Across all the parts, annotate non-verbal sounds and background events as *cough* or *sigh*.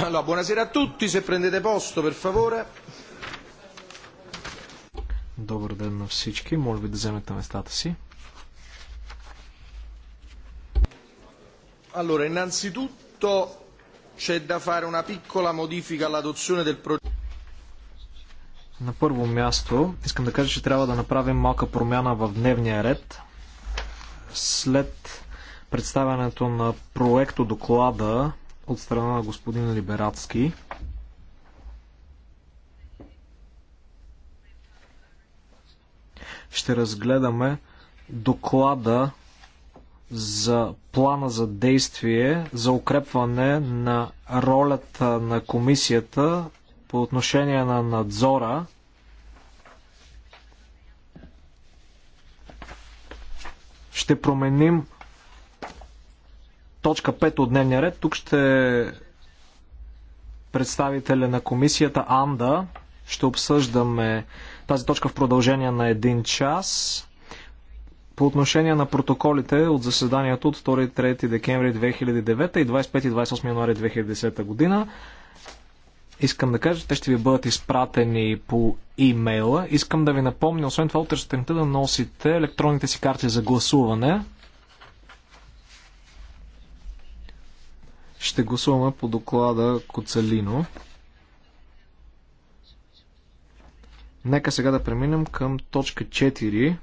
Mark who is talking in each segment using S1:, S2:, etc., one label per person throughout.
S1: Allora, buonasera a tutti, se prendete posto, per favore.
S2: Добър ден на всички. Може би да вземете местата си. Allora, innanzitutto c'è da fare una piccola modifica all'adozione del progetto. На първо място искам да кажа, че трябва да направим малка промяна в дневния ред. След представянето на проекто доклада от страна на господин Либерацки. Ще разгледаме доклада за плана за действие за укрепване на ролята на комисията по отношение на надзора ще променим точка 5 от дневния ред. Тук ще представителя на комисията Анда ще обсъждаме тази точка в продължение на един час. По отношение на протоколите от заседанието от 2-3 декември 2009 и 25-28 януари 2010 година, искам да кажа, те ще ви бъдат изпратени по имейла. Искам да ви напомня, освен това, утре сутринта да носите електронните си карти за гласуване, Ще гласуваме по доклада Коцелино. Нека сега да преминем към точка 4.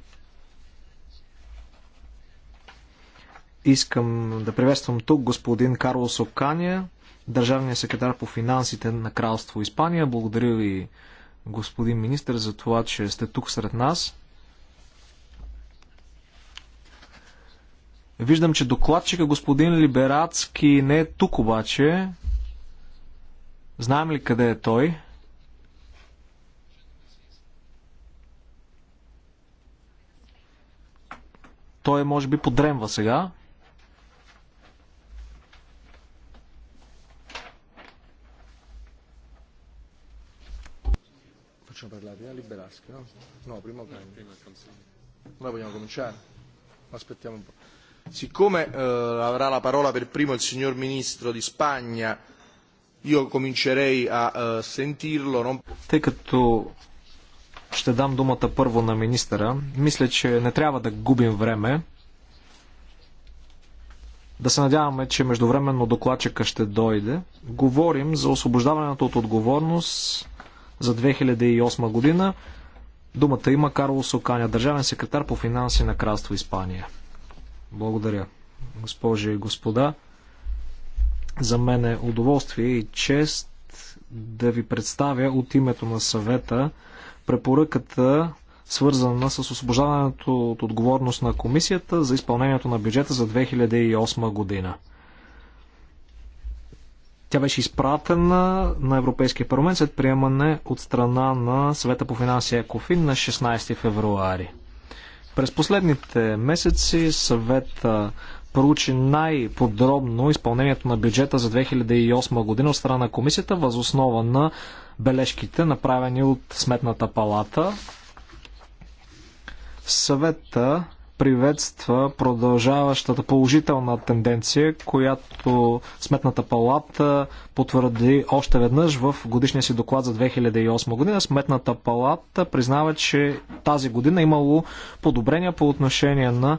S2: Искам да приветствам тук господин Карлос Окания, държавния секретар по финансите на Кралство Испания. Благодаря ви, господин министр, за това, че сте тук сред нас. Виждам, че докладчика господин Либерацки не е тук обаче. Знаем ли къде е той? Той е, може би подремва сега. Facciamo parlare prima Liberaschi, no? No, prima Noi vogliamo cominciare? Aspettiamo un po'. Siccome eh, avrà la parola per primo il signor Ministro di Spagna, io comincerei a eh, sentirlo. Тъй като ще дам думата първо на министъра, мисля, че не трябва да губим време. Да се надяваме, че междувременно докладчика ще дойде. Говорим за освобождаването от отговорност за 2008 година. Думата има Карло Соканя, държавен секретар по финанси на Кралство Испания. Благодаря, госпожи и господа. За мен е удоволствие и чест да ви представя от името на съвета препоръката, свързана с освобождаването от отговорност на комисията за изпълнението на бюджета за 2008 година. Тя беше изпратена на Европейския парламент след приемане от страна на съвета по финанси Екофин на 16 февруари. През последните месеци съвет проучи най-подробно изпълнението на бюджета за 2008 година от страна на комисията, възоснова на бележките, направени от Сметната палата. Съвета приветства продължаващата положителна тенденция, която Сметната палата потвърди още веднъж в годишния си доклад за 2008 година. Сметната палата признава, че тази година е имало подобрения по отношение на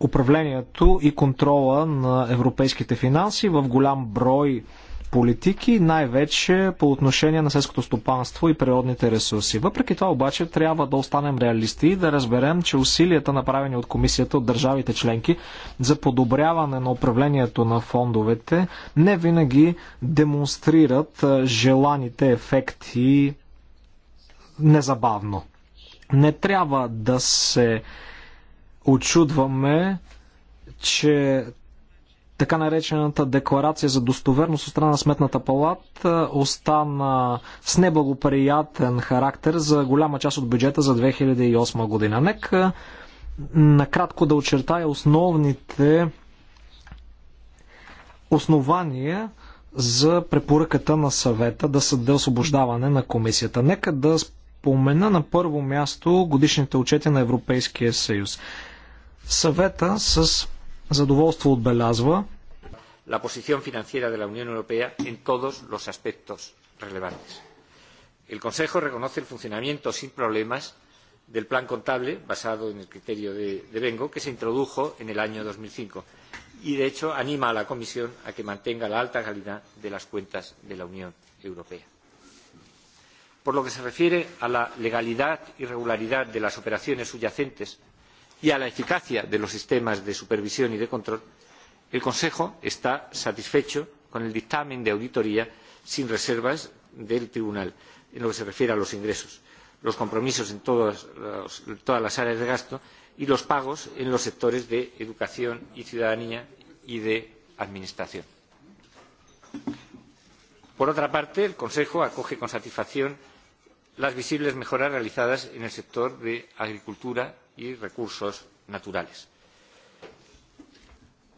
S2: управлението и контрола на европейските финанси в голям брой политики, най-вече по отношение на сельското стопанство и природните ресурси. Въпреки това обаче трябва да останем реалисти и да разберем, че усилията направени от комисията от държавите членки за подобряване на управлението на фондовете не винаги демонстрират желаните ефекти незабавно. Не трябва да се очудваме, че така наречената декларация за достоверност от страна на Сметната палата е, остана с неблагоприятен характер за голяма част от бюджета за 2008 година. Нека накратко да очертая основните основания за препоръката на съвета да съде освобождаване на комисията. Нека да спомена на първо място годишните отчети на Европейския съюз. Съвета с задоволство отбелязва,
S3: la posición financiera de la Unión Europea en todos los aspectos relevantes. El Consejo reconoce el funcionamiento sin problemas del plan contable, basado en el criterio de, Bengo, que se introdujo en el año dos mil cinco y, de hecho, anima a la Comisión a que mantenga la alta calidad de las cuentas de la Unión Europea. Por lo que se refiere a la legalidad y regularidad de las operaciones subyacentes y a la eficacia de los sistemas de supervisión y de control, el Consejo está satisfecho con el dictamen de auditoría sin reservas del Tribunal en lo que se refiere a los ingresos, los compromisos en todas las áreas de gasto y los pagos en los sectores de educación y ciudadanía y de administración. Por otra parte, el Consejo acoge con satisfacción las visibles mejoras realizadas en el sector de agricultura y recursos naturales.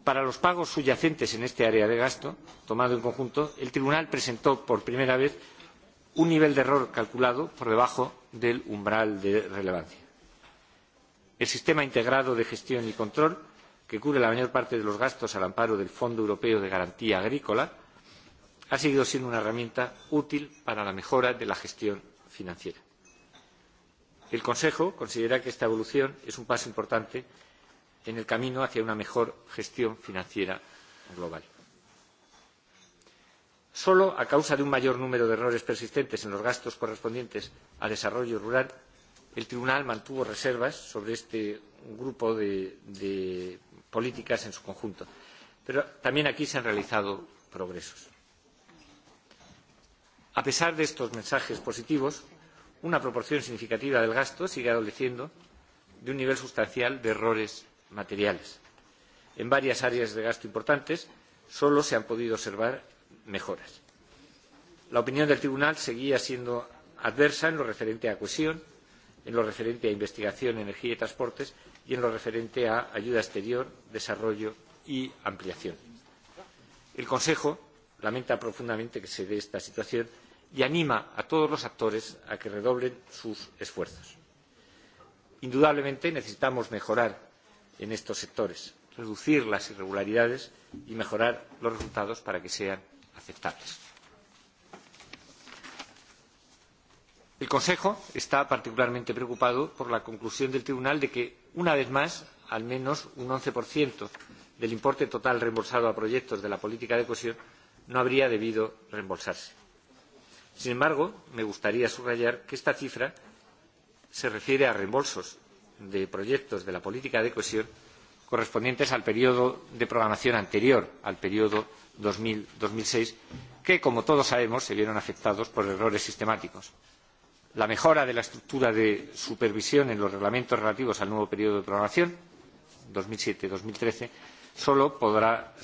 S3: Para los pagos subyacentes en este área de gasto, tomado en conjunto, el Tribunal presentó por primera vez un nivel de error calculado por debajo del umbral de relevancia. El sistema integrado de gestión y control, que cubre la mayor parte de los gastos al amparo del Fondo Europeo de Garantía Agrícola, ha seguido siendo una herramienta útil para la mejora de la gestión financiera el consejo considera que esta evolución es un paso importante en el camino hacia una mejor gestión financiera global. solo a causa de un mayor número de errores persistentes en los gastos correspondientes a desarrollo rural el tribunal mantuvo reservas sobre este grupo de políticas en su conjunto pero también aquí se han realizado progresos. a pesar de estos mensajes positivos una proporción significativa del gasto sigue adoleciendo de un nivel sustancial de errores materiales. En varias áreas de gasto importantes solo se han podido observar mejoras. La opinión del Tribunal seguía siendo adversa en lo referente a cohesión, en lo referente a investigación, energía y transportes y en lo referente a ayuda exterior, desarrollo y ampliación. El Consejo lamenta profundamente que se dé esta situación y anima a todos los actores a que redoblen sus esfuerzos. Indudablemente necesitamos mejorar en estos sectores, reducir las irregularidades y mejorar los resultados para que sean aceptables. El Consejo está particularmente preocupado por la conclusión del Tribunal de que, una vez más, al menos un once del importe total reembolsado a proyectos de la política de cohesión no habría debido reembolsarse Sin embargo, me gustaría subrayar que esta cifra se refiere a reembolsos de proyectos de la política de cohesión correspondientes al periodo de programación anterior al periodo dos mil dos mil seis, que, como todos sabemos, se vieron afectados por errores sistemáticos. La mejora de la estructura de supervisión en los reglamentos relativos al nuevo periodo de programación dos mil siete dos mil trece solo podrá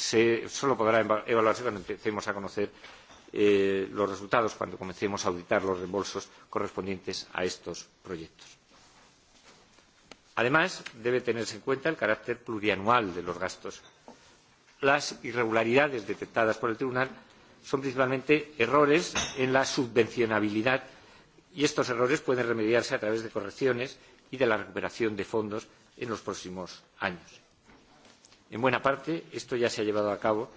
S3: evaluarse cuando empecemos a conocer los resultados cuando comencemos a auditar los reembolsos correspondientes a estos proyectos. Además, debe tenerse en cuenta el carácter plurianual de los gastos. Las irregularidades detectadas por el Tribunal son principalmente errores en la subvencionabilidad y estos errores pueden remediarse a través de correcciones y de la recuperación de fondos en los próximos años. En buena parte, esto ya se ha llevado a cabo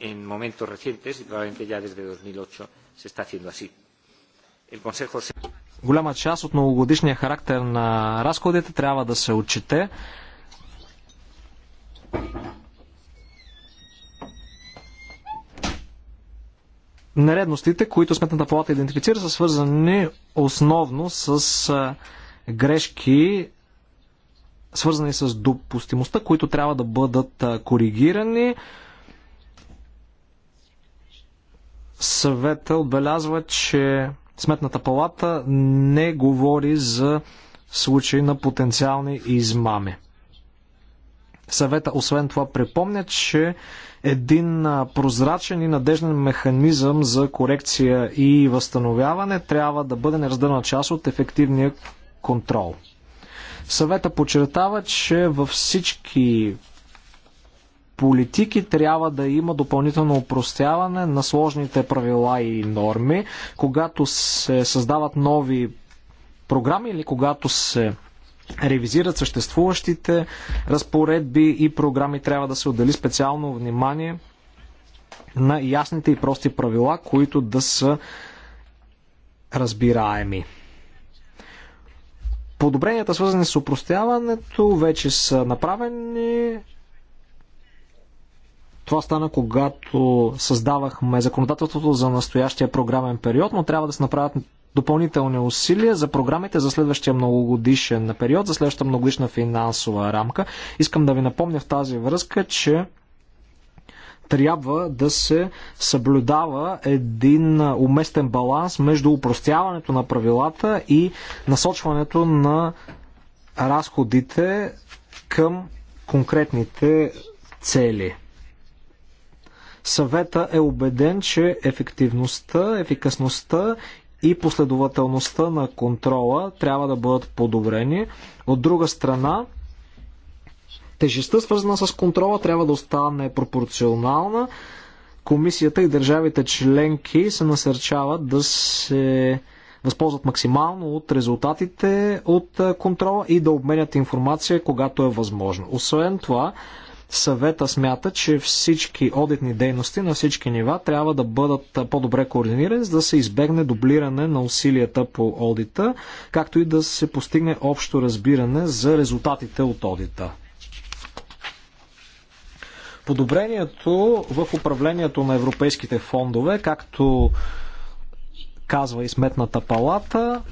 S3: en momentos recientes y probablemente ya desde 2008 se está haciendo así. El Consejo se...
S2: Голяма част от многогодишния характер на разходите трябва да се отчете. Нередностите, които Сметната палата идентифицира, са свързани основно с грешки, свързани с допустимостта, които трябва да бъдат коригирани. съвета отбелязва, че Сметната палата не говори за случаи на потенциални измами. Съвета освен това припомня, че един прозрачен и надежден механизъм за корекция и възстановяване трябва да бъде неразделна част от ефективния контрол. Съвета подчертава, че във всички политики трябва да има допълнително упростяване на сложните правила и норми, когато се създават нови програми или когато се ревизират съществуващите разпоредби и програми, трябва да се отдели специално внимание на ясните и прости правила, които да са разбираеми. Подобренията, свързани с упростяването, вече са направени това стана когато създавахме законодателството за настоящия програмен период, но трябва да се направят допълнителни усилия за програмите за следващия многогодишен период, за следващата многогодишна финансова рамка. Искам да ви напомня в тази връзка, че трябва да се съблюдава един уместен баланс между упростяването на правилата и насочването на разходите към конкретните цели. Съвета е убеден, че ефективността, ефикасността и последователността на контрола трябва да бъдат подобрени. От друга страна, тежестта, свързана с контрола, трябва да остане пропорционална. Комисията и държавите членки се насърчават да се възползват максимално от резултатите от контрола и да обменят информация, когато е възможно. Освен това, Съвета смята, че всички одитни дейности на всички нива трябва да бъдат по-добре координирани, за да се избегне дублиране на усилията по одита, както и да се постигне общо разбиране за резултатите от одита. Подобрението в управлението на европейските фондове, както казва и Сметната палата,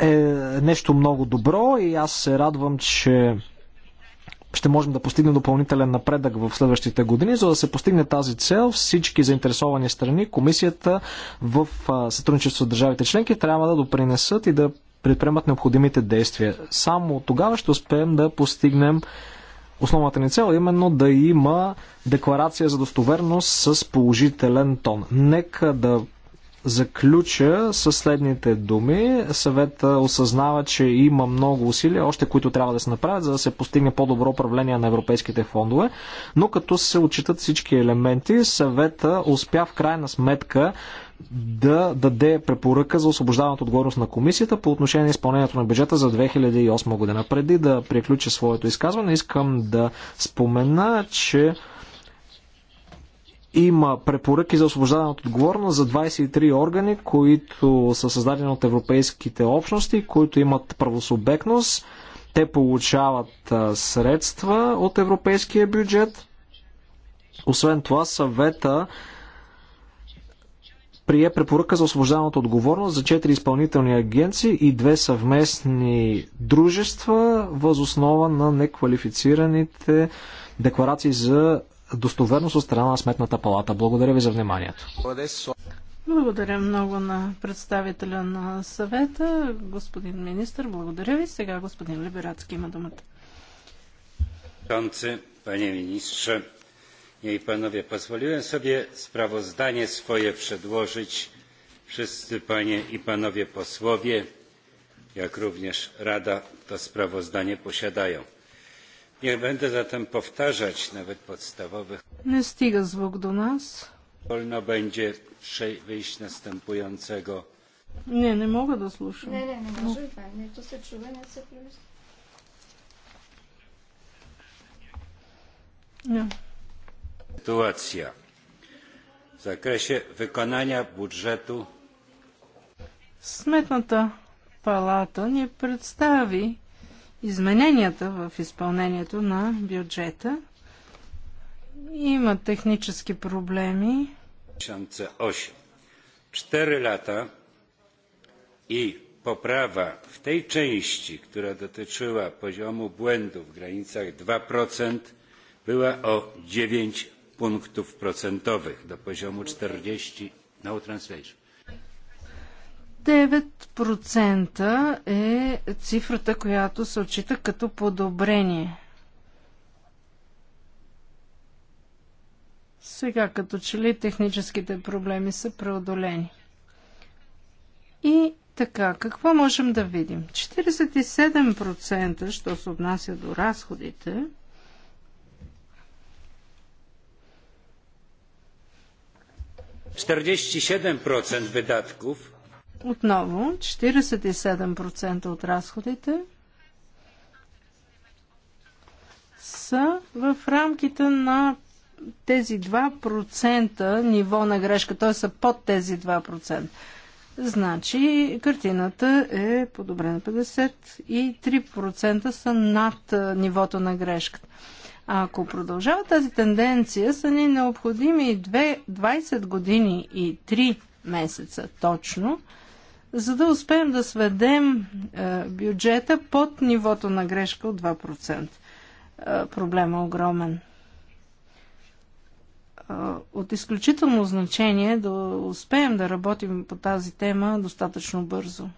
S2: е нещо много добро и аз се радвам, че ще можем да постигнем допълнителен напредък в следващите години. За да се постигне тази цел, всички заинтересовани страни, комисията в сътрудничество с държавите членки трябва да допринесат и да предприемат необходимите действия. Само тогава ще успеем да постигнем основната ни цел, именно да има декларация за достоверност с положителен тон. Нека да заключа със следните думи. Съвета осъзнава, че има много усилия, още които трябва да се направят, за да се постигне по-добро управление на европейските фондове, но като се отчитат всички елементи, съвета успя в крайна сметка да даде препоръка за освобождаването от отговорност на комисията по отношение на изпълнението на бюджета за 2008 година. Преди да приключа своето изказване, искам да спомена, че има препоръки за освобождаване от отговорност за 23 органи, които са създадени от европейските общности, които имат правосубектност. Те получават средства от европейския бюджет. Освен това, съвета прие препоръка за освобождаване от отговорност за 4 изпълнителни агенции и 2 съвместни дружества, възоснова на неквалифицираните декларации за достоверност от страна на Сметната палата. Благодаря ви за вниманието.
S4: Благодаря много на представителя на съвета, господин министр. Благодаря ви. Сега господин Либерацки има думата.
S5: Panie ministrze, nie i panowie, pozwoliłem sobie sprawozdanie swoje przedłożyć wszyscy panie i panowie posłowie, jak również Rada to sprawozdanie posiadają Nie będę zatem powtarzać nawet podstawowych.
S4: Nie styga звук do nas.
S5: Wolno będzie wyjść następującego.
S4: Nie, nie mogę да слушам. Не, не, не
S1: може това. Не, то се чува, не
S4: Nie.
S5: Sytuacja w zakresie wykonania budżetu.
S4: Сметната палата ни представи измененията в изпълнението на бюджета. Има технически проблеми.
S5: 2008. 4 lata i poprawa w tej części, która dotyczyła poziomu błędu w granicach 2%, była o 9 punktów procentowych do poziomu 40 no translation
S4: 9% е цифрата, която се отчита като подобрение. Сега като че ли техническите проблеми са преодолени. И така, какво можем да видим? 47%, що се отнася до разходите,
S5: Czterdzieści 47% wydatków
S4: отново 47% от разходите са в рамките на тези 2% ниво на грешка, т.е. са под тези 2%. Значи картината е подобрена 50 и 3% са над нивото на грешката. А ако продължава тази тенденция, са ни необходими 20 години и 3 месеца точно, за да успеем да сведем е, бюджета под нивото на грешка от 2%. Е, проблема е огромен. Е, от изключително значение да успеем да работим по тази тема достатъчно бързо.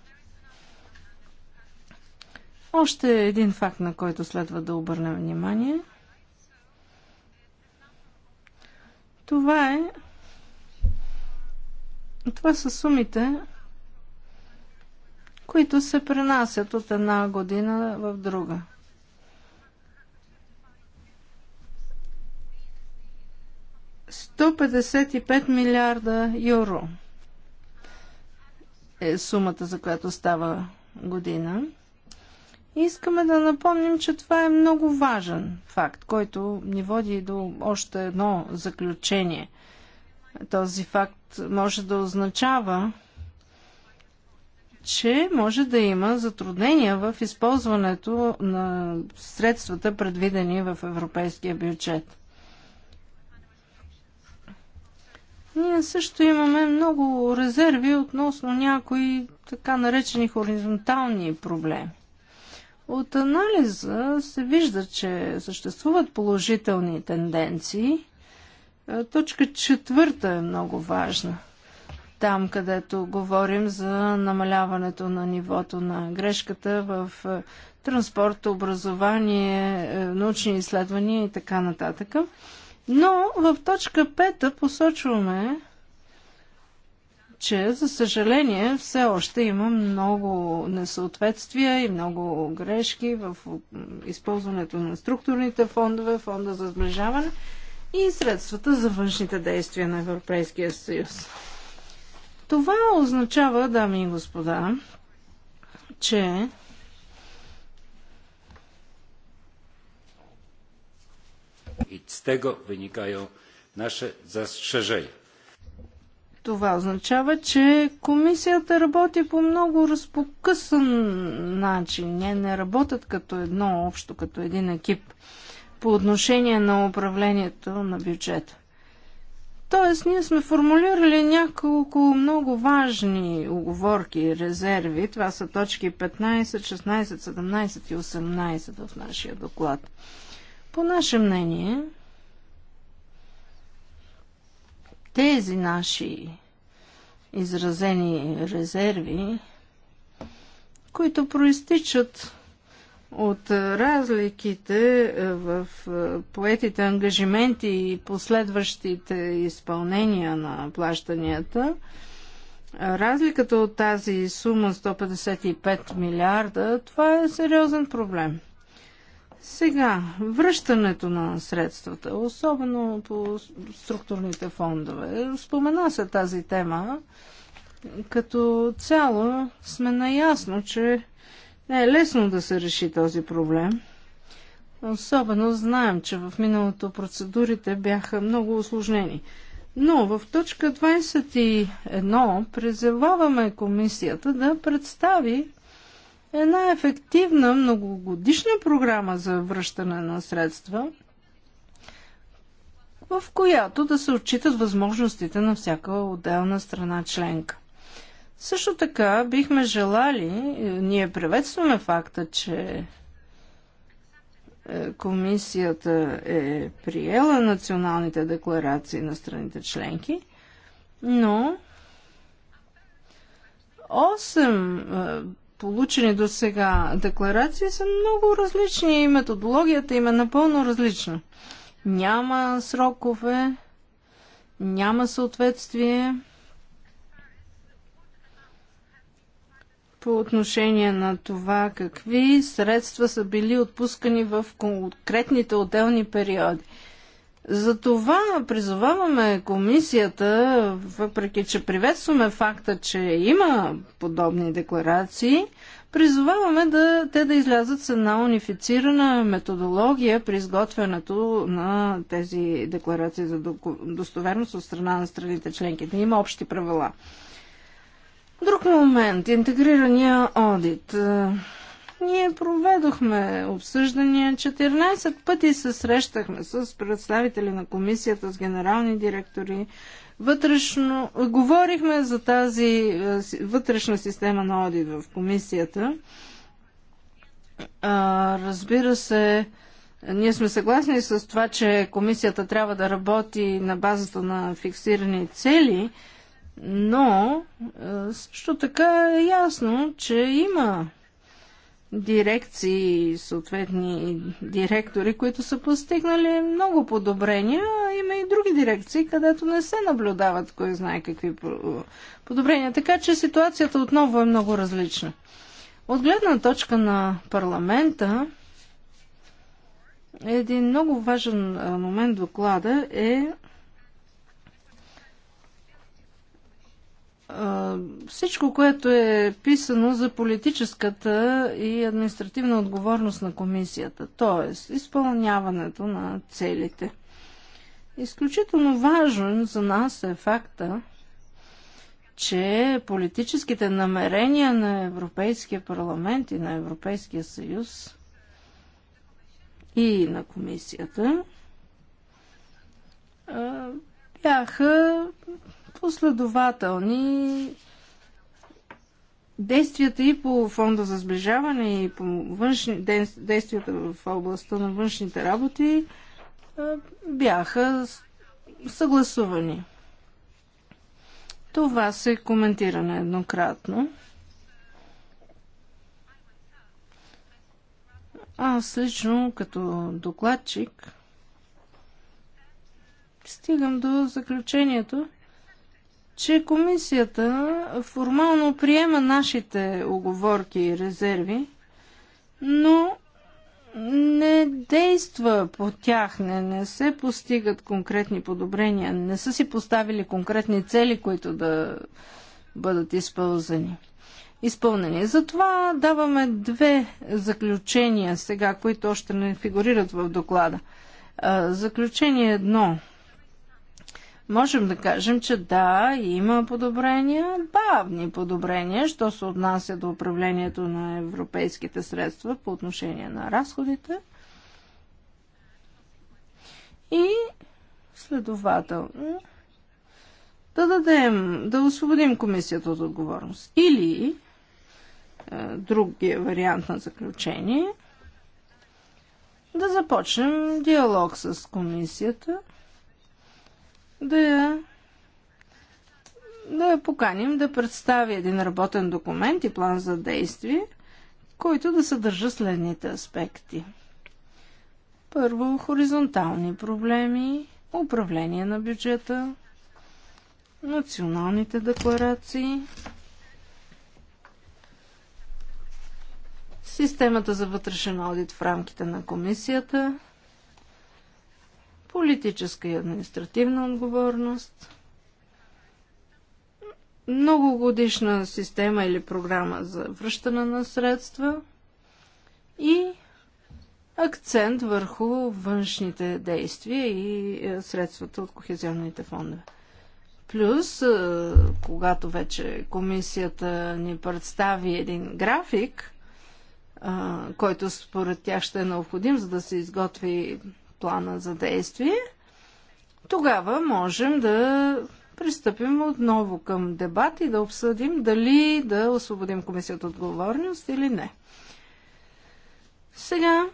S4: Още един факт, на който следва да обърнем внимание. Това е. Това са сумите, които се пренасят от една година в друга. Сто милиарда юро е сумата, за която става година. Искаме да напомним, че това е много важен факт, който ни води до още едно заключение. Този факт може да означава, че може да има затруднения в използването на средствата, предвидени в европейския бюджет. Ние също имаме много резерви относно някои така наречени хоризонтални проблеми. От анализа се вижда, че съществуват положителни тенденции. Точка четвърта е много важна – там, където говорим за намаляването на нивото на грешката в е, транспорт, образование, е, научни изследвания и така нататък. Но в точка 5 посочваме, че за съжаление все още има много несъответствия и много грешки в е, използването на структурните фондове, фонда за сближаване и средствата за външните действия на Европейския съюз. Това означава, дами и господа, че
S5: и с tego wynikają наше застрежение.
S4: Това означава, че комисията работи по много разпокъсан начин. Не, не работят като едно общо, като един екип по отношение на управлението на бюджета. Тоест, ние сме формулирали няколко много важни оговорки и резерви. Това са точки 15, 16, 17 и 18 в нашия доклад. По наше мнение, тези наши изразени резерви, които проистичат от разликите в поетите ангажименти и последващите изпълнения на плащанията, разликата от тази сума 155 милиарда, това е сериозен проблем. Сега, връщането на средствата, особено по структурните фондове, спомена се тази тема. Като цяло сме наясно, че не е лесно да се реши този проблем. Особено знаем, че в миналото процедурите бяха много осложнени. Но в точка 21 призоваваме комисията да представи една ефективна многогодишна програма за връщане на средства, в която да се отчитат възможностите на всяка отделна страна членка. Също така бихме желали, е, ние приветстваме факта, че е, комисията е приела националните декларации на страните членки, но 8 е, получени до сега декларации са много различни и методологията им е напълно различна. Няма срокове, няма съответствие. по отношение на това какви средства са били отпускани в конкретните отделни периоди. Затова призоваваме комисията, въпреки че приветстваме факта, че има подобни декларации, призоваваме да, те да излязат с една унифицирана методология при изготвянето на тези декларации за достоверност от страна на страните членки. Да има общи правила. Друг момент. Интегрирания одит. Е, ние проведохме обсъждания 14 пъти се срещахме с представители на комисията, с генерални директори. Вътрешно... Говорихме за тази е, вътрешна система на одит в комисията. Разбира се, ние сме съгласни с това, че комисията трябва да работи на базата на фиксирани цели – но е, също така е ясно, че има дирекции съответни директори, които са постигнали много подобрения. Има и други дирекции, където не се наблюдават кой знае какви подобрения. Така че ситуацията отново е много различна. От гледна точка на парламента, един много важен момент доклада е всичко, което е писано за политическата и административна отговорност на комисията, т.е. изпълняването на целите. Изключително важен за нас е факта, че политическите намерения на Европейския парламент и на Европейския съюз и на комисията бяха последователни действията и по фонда за сближаване, и по външни, действията в областта на външните работи е, бяха съгласувани. Това се коментира нееднократно. Аз лично като докладчик стигам до заключението, че комисията формално приема нашите оговорки и резерви, но не действа по тях, не, не се постигат конкретни подобрения, не са си поставили конкретни цели, които да бъдат изпълзани. изпълнени. Затова даваме две заключения сега, които още не фигурират в доклада. Заключение едно – можем да кажем, че да, има подобрения, бавни подобрения, що се отнася до управлението на европейските средства по отношение на разходите. И следователно да дадем, да освободим комисията от отговорност. Или е, другия вариант на заключение – да започнем диалог с комисията – да я да я поканим да представи един работен документ и план за действие, който да съдържа следните аспекти. Първо, хоризонтални проблеми, управление на бюджета, националните декларации, системата за вътрешен аудит в рамките на комисията – политическа и административна отговорност, многогодишна система или програма за връщане на средства и акцент върху външните действия и е, средствата от кохезионните фондове. Плюс, е, когато вече комисията ни представи един график, е, който според тях ще е необходим, за да се изготви плана за действие, тогава можем да пристъпим отново към дебат и да обсъдим дали да освободим комисията от отговорност или не. Сега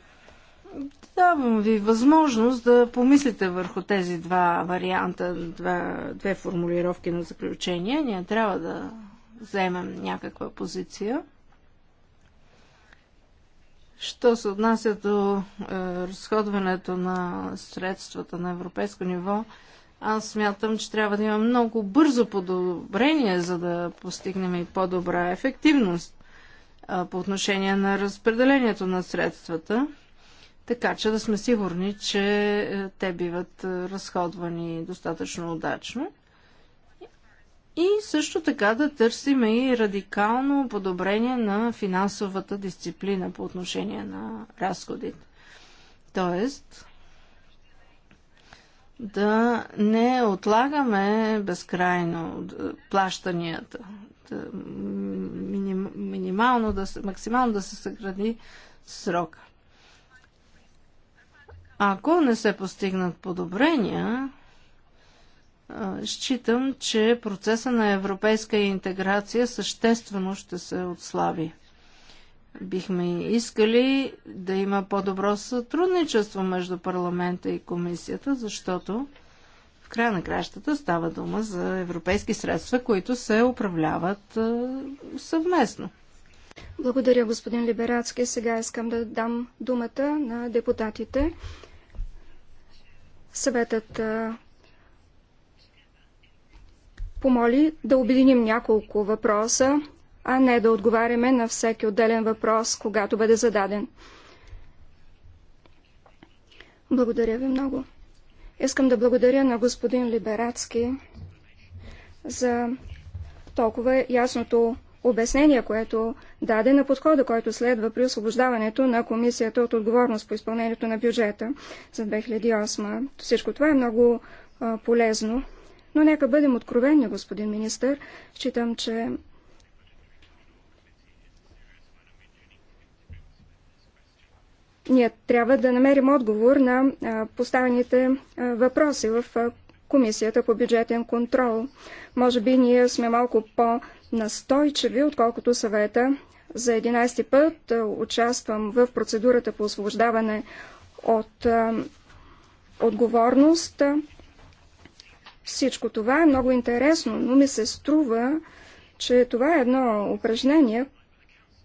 S4: давам ви възможност да помислите върху тези два варианта, два, две формулировки на заключение. Ние трябва да вземем някаква позиция. Що се отнася до е, разходването на средствата на европейско ниво, аз смятам, че трябва да има много бързо подобрение, за да постигнем и по-добра ефективност е, по отношение на разпределението на средствата, така че да сме сигурни, че е, те биват е, разходвани достатъчно удачно. И също така да търсим и радикално подобрение на финансовата дисциплина по отношение на разходите. Тоест, да не отлагаме безкрайно плащанията. Да минимално да се, максимално да се съгради срока. Ако не се постигнат подобрения, считам, че процеса на европейска интеграция съществено ще се отслаби. Бихме искали да има по-добро сътрудничество между парламента и комисията, защото в края на кращата става дума за европейски средства, които се управляват
S1: съвместно. Благодаря, господин Либерацки. Сега искам да дам думата на депутатите. Съветът помоли да обединим няколко въпроса, а не да отговаряме на всеки отделен въпрос, когато бъде зададен. Благодаря ви много. Искам да благодаря на господин Либерацки за толкова ясното обяснение, което даде на подхода, който следва при освобождаването на комисията от отговорност по изпълнението на бюджета за 2008. Всичко това е много а, полезно. Но нека бъдем откровени, господин министър. Считам, че ние трябва да намерим отговор на поставените въпроси в Комисията по бюджетен контрол. Може би ние сме малко по-настойчиви, отколкото съвета. За 11 ти път участвам в процедурата по освобождаване от отговорност. Всичко това е много интересно, но ми се струва, че това е едно упражнение,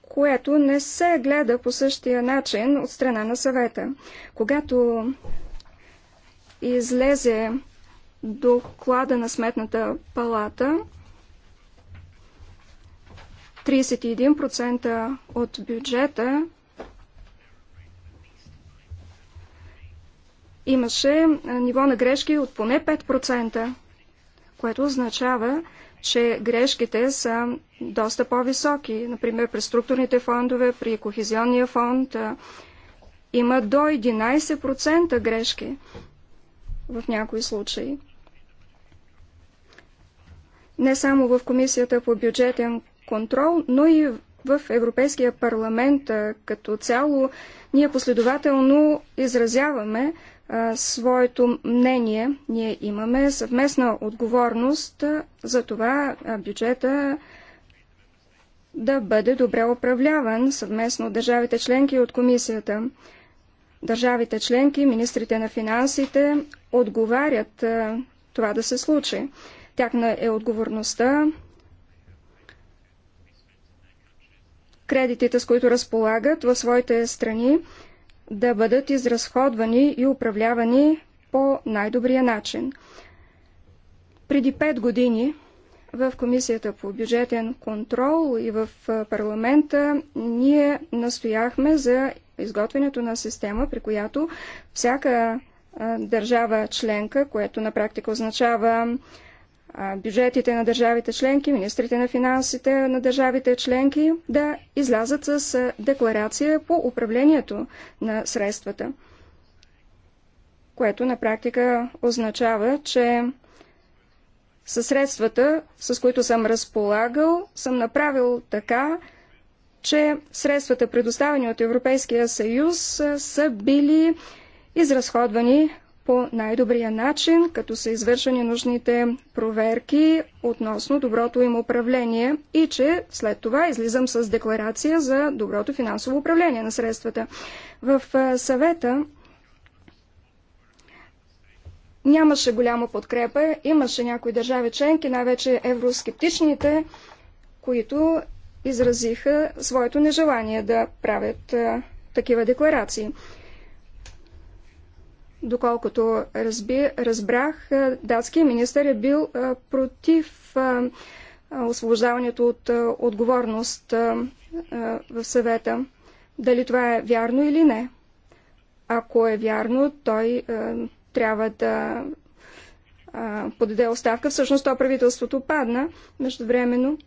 S1: което не се гледа по същия начин от страна на съвета. Когато излезе доклада на Сметната палата, 31% от бюджета имаше е, ниво на грешки от поне 5%, което означава, че грешките са доста по-високи. Например, при структурните фондове, при кохезионния фонд е, има до 11% грешки в някои случаи. Не само в Комисията по бюджетен контрол, но и в Европейския парламент е, като цяло ние последователно изразяваме своето мнение. Ние имаме съвместна отговорност за това бюджета да бъде добре управляван съвместно от държавите членки и от комисията. Държавите членки, министрите на финансите отговарят това да се случи. Тяхна е отговорността кредитите, с които разполагат в своите страни, да бъдат изразходвани и управлявани по най-добрия начин. Преди пет години в Комисията по бюджетен контрол и в парламента ние настояхме за изготвянето на система, при която всяка държава членка, което на практика означава бюджетите на държавите членки, министрите на финансите на държавите членки да излязат с декларация по управлението на средствата, което на практика означава, че със средствата, с които съм разполагал, съм направил така, че средствата, предоставени от Европейския съюз, са били изразходвани по най-добрия начин, като са извършени нужните проверки относно доброто им управление и че след това излизам с декларация за доброто финансово управление на средствата. В съвета нямаше голяма подкрепа, имаше някои държави членки, най-вече евроскептичните, които изразиха своето нежелание да правят такива декларации. Доколкото разби, разбрах, е, датският министр е бил е, против е, освобождаването от отговорност в съвета. Дали това е вярно или не? Ако е вярно, той трябва да подаде оставка. Всъщност то правителството падна междувременно.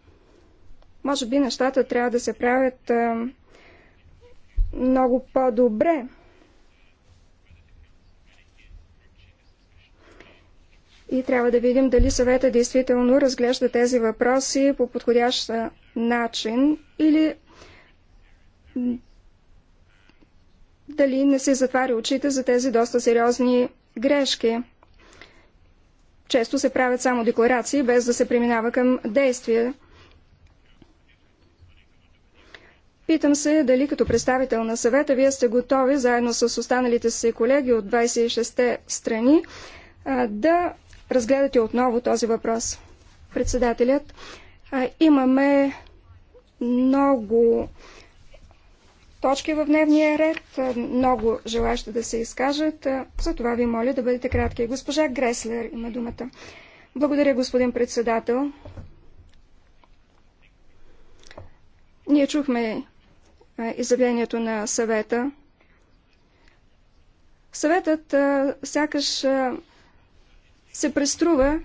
S1: Може би нещата трябва да се правят много по-добре. и трябва да видим дали съвета действително разглежда тези въпроси по подходящ начин или дали не се затваря очите за тези доста сериозни грешки. Често се правят само декларации, без да се преминава към действия. Питам се дали като представител на съвета вие сте готови, заедно с останалите си колеги от 26-те страни, да разгледате отново този въпрос. Председателят, а, имаме много точки в дневния ред, много желащи да се изкажат. Затова ви моля да бъдете кратки. Госпожа Греслер има думата. Благодаря, господин председател. Ние чухме изявлението на съвета. Съветът сякаш се преструва,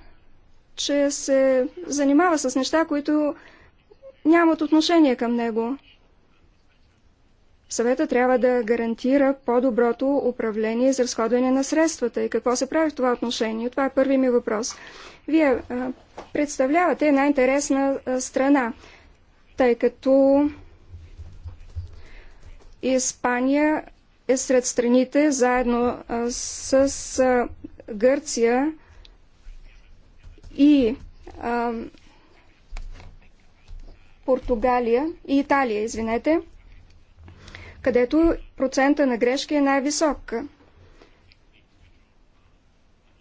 S1: че се занимава с неща, които нямат отношение към него. Съвета трябва да гарантира по-доброто управление и разходване на средствата. И какво се прави в това отношение? Това е първи ми въпрос. Вие а, представлявате една интересна а, страна, тъй като Испания е сред страните, заедно а, с а, Гърция, и а, Португалия и Италия, извинете, където процента на грешки е най-висок.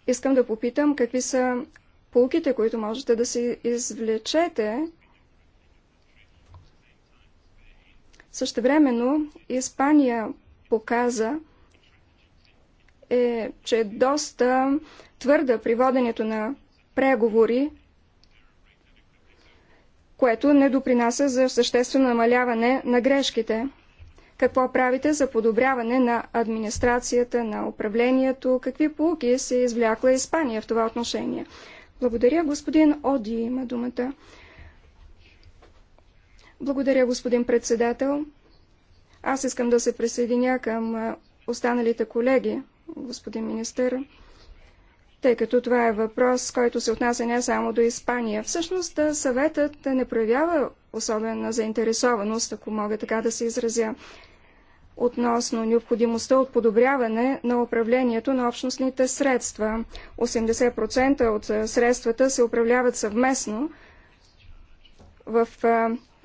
S1: Искам да попитам какви са полуките, които можете да се извлечете. Същевременно Испания показа, е, че е доста твърда при воденето на преговори, което не допринася за съществено намаляване на грешките. Какво правите за подобряване на администрацията, на управлението? Какви полуки се извлякла Испания в това отношение? Благодаря, господин Оди има думата. Благодаря, господин председател. Аз искам да се присъединя към е, останалите колеги, господин министър тъй като това е въпрос, който се отнася не само до Испания. Всъщност съветът не проявява особена заинтересованост, ако мога така да се изразя, относно необходимостта от подобряване на управлението на общностните средства. 80% от средствата се управляват съвместно в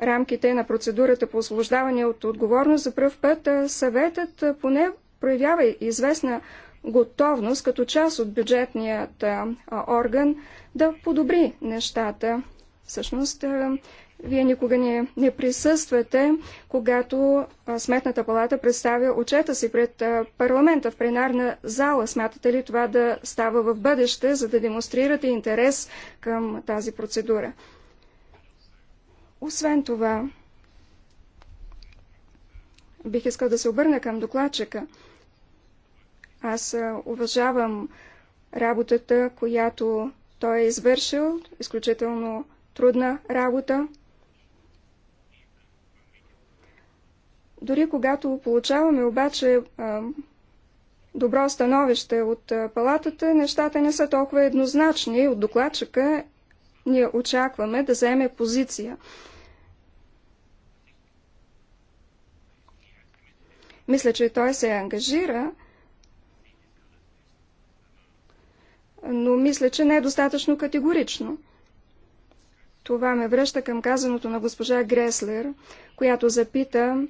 S1: рамките на процедурата по освобождаване от отговорност. За първ път съветът поне проявява известна готовност като част от бюджетният орган да подобри нещата. Всъщност, вие никога не, не присъствате, когато Сметната палата представя отчета си пред парламента в пленарна зала. Смятате ли това да става в бъдеще, за да демонстрирате интерес към тази процедура? Освен това, бих искал да се обърна към докладчика – аз уважавам работата, която той е извършил, изключително трудна работа. Дори когато получаваме обаче добро становище от палатата, нещата не са толкова еднозначни. От докладчика ние очакваме да вземе позиция. Мисля, че той се ангажира но мисля, че не е достатъчно категорично. Това ме връща към казаното на госпожа Греслер, която запита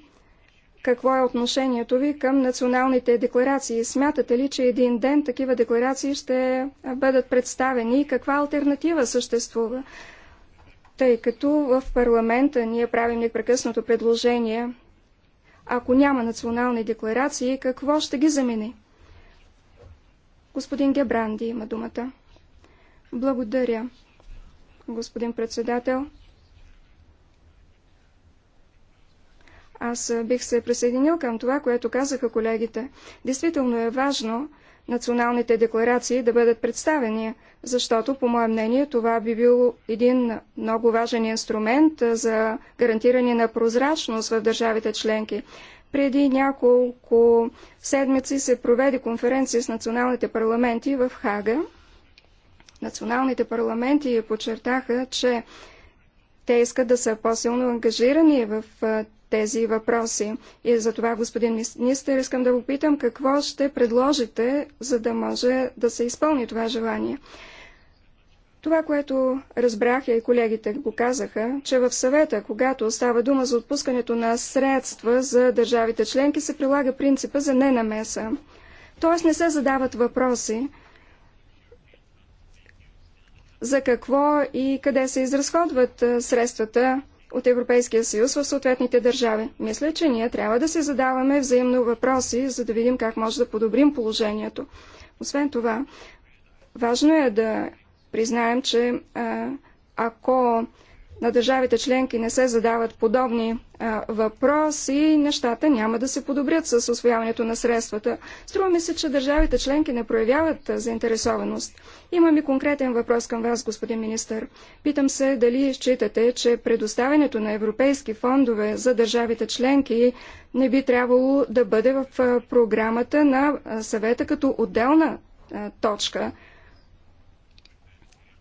S1: какво е отношението ви към националните декларации. Смятате ли, че един ден такива декларации ще бъдат представени и каква альтернатива съществува? Тъй като в парламента ние правим непрекъснато предложение. Ако няма национални декларации, какво ще ги замени? Господин Гебранди има думата. Благодаря, господин председател. Аз бих се присъединил към това, което казаха колегите. Действително е важно националните декларации да бъдат представени, защото, по мое мнение, това би бил един много важен инструмент за гарантиране на прозрачност в държавите членки. Преди няколко седмици се проведе конференция с националните парламенти в Хага. Националните парламенти подчертаха, че те искат да са по-силно ангажирани в тези въпроси. И за това, господин министър, искам да го питам какво ще предложите, за да може да се изпълни това желание. Това, което разбрах и колегите го казаха, че в съвета, когато става дума за отпускането на средства за държавите членки, се прилага принципа за ненамеса. Тоест не се задават въпроси за какво и къде се изразходват средствата от Европейския съюз в съответните държави. Мисля, че ние трябва да се задаваме взаимно въпроси, за да видим как може да подобрим положението. Освен това, важно е да признаем, че ако на държавите членки не се задават подобни а, въпроси, нещата няма да се подобрят с освояването на средствата. Струва ми се, че държавите членки не проявяват а, заинтересованост. Имам и конкретен въпрос към вас, господин министър. Питам се дали считате, че предоставянето на европейски фондове за държавите членки не би трябвало да бъде в а, програмата на съвета като отделна точка,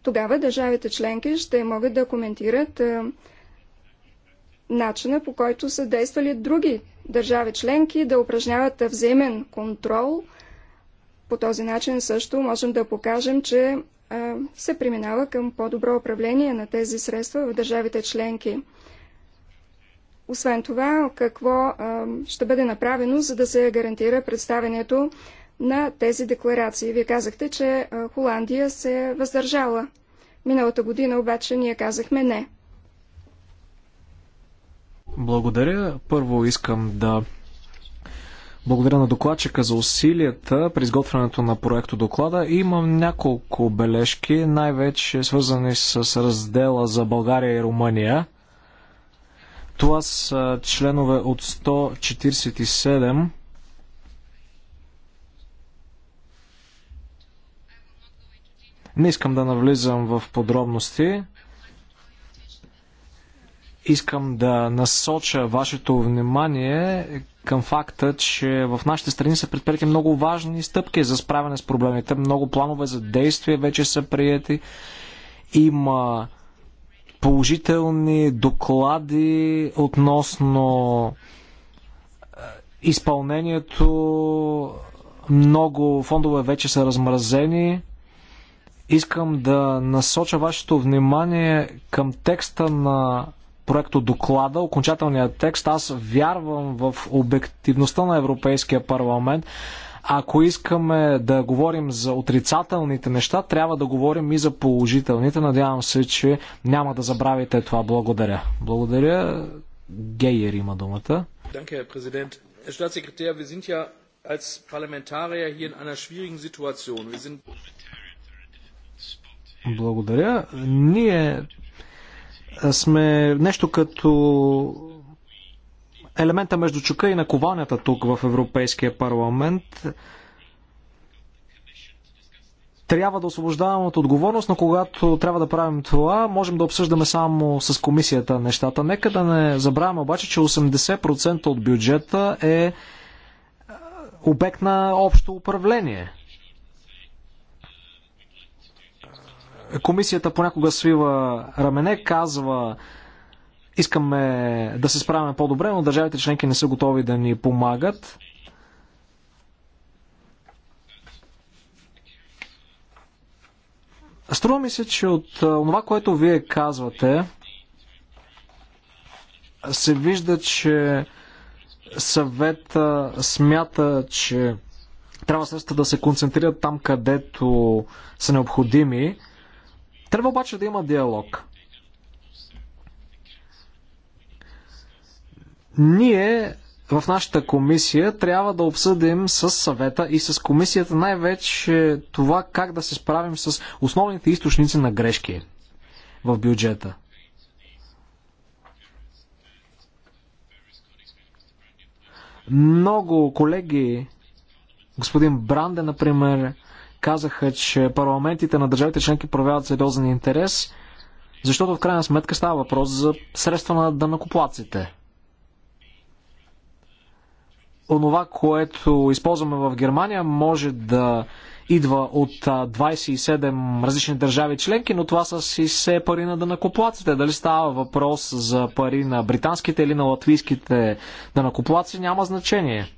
S1: тогава държавите членки ще могат да коментират е, начина по който са действали други държави членки, да упражняват взаимен контрол. По този начин също можем да покажем, че е, се преминава към по-добро управление на тези средства в държавите членки. Освен това, какво е, ще бъде направено, за да се гарантира представенето на тези декларации. Вие казахте, че Холандия се е въздържала. Миналата година обаче ние казахме не.
S2: Благодаря. Първо искам да благодаря на докладчика за усилията при изготвянето на проекто доклада. Имам няколко бележки, най-вече свързани с раздела за България и Румъния. Това са членове от 147 Не искам да навлизам в подробности. Искам да насоча вашето внимание към факта, че в нашите страни са предприяти много важни стъпки за справяне с проблемите. Много планове за действие вече са прияти. Има положителни доклади относно е, изпълнението. Много фондове вече са размразени. Искам да насоча вашето внимание към текста на проекто доклада, окончателният текст. Аз вярвам в обективността на Европейския парламент. Ако искаме да говорим за отрицателните неща, трябва да говорим и за положителните. Надявам се, че няма да забравите това. Благодаря. Благодаря. Гейер има думата. Благодаря, президент. Präsident. Herr Staatssekretär, als hier in einer schwierigen Wir sind благодаря. Ние сме нещо като елемента между чука и накованята тук в Европейския парламент. Трябва да освобождаваме от отговорност, но когато трябва да правим това, можем да обсъждаме само с комисията нещата. Нека да не забравяме обаче, че 80% от бюджета е обект на общо управление – Комисията понякога свива рамене, казва искаме да се справяме по-добре, но държавите членки не са готови да ни помагат. Струва ми се, че от това, което вие казвате, се вижда, че съвета смята, че трябва средства да се концентрират там, където са необходими. Трябва обаче да има диалог. Ние в нашата комисия трябва да обсъдим с съвета и с комисията най-вече това как да се справим с основните източници на грешки в бюджета. Много колеги, господин Бранде, например, казаха, че парламентите на държавите членки проявяват сериозен интерес, защото в крайна сметка става въпрос за средства на данакоплаците. Онова, което използваме в Германия, може да идва от 27 различни държави членки, но това са си все пари на данакоплаците. Дали става въпрос за пари на британските или на латвийските данакоплаци, няма значение.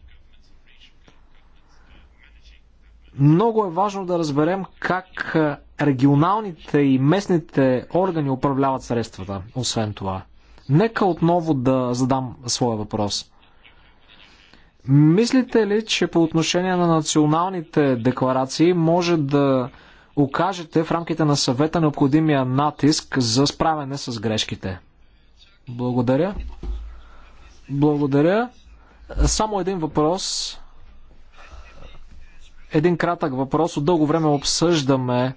S2: Много е важно да разберем как е, регионалните и местните органи управляват средствата, освен това. Нека отново да задам своя въпрос. Мислите ли, че по отношение на националните декларации може да окажете в рамките на съвета необходимия натиск за справяне с грешките? Благодаря. Благодаря. Само един въпрос един кратък въпрос. От дълго време обсъждаме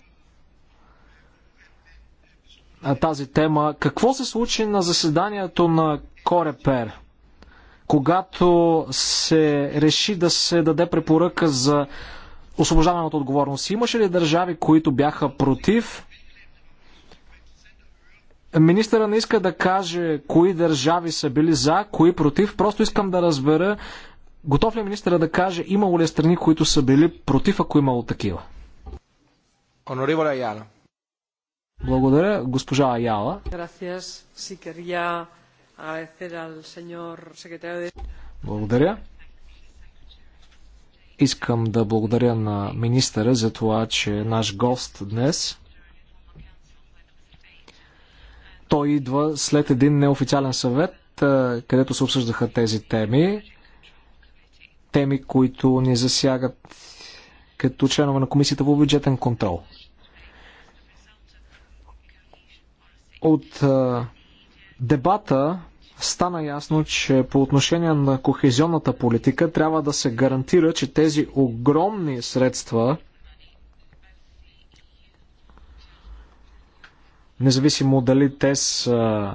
S2: тази тема. Какво се случи на заседанието на Корепер, когато се реши да се даде препоръка за освобождаване от отговорност? Имаше ли държави, които бяха против? Министъра не иска да каже кои държави са били за, кои против. Просто искам да разбера Готов ли е министъра да каже, имало ли е страни, които са били против, ако е имало такива? Благодаря, госпожа Аяла. Благодаря. Искам да благодаря на министъра за това, че е наш гост днес. Той идва след един неофициален съвет, където се обсъждаха тези теми теми, които ни засягат като членове на Комисията по бюджетен контрол. От а, дебата стана ясно, че по отношение на кохезионната политика трябва да се гарантира, че тези огромни средства, независимо дали те са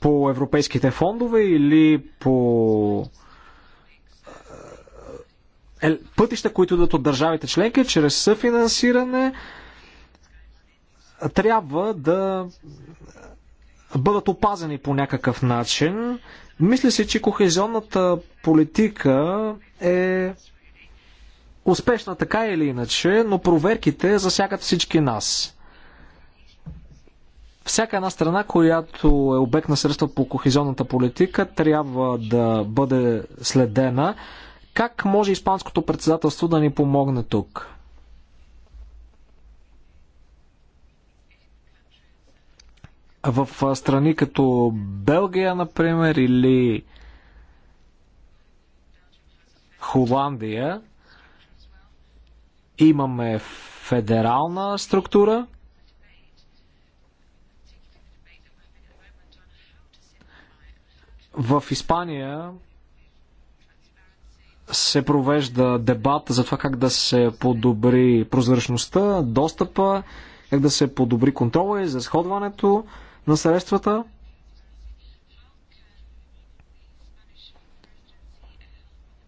S2: по европейските фондове или по е, е, пътища, които идват от държавите членки, чрез съфинансиране, трябва да бъдат опазени по някакъв начин. Мисля си, че кохезионната политика е успешна така или иначе, но проверките засягат всички нас. Всяка една страна, която е обект на средства по кохизионната политика, трябва да бъде следена. Как може Испанското председателство да ни помогне тук? В страни като Белгия, например, или Холандия, имаме федерална структура – В Испания се провежда дебат за това как да се подобри прозрачността, достъпа, как да се подобри контрола и за сходването на средствата.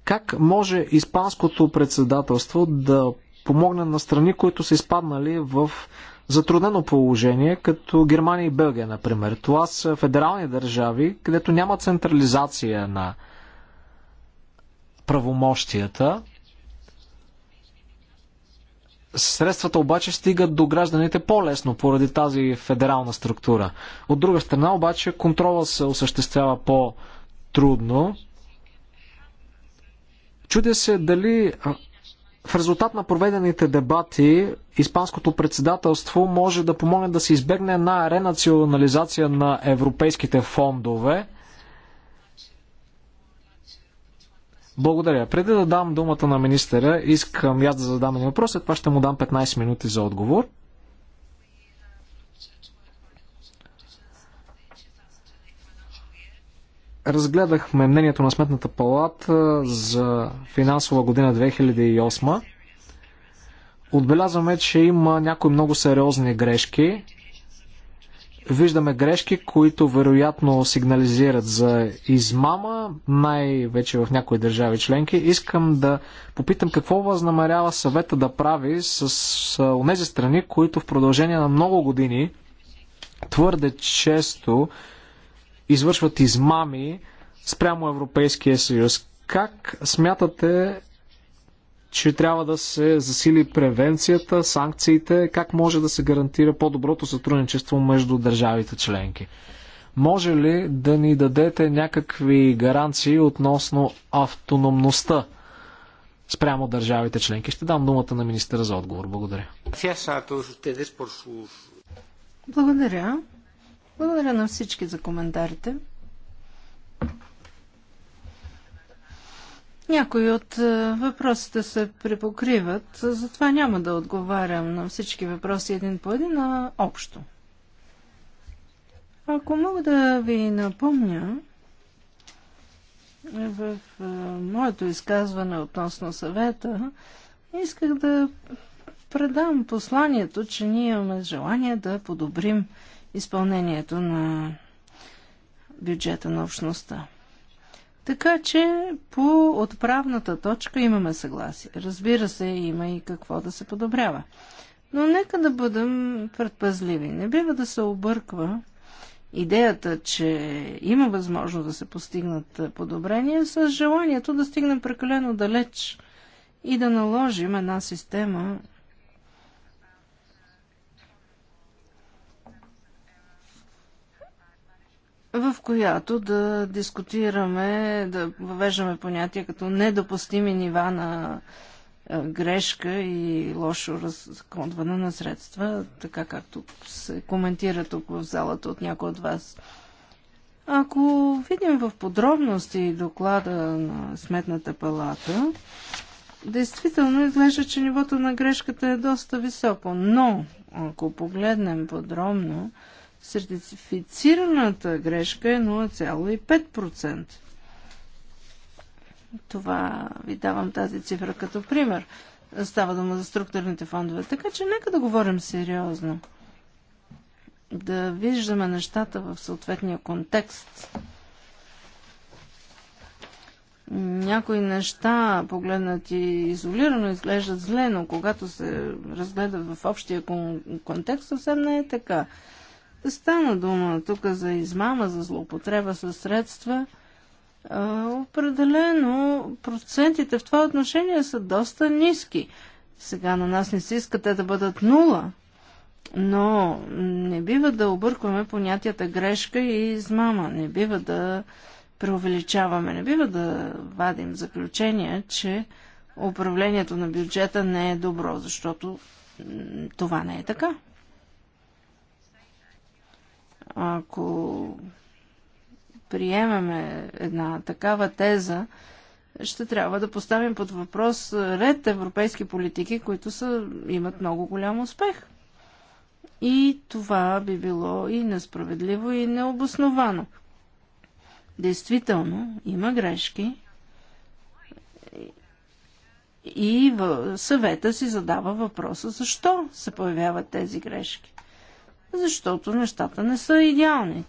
S2: Как може Испанското председателство да помогне на страни, които са изпаднали в затруднено положение, като Германия и Белгия, например. Това са федерални държави, където няма централизация на правомощията. Средствата обаче стигат до гражданите по-лесно поради тази федерална структура. От друга страна обаче контрола се осъществява по-трудно. Чудя се дали в резултат на проведените дебати, Испанското председателство може да помогне да се избегне една ренационализация на европейските фондове. Благодаря. Преди да дам думата на министера, искам аз да задам един въпрос, след това ще му дам 15 минути за отговор. разгледахме мнението на Сметната палата за финансова година 2008. Отбелязваме, че има някои много сериозни грешки. Виждаме грешки, които вероятно сигнализират за измама, най-вече в някои държави членки. Искам да попитам какво възнамерява съвета да прави с тези страни, които в продължение на много години твърде често извършват измами спрямо Европейския съюз. Как смятате, че трябва да се засили превенцията, санкциите, как може да се гарантира по-доброто сътрудничество между държавите членки? Може ли да ни дадете някакви гаранции относно автономността спрямо държавите членки? Ще дам думата на министъра за отговор. Благодаря.
S4: Благодаря. Благодаря на всички за коментарите. Някои от е, въпросите се препокриват, затова няма да отговарям на всички въпроси един по един, а общо. Ако мога да ви напомня, в е, моето изказване относно съвета, исках да предам посланието, че ние имаме желание да подобрим изпълнението на бюджета на общността. Така че по отправната точка имаме съгласие. Разбира се, има и какво да се подобрява. Но нека да бъдем предпазливи. Не бива да се обърква идеята, че има възможност да се постигнат подобрения с желанието да стигнем прекалено далеч и да наложим една система, в която да дискутираме, да въвеждаме понятия като недопустими нива на грешка и лошо разходване на средства, така както се коментира тук в залата от някой от вас. Ако видим в подробности доклада на Сметната палата, действително изглежда, че нивото на грешката е доста високо, но ако погледнем подробно, Сертифицираната грешка е 0,5%. Това ви давам тази цифра като пример. Става дума за структурните фондове. Така че нека да говорим сериозно. Да виждаме нещата в съответния контекст. Някои неща, погледнати изолирано, изглеждат зле, но когато се разгледа в общия контекст, съвсем не е така. Стана дума тук за измама, за злоупотреба със средства. А, определено процентите в това отношение са доста ниски. Сега на нас не се иска те да бъдат нула, но не бива да объркваме понятията грешка и измама. Не бива да преувеличаваме, не бива да вадим заключение, че управлението на бюджета не е добро, защото това не е така. Ако приемеме една такава теза, ще трябва да поставим под въпрос ред европейски политики, които са, имат много голям успех. И това би било и несправедливо, и необосновано. Действително, има грешки. И съвета си задава въпроса защо се появяват тези грешки защото нещата не са идеални.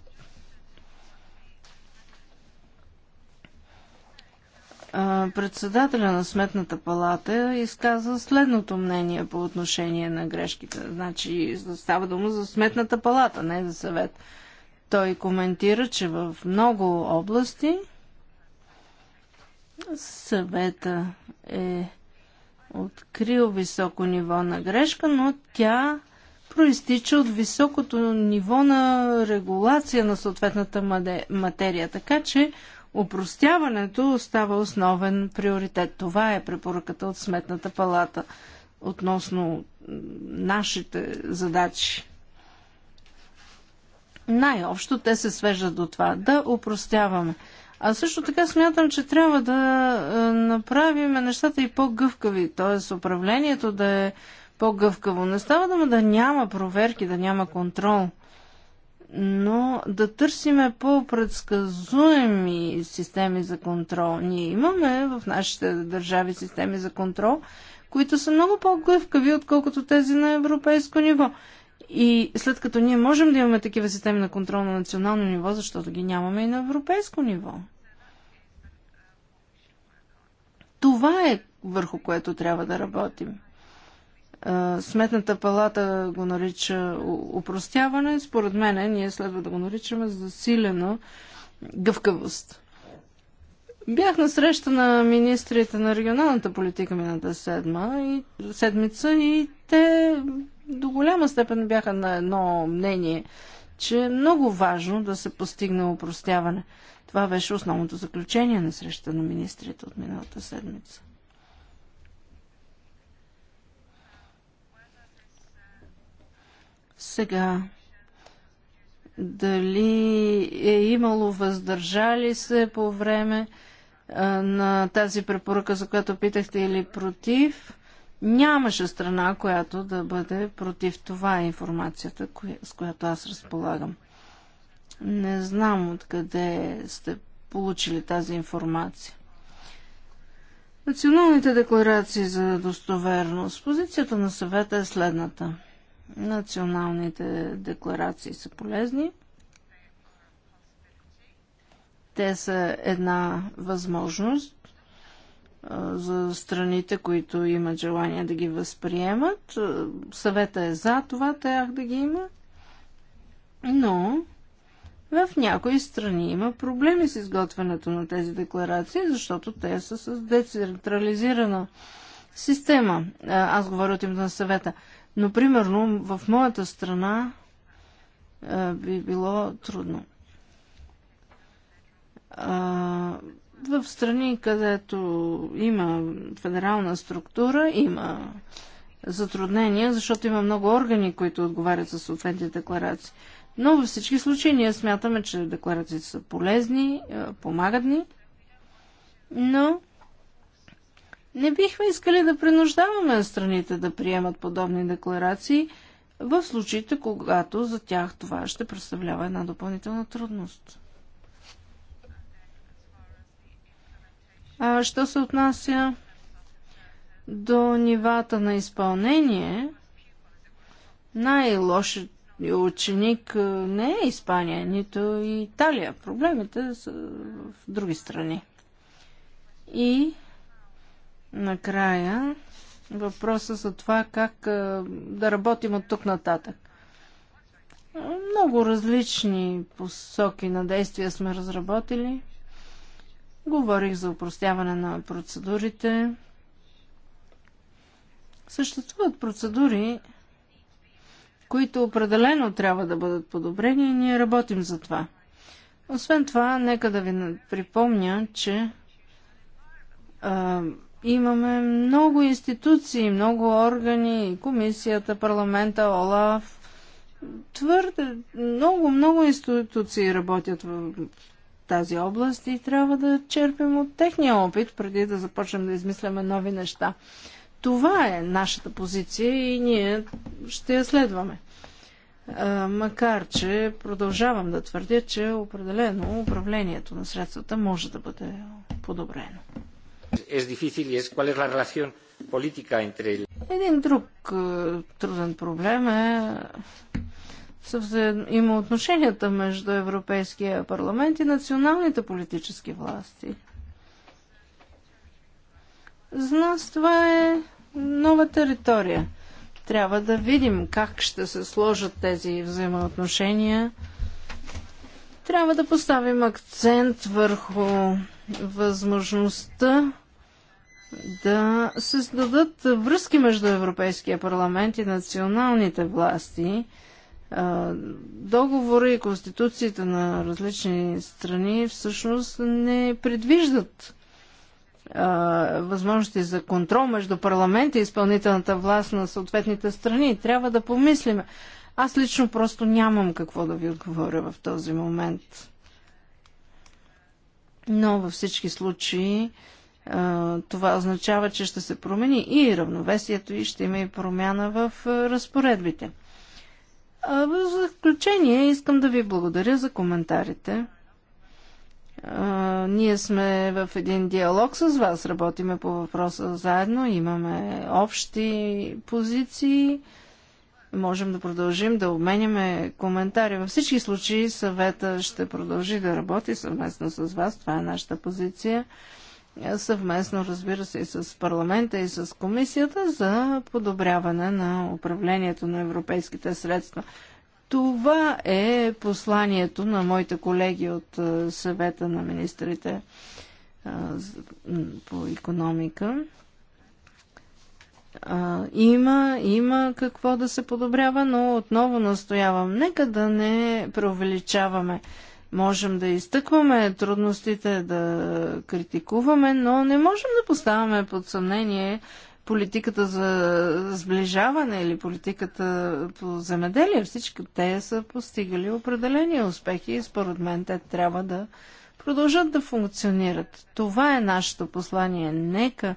S4: Председателя на Сметната палата изказа следното мнение по отношение на грешките. Значи става дума за Сметната палата, не за съвет. Той коментира, че в много области съвета е открил високо ниво на грешка, но тя проистича от високото ниво на регулация на съответната материя. Така че Опростяването остава основен приоритет. Това е препоръката от Сметната палата относно нашите задачи. Най-общо те се свеждат до това да опростяваме. А също така смятам, че трябва да е, направим нещата и по-гъвкави, т.е. управлението да е по-гъвкаво. Не става дума да няма проверки, да няма контрол, но да търсиме по-предсказуеми системи за контрол. Ние имаме в нашите държави системи за контрол, които са много по-гъвкави, отколкото тези на европейско ниво. И след като ние можем да имаме такива системи на контрол на национално ниво, защото ги нямаме и на европейско ниво. Това е върху което трябва да работим. Сметната палата го нарича упростяване. Според мен ние следва да го наричаме засилена гъвкавост. Бях на среща на министрите на регионалната политика мината седма и, седмица и те до голяма степен бяха на едно мнение, че е много важно да се постигне упростяване. Това беше основното заключение на среща на министрите от миналата седмица. Сега, дали е имало въздържали се по време а, на тази препоръка, за която питахте, или против? Нямаше страна, която да бъде против това е информацията, коя, с която аз разполагам. Не знам откъде сте получили тази информация. Националните декларации за достоверност. Позицията на съвета е следната. Националните декларации са полезни. Те са една възможност за страните, които имат желание да ги възприемат. Съвета е за това, тях да ги има. Но в някои страни има проблеми с изготвянето на тези декларации, защото те са с децентрализирана система. Аз говоря от името на съвета. Но, примерно, в моята страна а, е, би било трудно. А, в страни, където има федерална структура, има затруднения, защото има много органи, които отговарят за съответните декларации. Но във всички случаи ние смятаме, че декларациите са полезни, е, помагат ни, но не бихме искали да принуждаваме страните да приемат подобни декларации в случаите, когато за тях това ще представлява една допълнителна трудност. А що се отнася до нивата на изпълнение, най-лошият ученик не е Испания, нито и Италия. Проблемите са в други страни. И накрая въпроса за това как да работим от тук нататък. Много различни посоки на действия сме разработили. Говорих за упростяване на процедурите. Съществуват процедури, които определено трябва да бъдат подобрени и ние работим за това. Освен това, нека да ви припомня, че а, имаме много институции, много органи, комисията, парламента, ОЛАФ. Твърде, много, много институции работят в тази област и трябва да черпим от техния опит, преди да започнем да измисляме нови неща. Това е нашата позиция и ние ще я следваме. А, макар, че продължавам да твърдя, че определено управлението на средствата може да бъде подобрено. Един друг е, труден проблем е има между Европейския парламент и националните политически власти. За нас това е нова територия. Трябва да видим как ще се сложат тези взаимоотношения. Трябва да поставим акцент върху възможността да създадат връзки между Европейския парламент и националните власти. Договори и конституциите на различни страни всъщност не предвиждат възможности за контрол между парламента и изпълнителната власт на съответните страни. Трябва да помислим. Аз лично просто нямам какво да ви отговоря в този момент. Но във всички случаи това означава, че ще се промени и равновесието и ще има и промяна в разпоредбите. А в заключение искам да ви благодаря за коментарите. А, ние сме в един диалог с вас, работиме по въпроса заедно, имаме общи позиции, можем да продължим да обменяме коментари. Във всички случаи съвета ще продължи да работи съвместно с вас, това е нашата позиция съвместно, разбира се, и с парламента и с комисията за подобряване на управлението на европейските средства. Това е посланието на моите колеги от съвета на министрите по економика. има, има какво да се подобрява, но отново настоявам, нека да не преувеличаваме. Можем да изтъкваме трудностите, да критикуваме, но не можем да поставяме под съмнение политиката за сближаване или политиката по земеделие. Всички те са постигали определени успехи и според мен те трябва да продължат да функционират. Това е нашето послание. Нека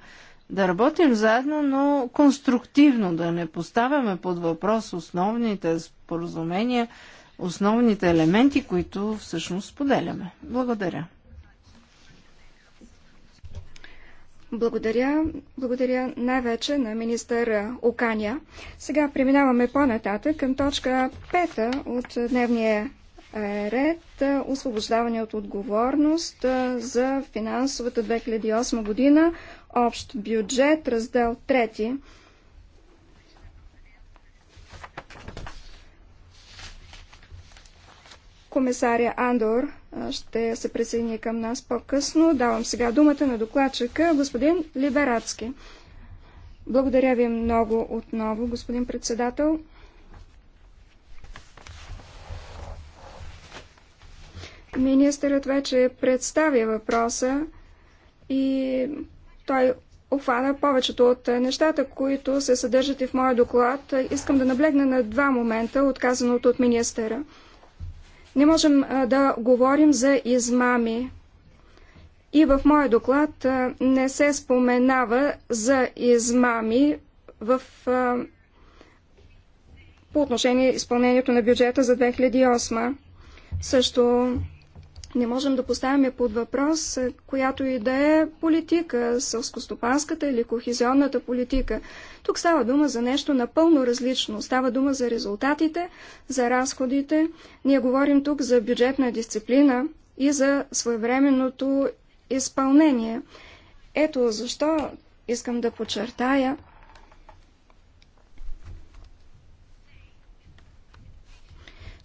S4: да работим заедно, но конструктивно, да не поставяме под въпрос основните споразумения, основните елементи, които всъщност споделяме. Благодаря.
S1: Благодаря. Благодаря най-вече на министър Оканя. Сега преминаваме по-нататък към точка 5 от дневния ред освобождаване от отговорност за финансовата 2008 година, общ бюджет, раздел трети. Комисаря Андор ще се присъедини към нас по-късно. Давам сега думата на докладчика, господин Либерацки. Благодаря ви много отново, господин председател. Министърът вече представя въпроса и той обхвана повечето от нещата, които се съдържат и в моя доклад. Искам да наблегна на два момента, отказаното от министъра. Не можем да говорим за измами. И в моя доклад не се споменава за измами в, по отношение изпълнението на бюджета за 2008. Също не можем да поставяме под въпрос, е, която и да е политика, сълскостопанската или кохезионната политика. Тук става дума за нещо напълно различно. Става дума за резултатите, за разходите. Ние говорим тук за бюджетна дисциплина и за своевременното изпълнение. Ето защо искам да подчертая,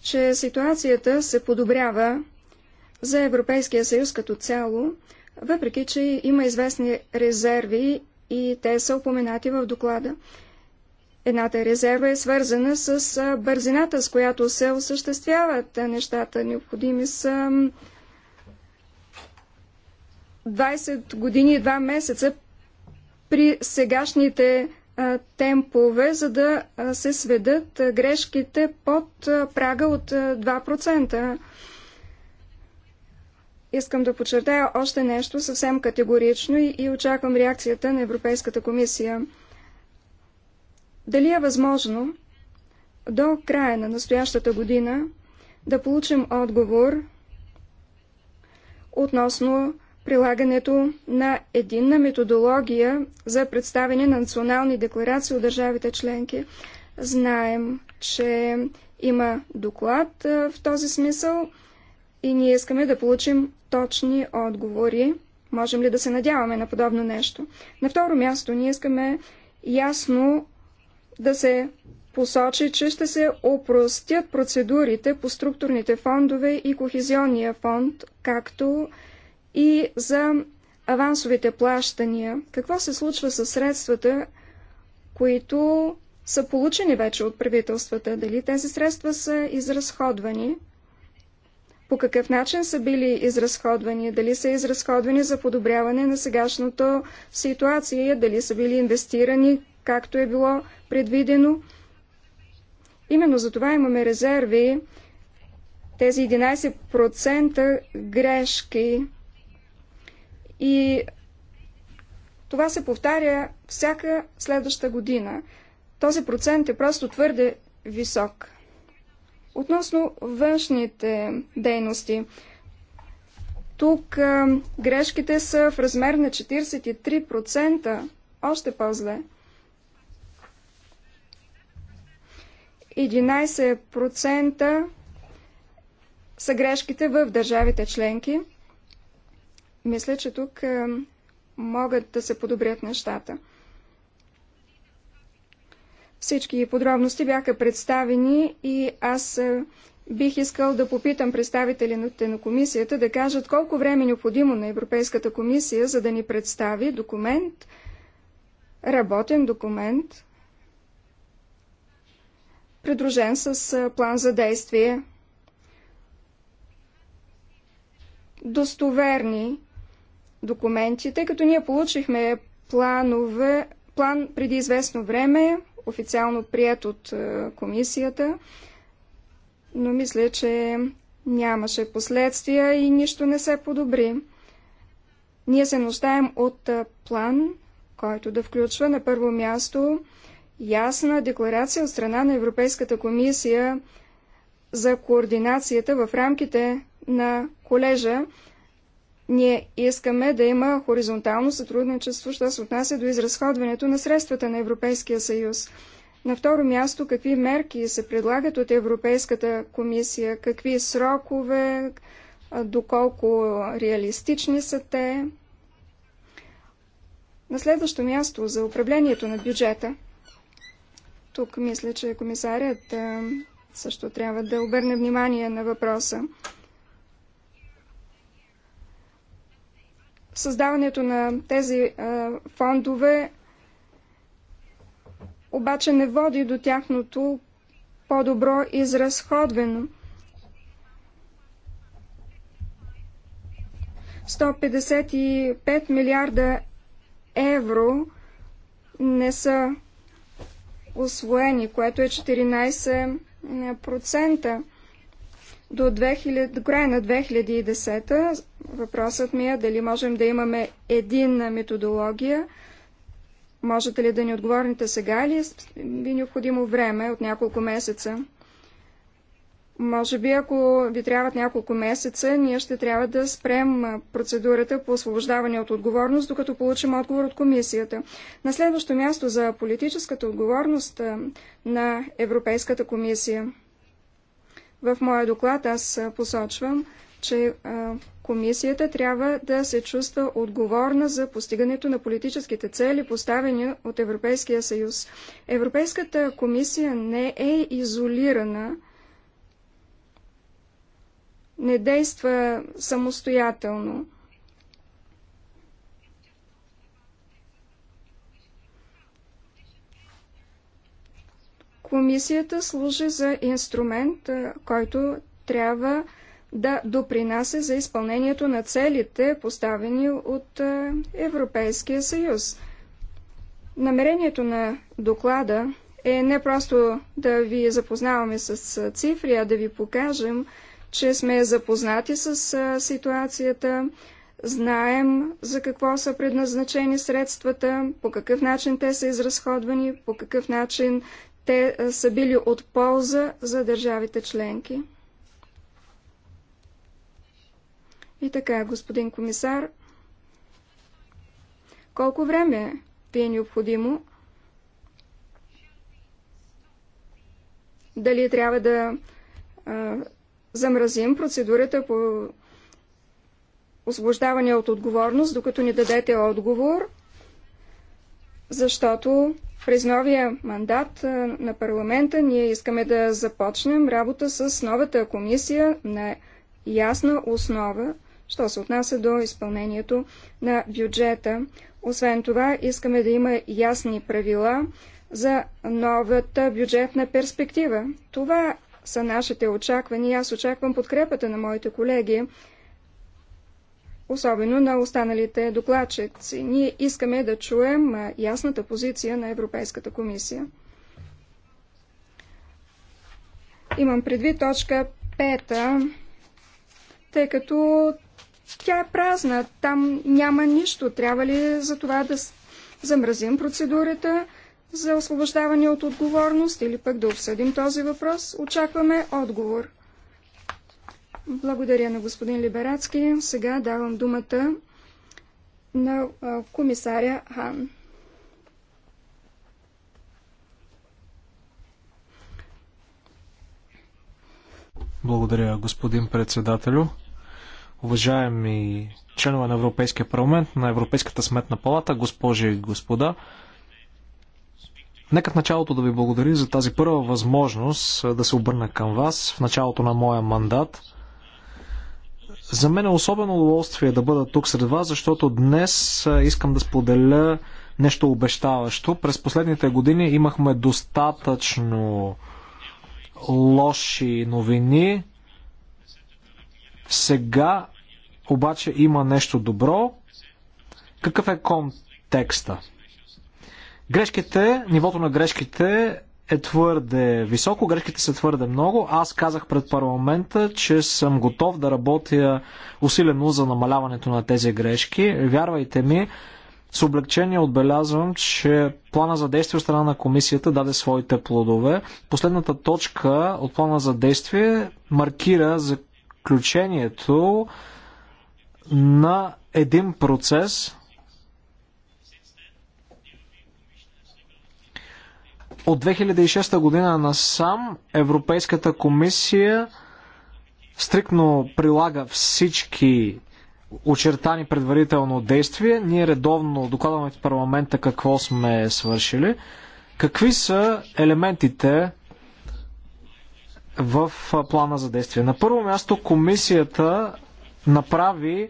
S1: че ситуацията се подобрява за Европейския съюз като цяло, въпреки че има известни резерви и те са упоменати в доклада. Едната резерва е свързана с бързината, с която се осъществяват нещата. Необходими са 20 години и 2 месеца при сегашните темпове, за да се сведат грешките под прага от 2%. Искам да подчертая още нещо съвсем категорично и, и очаквам реакцията на Европейската комисия. Дали е възможно до края на настоящата година да получим отговор относно прилагането на единна методология за представяне на национални декларации от държавите членки. Знаем, че има доклад в този смисъл и ние искаме да получим точни отговори. Можем ли да се надяваме на подобно нещо? На второ място, ние искаме ясно да се посочи, че ще се опростят процедурите по структурните фондове и кохезионния фонд, както и за авансовите плащания. Какво се случва с средствата, които са получени вече от правителствата? Дали тези средства са изразходвани? по какъв начин са били изразходвани, дали са изразходвани за подобряване на сегашната ситуация, дали са били инвестирани, както е било предвидено. Именно за това имаме резерви. Тези 11% грешки и това се повтаря всяка следваща година. Този процент е просто твърде висок. Относно външните дейности, тук а, грешките са в размер на 43%, още по-зле. 11% са грешките в държавите членки. Мисля, че тук а, могат да се подобрят нещата. Всички подробности бяха представени и аз бих искал да попитам представителите на комисията да кажат колко време е необходимо на Европейската комисия, за да ни представи документ, работен документ, придружен с план за действие. Достоверни документи, тъй като ние получихме планове, план преди известно време, официално прият от е, комисията, но мисля, че нямаше последствия и нищо не се подобри. Ние се нуждаем от е, план, който да включва на първо място ясна декларация от страна на Европейската комисия за координацията в рамките на колежа ние искаме да има хоризонтално сътрудничество, що се отнася до изразходването на средствата на Европейския съюз. На второ място, какви мерки се предлагат от Европейската комисия, какви срокове, доколко реалистични са те. На следващо място, за управлението на бюджета. Тук мисля, че комисарят също трябва да обърне внимание на въпроса. Създаването на тези фондове обаче не води до тяхното по-добро изразходвено. 155 милиарда евро не са освоени, което е 14% до, 2000, до края на 2010 Въпросът ми е дали можем да имаме единна методология. Можете ли да ни отговорите сега или е ви е необходимо време от няколко месеца? Може би, ако ви трябват няколко месеца, ние ще трябва да спрем процедурата по освобождаване от отговорност, докато получим отговор от комисията. На следващо място за политическата отговорност на Европейската комисия. В моя доклад аз посочвам, че комисията трябва да се чувства отговорна за постигането на политическите цели, поставени от Европейския съюз. Европейската комисия не е изолирана, не действа самостоятелно. Комисията служи за инструмент, който трябва да допринася за изпълнението на целите, поставени от е, Европейския съюз. Намерението на доклада е не просто да ви запознаваме с цифри, а да ви покажем, че сме запознати с е, ситуацията, знаем за какво са предназначени средствата, по какъв начин те са изразходвани, по какъв начин те е, са били от полза за държавите членки. И така, господин комисар, колко време ви е необходимо? Дали трябва да а, замразим процедурата по освобождаване от отговорност, докато ни дадете отговор, защото през новия мандат на парламента ние искаме да започнем работа с новата комисия на ясна основа, що се отнася до изпълнението на бюджета. Освен това, искаме да има ясни правила за новата бюджетна перспектива. Това са нашите очаквания. Аз очаквам подкрепата на моите колеги, особено на останалите докладчици. Ние искаме да чуем ясната позиция на Европейската комисия. Имам предвид точка 5, тъй като тя е празна, там няма нищо. Трябва ли за това да замразим процедурата за освобождаване от отговорност или пък да обсъдим този въпрос? Очакваме отговор. Благодаря на господин Либерацки. Сега давам думата на комисаря Хан.
S2: Благодаря, господин председателю уважаеми членове на Европейския парламент, на Европейската сметна палата, госпожи и господа. Нека в началото да ви благодаря за тази първа възможност да се обърна към вас в началото на моя мандат. За мен е особено удоволствие да бъда тук сред вас, защото днес искам да споделя нещо обещаващо. През последните години имахме достатъчно лоши новини, сега обаче има нещо добро. Какъв е контекста? Грешките, нивото на грешките е твърде високо, грешките са твърде много. Аз казах пред парламента, че съм готов да работя усилено за намаляването на тези грешки. Вярвайте ми, с облегчение отбелязвам, че плана за действие от страна на комисията даде своите плодове. Последната точка от плана за действие маркира за приключението на един процес, от 2006 година насам Европейската комисия стрикно прилага всички очертани предварително действия. Ние редовно докладваме в парламента какво сме свършили. Какви са елементите в плана за действие. На първо място комисията направи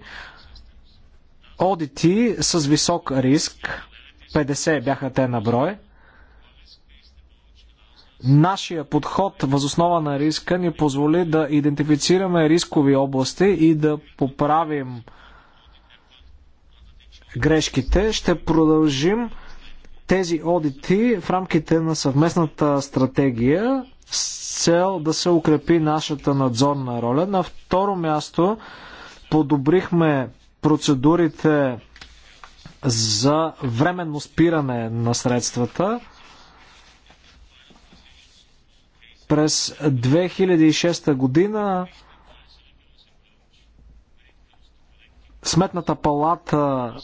S2: одити с висок риск. 50 бяха те на брой. Нашия подход възоснова на риска ни позволи да идентифицираме рискови области и да поправим грешките. Ще продължим тези одити в рамките на съвместната стратегия с цел да се укрепи нашата надзорна роля. На второ място подобрихме процедурите за временно спиране на средствата. През 2006 година Сметната палата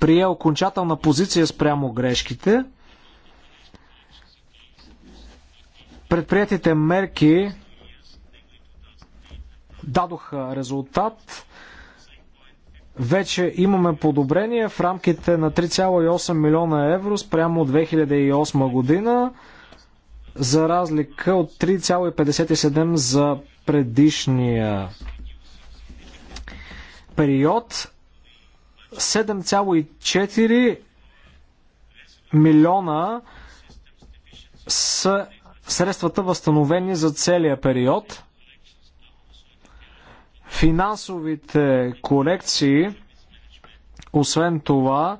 S2: прие окончателна позиция спрямо грешките – Предприятите мерки дадоха резултат. Вече имаме подобрение в рамките на 3,8 милиона евро спрямо от 2008 година за разлика от 3,57 за предишния период. 7,4 милиона са средствата възстановени за целия период. Финансовите корекции, освен това,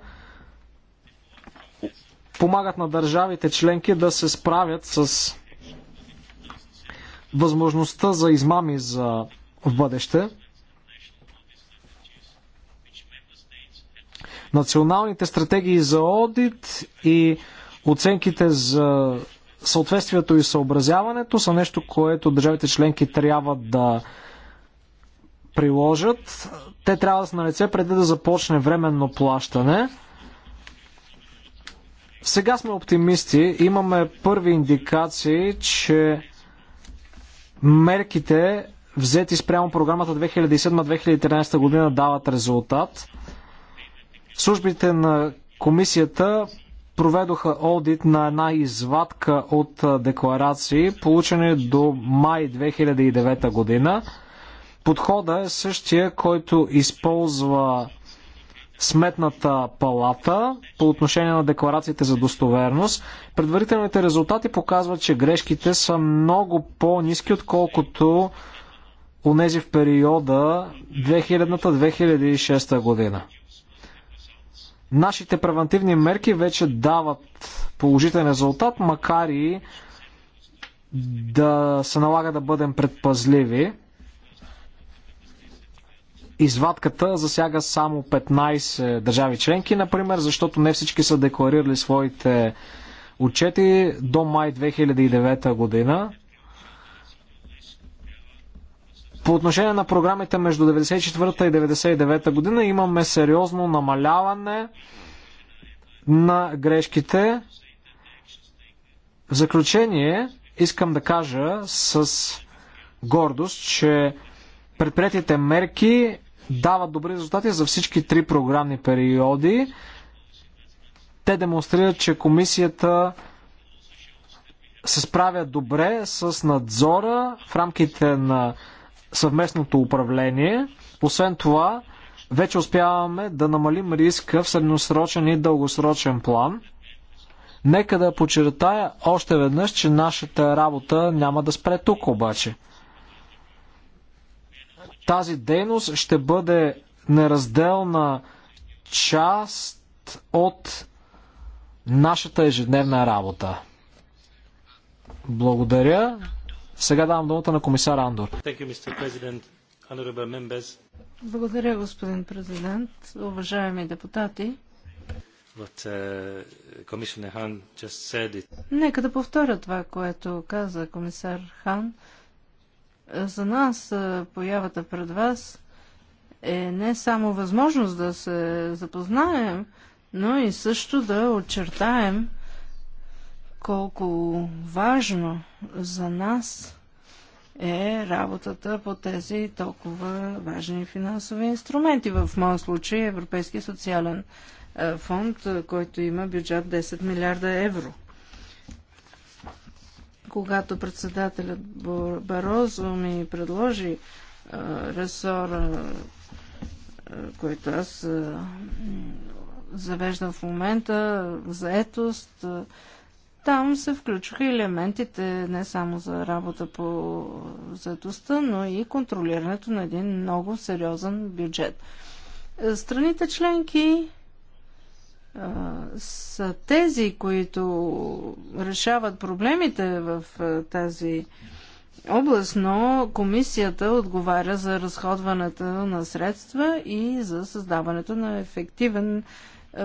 S2: помагат на държавите членки да се справят с възможността за измами за в бъдеще. Националните стратегии за одит и оценките за съответствието и съобразяването са нещо, което държавите членки трябва да приложат. Те трябва да са на лице преди да започне временно плащане. Сега сме оптимисти. Имаме първи индикации, че мерките взети спрямо програмата 2007-2013 година дават резултат. Службите на комисията проведоха одит на една извадка от декларации, получени до май 2009 година. Подхода е същия, който използва Сметната палата по отношение на декларациите за достоверност. Предварителните резултати показват, че грешките са много по-низки, отколкото нези в периода 2000-2006 година. Нашите превентивни мерки вече дават положителен резултат, макар и да се налага да бъдем предпазливи. Извадката засяга само 15 държави членки, например, защото не всички са декларирали своите отчети до май 2009 година. По отношение на програмите между 1994 и 1999 година имаме сериозно намаляване на грешките. В заключение искам да кажа с гордост, че предприятите мерки дават добри резултати за всички три програмни периоди. Те демонстрират, че комисията се справя добре с надзора в рамките на съвместното управление. Освен това, вече успяваме да намалим риска в средносрочен и дългосрочен план. Нека да подчертая още веднъж, че нашата работа няма да спре тук обаче. Тази дейност ще бъде неразделна част от нашата ежедневна работа. Благодаря. Сега давам думата на комисар Андор.
S4: Благодаря, господин президент. Уважаеми депутати,
S5: But, uh,
S4: Нека да повторя това, което каза комисар Хан. За нас появата пред вас е не само възможност да се запознаем, но и също да очертаем колко важно за нас е работата по тези толкова важни финансови инструменти. В моят случай е Европейския социален е, фонд, е, който има бюджет 10 милиарда евро. Когато председателят Барозо ми предложи ресора, който аз завеждам в момента, заетост, там се включваха елементите не само за работа по заедостта, но и контролирането на един много сериозен бюджет. Е, страните членки е, са тези, които решават проблемите в е, тази област, но комисията отговаря за разходването на средства и за създаването на ефективен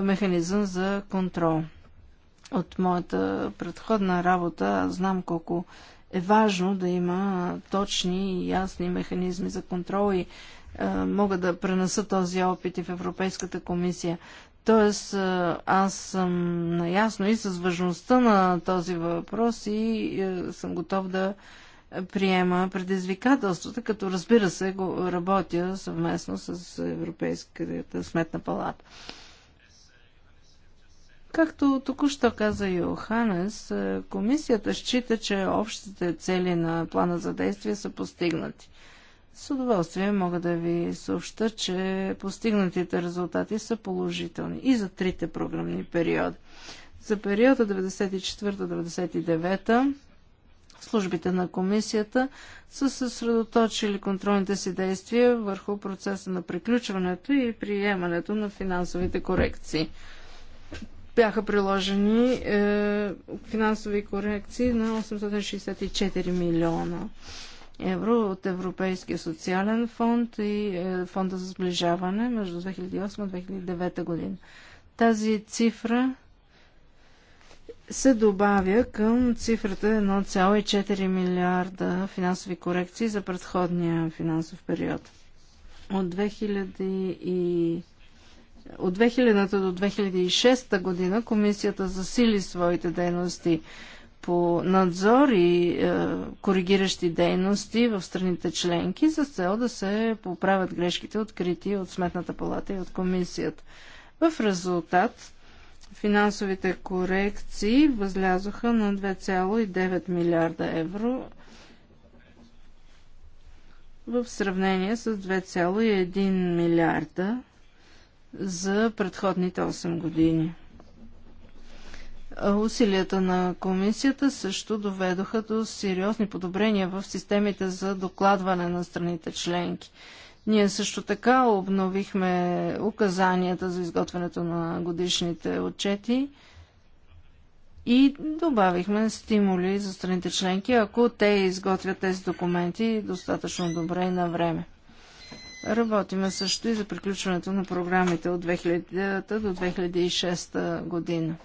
S4: механизъм за контрол от моята предходна работа знам колко е важно да има точни и ясни механизми за контрол и а, мога да пренеса този опит и в Европейската комисия. Тоест, аз съм наясно и с важността на този въпрос и а, съм готов да приема предизвикателствата, като разбира се го работя съвместно с Европейската сметна палата. Както току-що каза Йоханес, е, комисията счита, че общите цели на плана за действие са постигнати. С удоволствие мога да ви съобща, че постигнатите резултати са положителни и за трите програмни периода. За периода 94-99 службите на комисията са съсредоточили контролните си действия върху процеса на приключването и приемането на финансовите корекции бяха приложени е, финансови корекции на 864 милиона евро от Европейския социален фонд и е, фонда за сближаване между 2008-2009 година. Тази цифра се добавя към цифрата 1,4 милиарда финансови корекции за предходния финансов период. От 2000 и от 2000 до 2006 година комисията засили своите дейности по надзор и е, коригиращи дейности в страните членки за цел да се поправят грешките открити от Сметната палата и от комисията. В резултат финансовите корекции възлязоха на 2,9 милиарда евро в сравнение с 2,1 милиарда за предходните 8 години. Усилията на комисията също доведоха до сериозни подобрения в системите за докладване на страните членки. Ние също така обновихме указанията за изготвянето на годишните отчети и добавихме стимули за страните членки, ако те изготвят тези документи достатъчно добре и на време. Работиме също и за приключването на програмите от 2009 до 2006 година.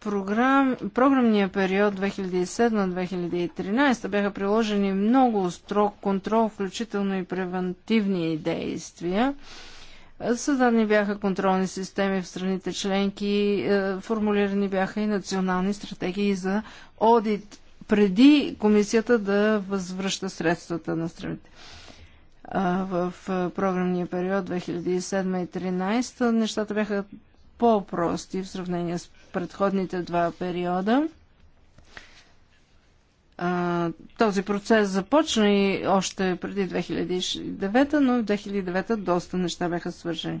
S4: програм, програмния период 2007-2013 бяха приложени много строг контрол, включително и превентивни действия. Създадени бяха контролни системи в страните членки, е, формулирани бяха и национални стратегии за одит преди комисията да възвръща средствата на страните в програмния период 2007-2013 нещата бяха по-прости в сравнение с предходните два периода. Този процес започна и още преди 2009, но в 2009 доста неща бяха свържени.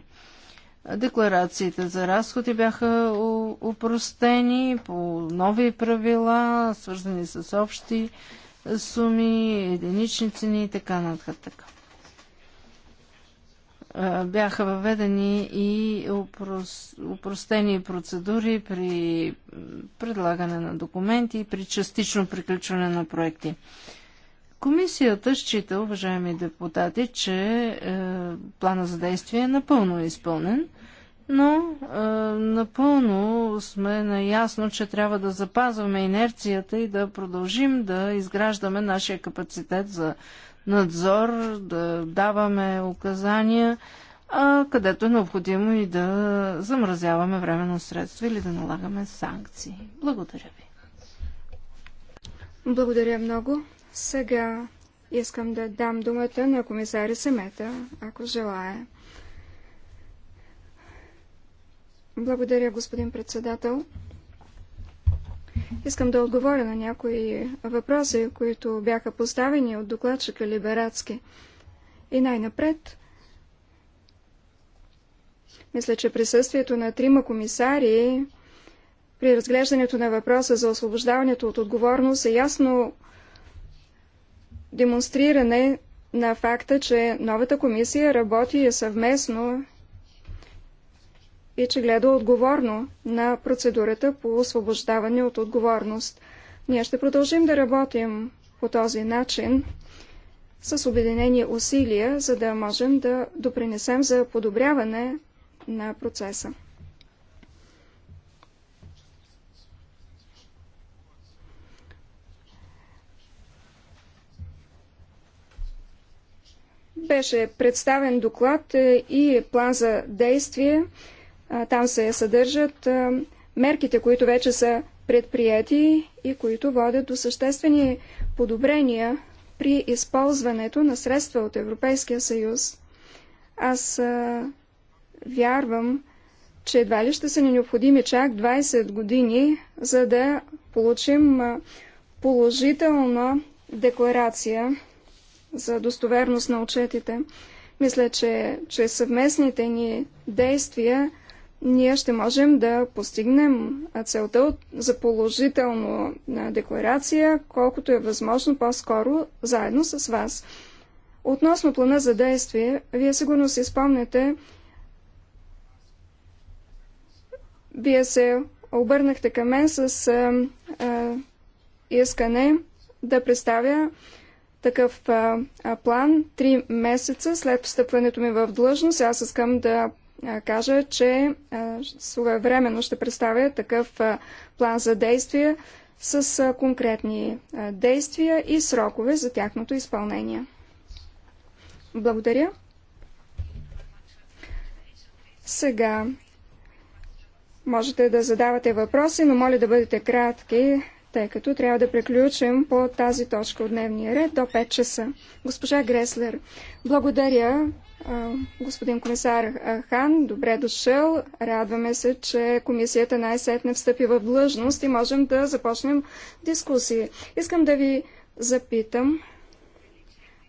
S4: Декларациите за разходи бяха упростени по нови правила, свързани с общи суми, единични цени и така нататък бяха въведени и упростени процедури при предлагане на документи и при частично приключване на проекти. Комисията счита, уважаеми депутати, че е, плана за действие е напълно изпълнен, но е, напълно сме наясно, че трябва да запазваме инерцията и да продължим да изграждаме нашия капацитет за надзор, да даваме указания, а където е необходимо и да замразяваме временно средства или да налагаме санкции.
S1: Благодаря ви. Благодаря много. Сега искам да дам думата на комисаря Семета, ако желая. Благодаря, господин председател. Искам да отговоря на някои въпроси, които бяха поставени от докладчика Либерацки. И най-напред, мисля, че присъствието на трима комисари при разглеждането на въпроса за освобождаването от отговорност е ясно демонстриране на факта, че новата комисия работи съвместно и че гледа отговорно на процедурата по освобождаване от отговорност. Ние ще продължим да работим по този начин с обединени усилия, за да можем да допринесем за подобряване на процеса. Беше представен доклад е, и план за действие там се съдържат мерките, които вече са предприяти и които водят до съществени подобрения при използването на средства от Европейския съюз. Аз а, вярвам, че едва ли ще са ни необходими чак 20 години, за да получим положителна декларация за достоверност на отчетите. Мисля, че чрез съвместните ни действия ние ще можем да постигнем целта за положително декларация, колкото е възможно по-скоро, заедно с вас. Относно плана за действие, вие сигурно си спомняте, вие се обърнахте към мен с а, а, искане да представя такъв а, а, план три месеца след встъпването ми в длъжност. Аз искам да кажа, че своевременно ще представя такъв план за действие с конкретни действия и срокове за тяхното изпълнение. Благодаря. Сега можете да задавате въпроси, но моля да бъдете кратки, тъй като трябва да приключим по тази точка от дневния ред до 5 часа. Госпожа Греслер, благодаря. Господин комисар Хан, добре дошъл. Радваме се, че комисията най-сетне встъпи в длъжност и можем да започнем дискусии. Искам да ви запитам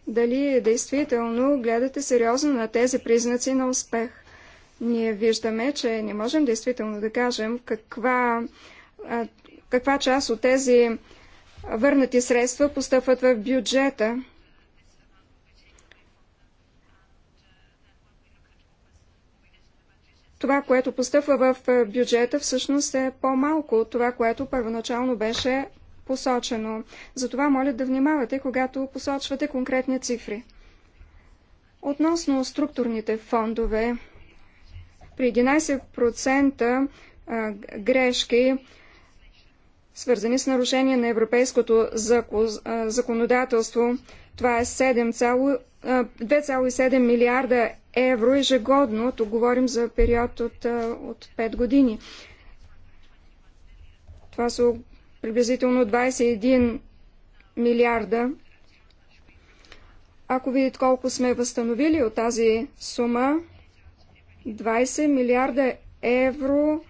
S1: дали действително гледате сериозно на тези признаци на успех. Ние виждаме, че не можем действително да кажем каква каква част от тези върнати средства постъпват в бюджета. Това, което постъпва в е, бюджета, всъщност е по-малко от това, което първоначално беше посочено. Затова моля да внимавате, когато посочвате конкретни цифри. Относно структурните фондове, при 11% грешки свързани с нарушение на европейското законодателство. Това е 2,7 милиарда евро ежегодно. Тук говорим за период от, от 5 години. Това са приблизително 21 милиарда. Ако видите колко сме възстановили от тази сума, 20 милиарда евро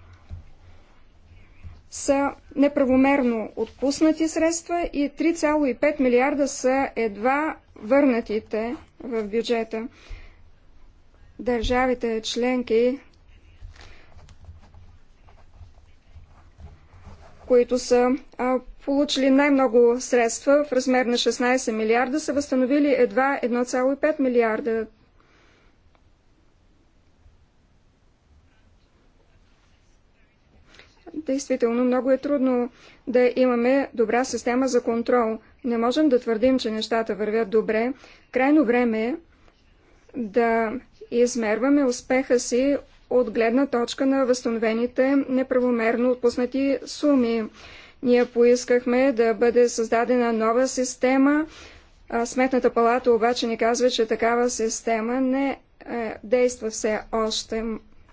S1: са неправомерно отпуснати средства и 3,5 милиарда са едва върнатите в бюджета. Държавите членки, които са а, получили най-много средства в размер на 16 милиарда, са възстановили едва 1,5 милиарда. действително много е трудно да имаме добра система за контрол. Не можем да твърдим, че нещата вървят добре. Крайно време е да измерваме успеха си от гледна точка на възстановените неправомерно отпуснати суми. Ние поискахме да бъде създадена нова система. Сметната палата обаче ни казва, че такава система не е, действа все още.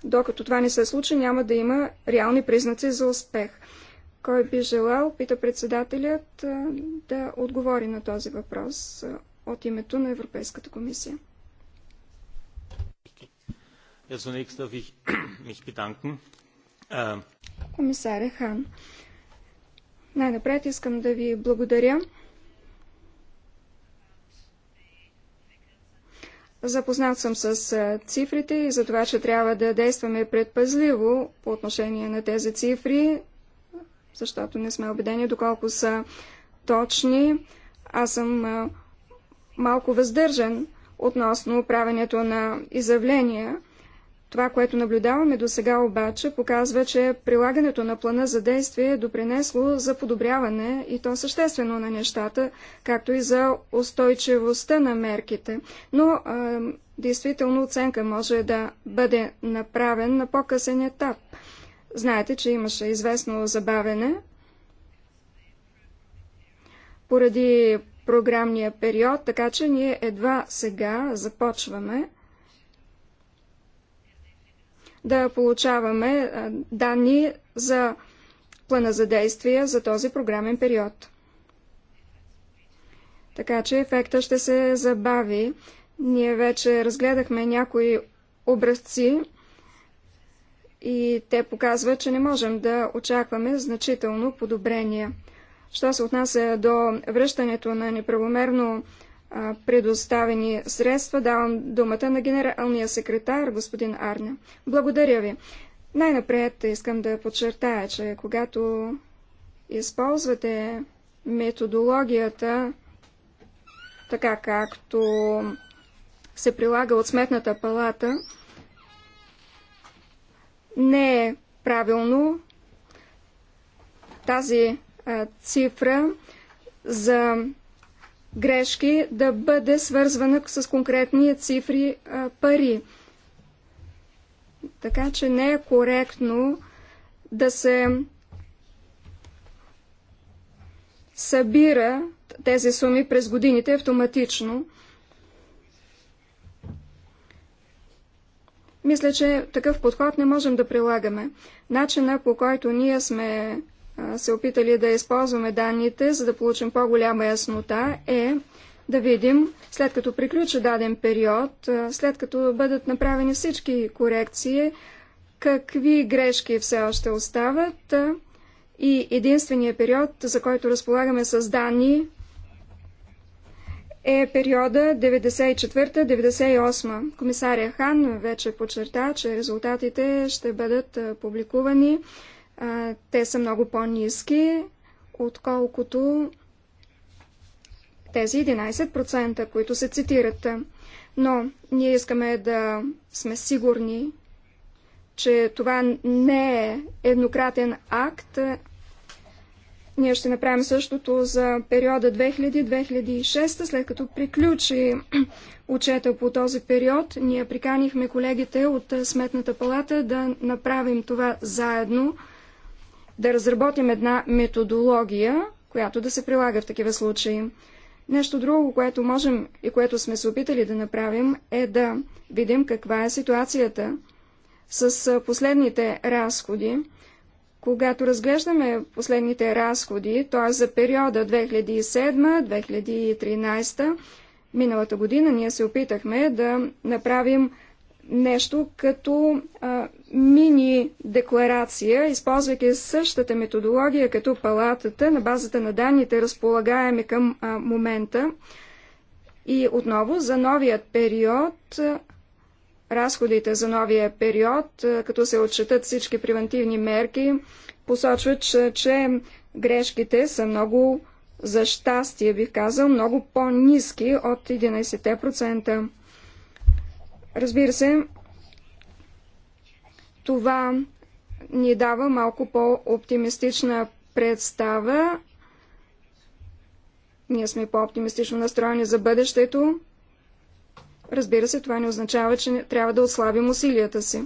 S1: Докато това не се случи, няма да има реални признаци за успех. Кой би желал, пита председателят, да отговори на този въпрос от името на Европейската комисия.
S3: *clears throat* Äh,
S1: Комисаря Хан, най-напред искам да ви благодаря Запознат съм с цифрите и за това, че трябва да действаме предпазливо по отношение на тези цифри, защото не сме убедени доколко са точни. Аз съм малко въздържан относно правенето на изявления, това, което наблюдаваме до сега обаче, показва, че прилагането на плана за действие е допринесло за подобряване и то съществено на нещата, както и за устойчивостта на мерките. Но а, действително оценка може да бъде направен на по-късен етап. Знаете, че имаше известно забавене поради програмния период, така че ние едва сега започваме да получаваме данни за плана за действие за този програмен период. Така че ефекта ще се забави. Ние вече разгледахме някои образци и те показват, че не можем да очакваме значително подобрение. Що се отнася до връщането на неправомерно предоставени средства. Давам думата на генералния секретар, господин Арна. Благодаря ви. Най-напред искам да подчертая, че когато използвате методологията, така както се прилага от сметната палата, не е правилно тази цифра за грешки да бъде свързвана с конкретни цифри а, пари. Така че не е коректно да се събира тези суми през годините автоматично. Мисля, че такъв подход не можем да прилагаме. Начина по който ние сме се опитали да използваме данните, за да получим по-голяма яснота, е да видим, след като приключи даден период, след като бъдат направени всички корекции, какви грешки все още остават и единствения период, за който разполагаме с данни, е периода 94-98. Комисаря Хан вече подчерта, че резултатите ще бъдат публикувани те са много по-низки, отколкото тези 11%, които се цитират. Но ние искаме да сме сигурни, че това не е еднократен акт. Ние ще направим същото за периода 2000-2006, след като приключи отчета *clears throat* по този период. Ние приканихме колегите от Сметната палата да направим това заедно да разработим една методология, която да се прилага в такива случаи. Нещо друго, което можем и което сме се опитали да направим, е да видим каква е ситуацията с последните разходи. Когато разглеждаме последните разходи, т.е. за периода 2007-2013, миналата година ние се опитахме да направим нещо като а, мини декларация, използвайки същата методология като палатата на базата на данните, разполагаеми към а, момента. И отново за новият период, разходите за новия период, като се отчитат всички превентивни мерки, посочват, че, че грешките са много, за щастие бих казал, много по-низки от 11%. Разбира се, това ни дава малко по-оптимистична представа. Ние сме по-оптимистично настроени за бъдещето. Разбира се, това не означава, че трябва да отслабим усилията си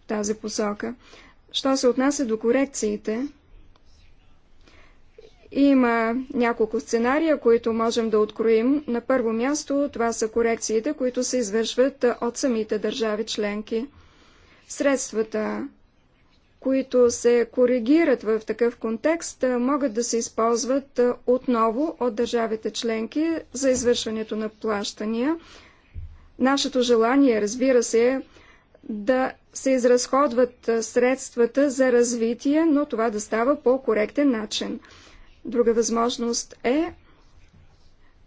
S1: в тази посока. Що се отнася до корекциите, има няколко сценария, които можем да откроим. На първо място това са корекциите, които се извършват от самите държави членки. Средствата, които се коригират в такъв контекст, могат да се използват отново от държавите членки за извършването на плащания. Нашето желание, разбира се, е да се изразходват средствата за развитие, но това да става по коректен начин. Друга възможност е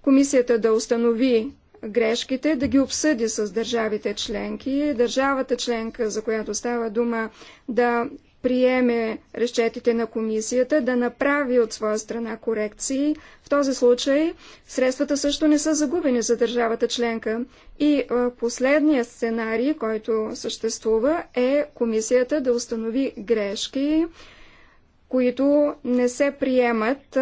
S1: комисията да установи грешките, да ги обсъди с държавите членки, държавата членка, за която става дума, да приеме разчетите на комисията, да направи от своя страна корекции. В този случай средствата също не са загубени за държавата членка. И е, последния сценарий, който съществува, е комисията да установи грешки, които не се приемат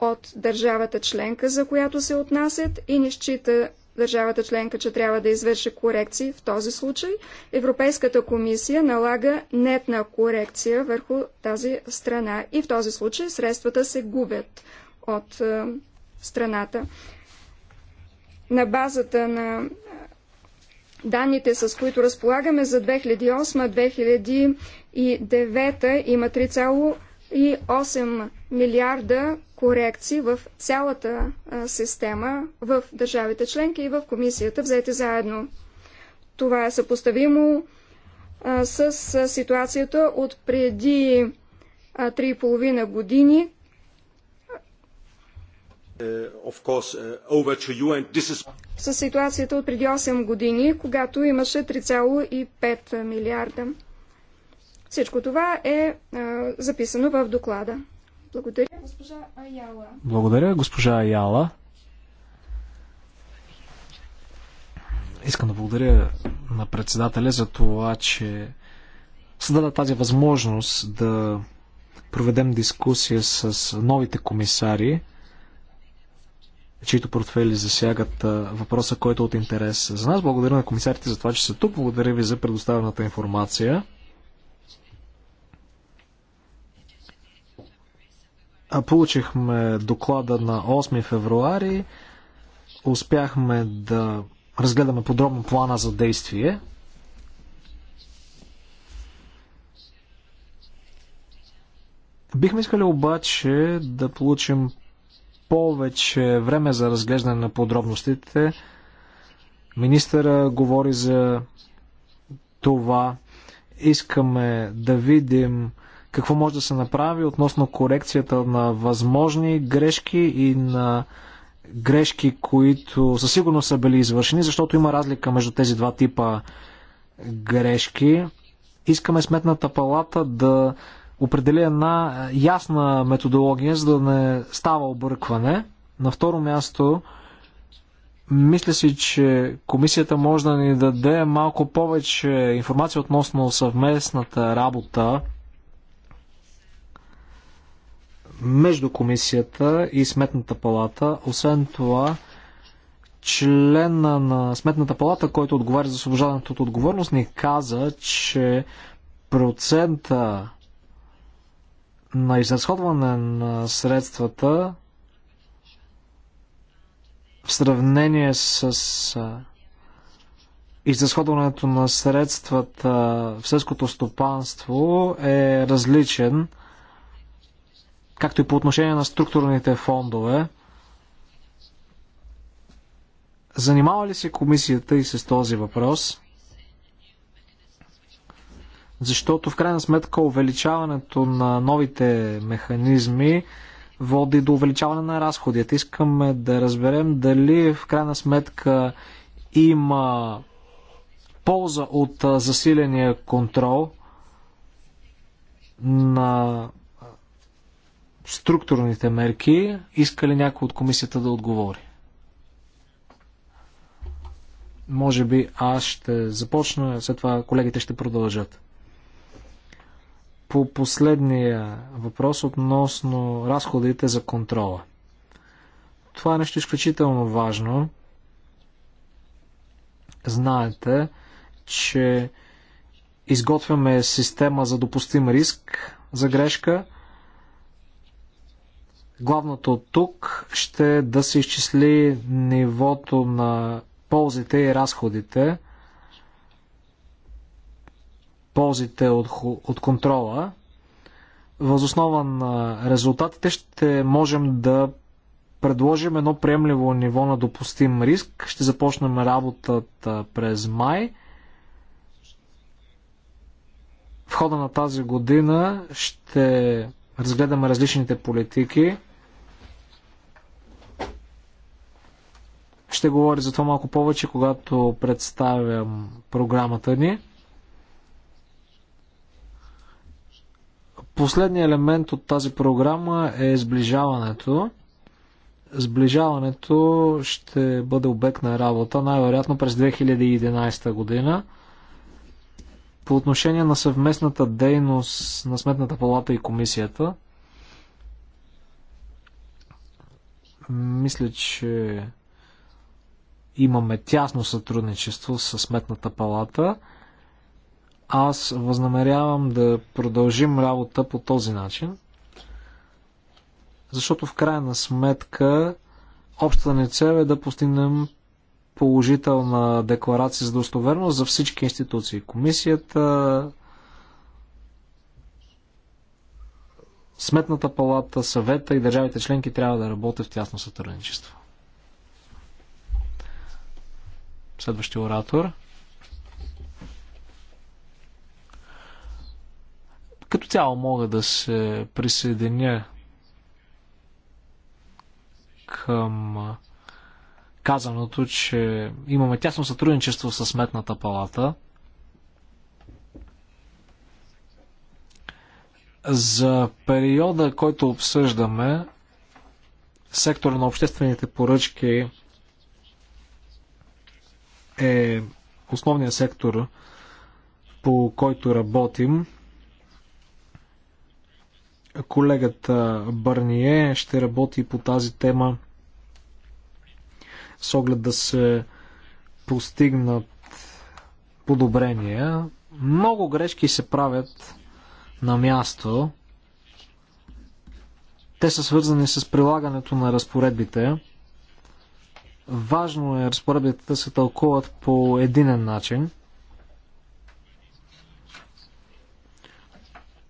S1: от държавата членка, за която се отнасят и не счита държавата членка, че трябва да извърши корекции. В този случай Европейската комисия налага нетна корекция върху тази страна и в този случай средствата се губят от страната. На базата на данните, с които разполагаме за 2008-2009 има и 8 милиарда корекции в цялата система в държавите членки и в комисията, взети заедно. Това е съпоставимо с ситуацията от преди 3,5 години. С ситуацията от преди 8 години, когато имаше 3,5 милиарда. Всичко това е, е записано в доклада. Благодаря, госпожа Аяла.
S2: Благодаря, госпожа Аяла. Искам да благодаря на председателя за това, че създаде тази възможност да проведем дискусия с новите комисари, чието портфели засягат въпроса, който е от интерес за нас. Благодаря на комисарите за това, че са тук. Благодаря ви за предоставената информация. Получихме доклада на 8 февруари. Успяхме да разгледаме подробно плана за действие. Бихме искали обаче да получим повече време за разглеждане на подробностите. Министъра говори за това. Искаме да видим какво може да се направи относно корекцията на възможни грешки и на грешки, които със сигурност са били извършени, защото има разлика между тези два типа грешки. Искаме сметната палата да определи една ясна методология, за да не става объркване. На второ място, мисля си, че комисията може да ни даде малко повече информация относно съвместната работа между комисията и сметната палата. Освен това, члена на сметната палата, който отговаря за освобождаването от отговорност, ни каза, че процента на изразходване на средствата в сравнение с изразходването на средствата в селското стопанство е различен – както и по отношение на структурните фондове. Занимава ли се комисията и с този въпрос? Защото в крайна сметка увеличаването на новите механизми води до увеличаване на разходите. Искаме да разберем дали в крайна сметка има полза от засиления контрол на структурните мерки. Иска ли някой от комисията да отговори? Може би аз ще започна, след това колегите ще продължат. По последния въпрос относно разходите за контрола. Това е нещо изключително важно. Знаете, че изготвяме система за допустим риск за грешка – Главното тук ще е да се изчисли нивото на ползите и разходите, ползите от, от контрола. Възоснова на резултатите ще можем да предложим едно приемливо ниво на допустим риск. Ще започнем работата през май. В хода на тази година ще разгледаме различните политики. Ще говоря за това малко повече, когато представям програмата ни. Последният елемент от тази програма е сближаването. Сближаването ще бъде обект на работа най-вероятно през 2011 година. По отношение на съвместната дейност на Сметната палата и комисията, мисля, че Имаме тясно сътрудничество с Сметната палата. Аз възнамерявам да продължим работа по този начин, защото в крайна сметка общата ни цел е да постигнем положителна декларация за достоверност за всички институции. Комисията, Сметната палата, съвета и държавите членки трябва да работят в тясно сътрудничество. Следващия оратор. Като цяло мога да се присъединя към казаното, че имаме тясно сътрудничество с Сметната палата. За периода, който обсъждаме, сектор на обществените поръчки е основният сектор, по който работим. Колегата Бърние ще работи по тази тема с оглед да се постигнат подобрения. Много грешки се правят на място. Те са свързани с прилагането на разпоредбите. Важно е разпоредбите да се тълкуват по единен начин.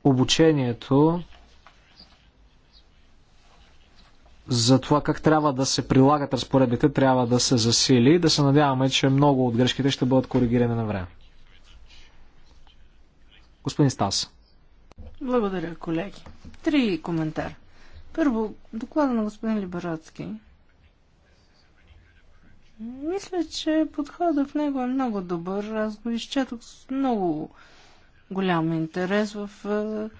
S2: Обучението за това как трябва да се прилагат разпоредбите трябва да се засили и да се надяваме, че много от грешките ще бъдат коригирани на време. Господин Стас.
S4: Благодаря, колеги. Три коментар. Първо, доклада на господин Либарацки мисля, че подходът в него е много добър. Аз го изчетох с много голям интерес. В е,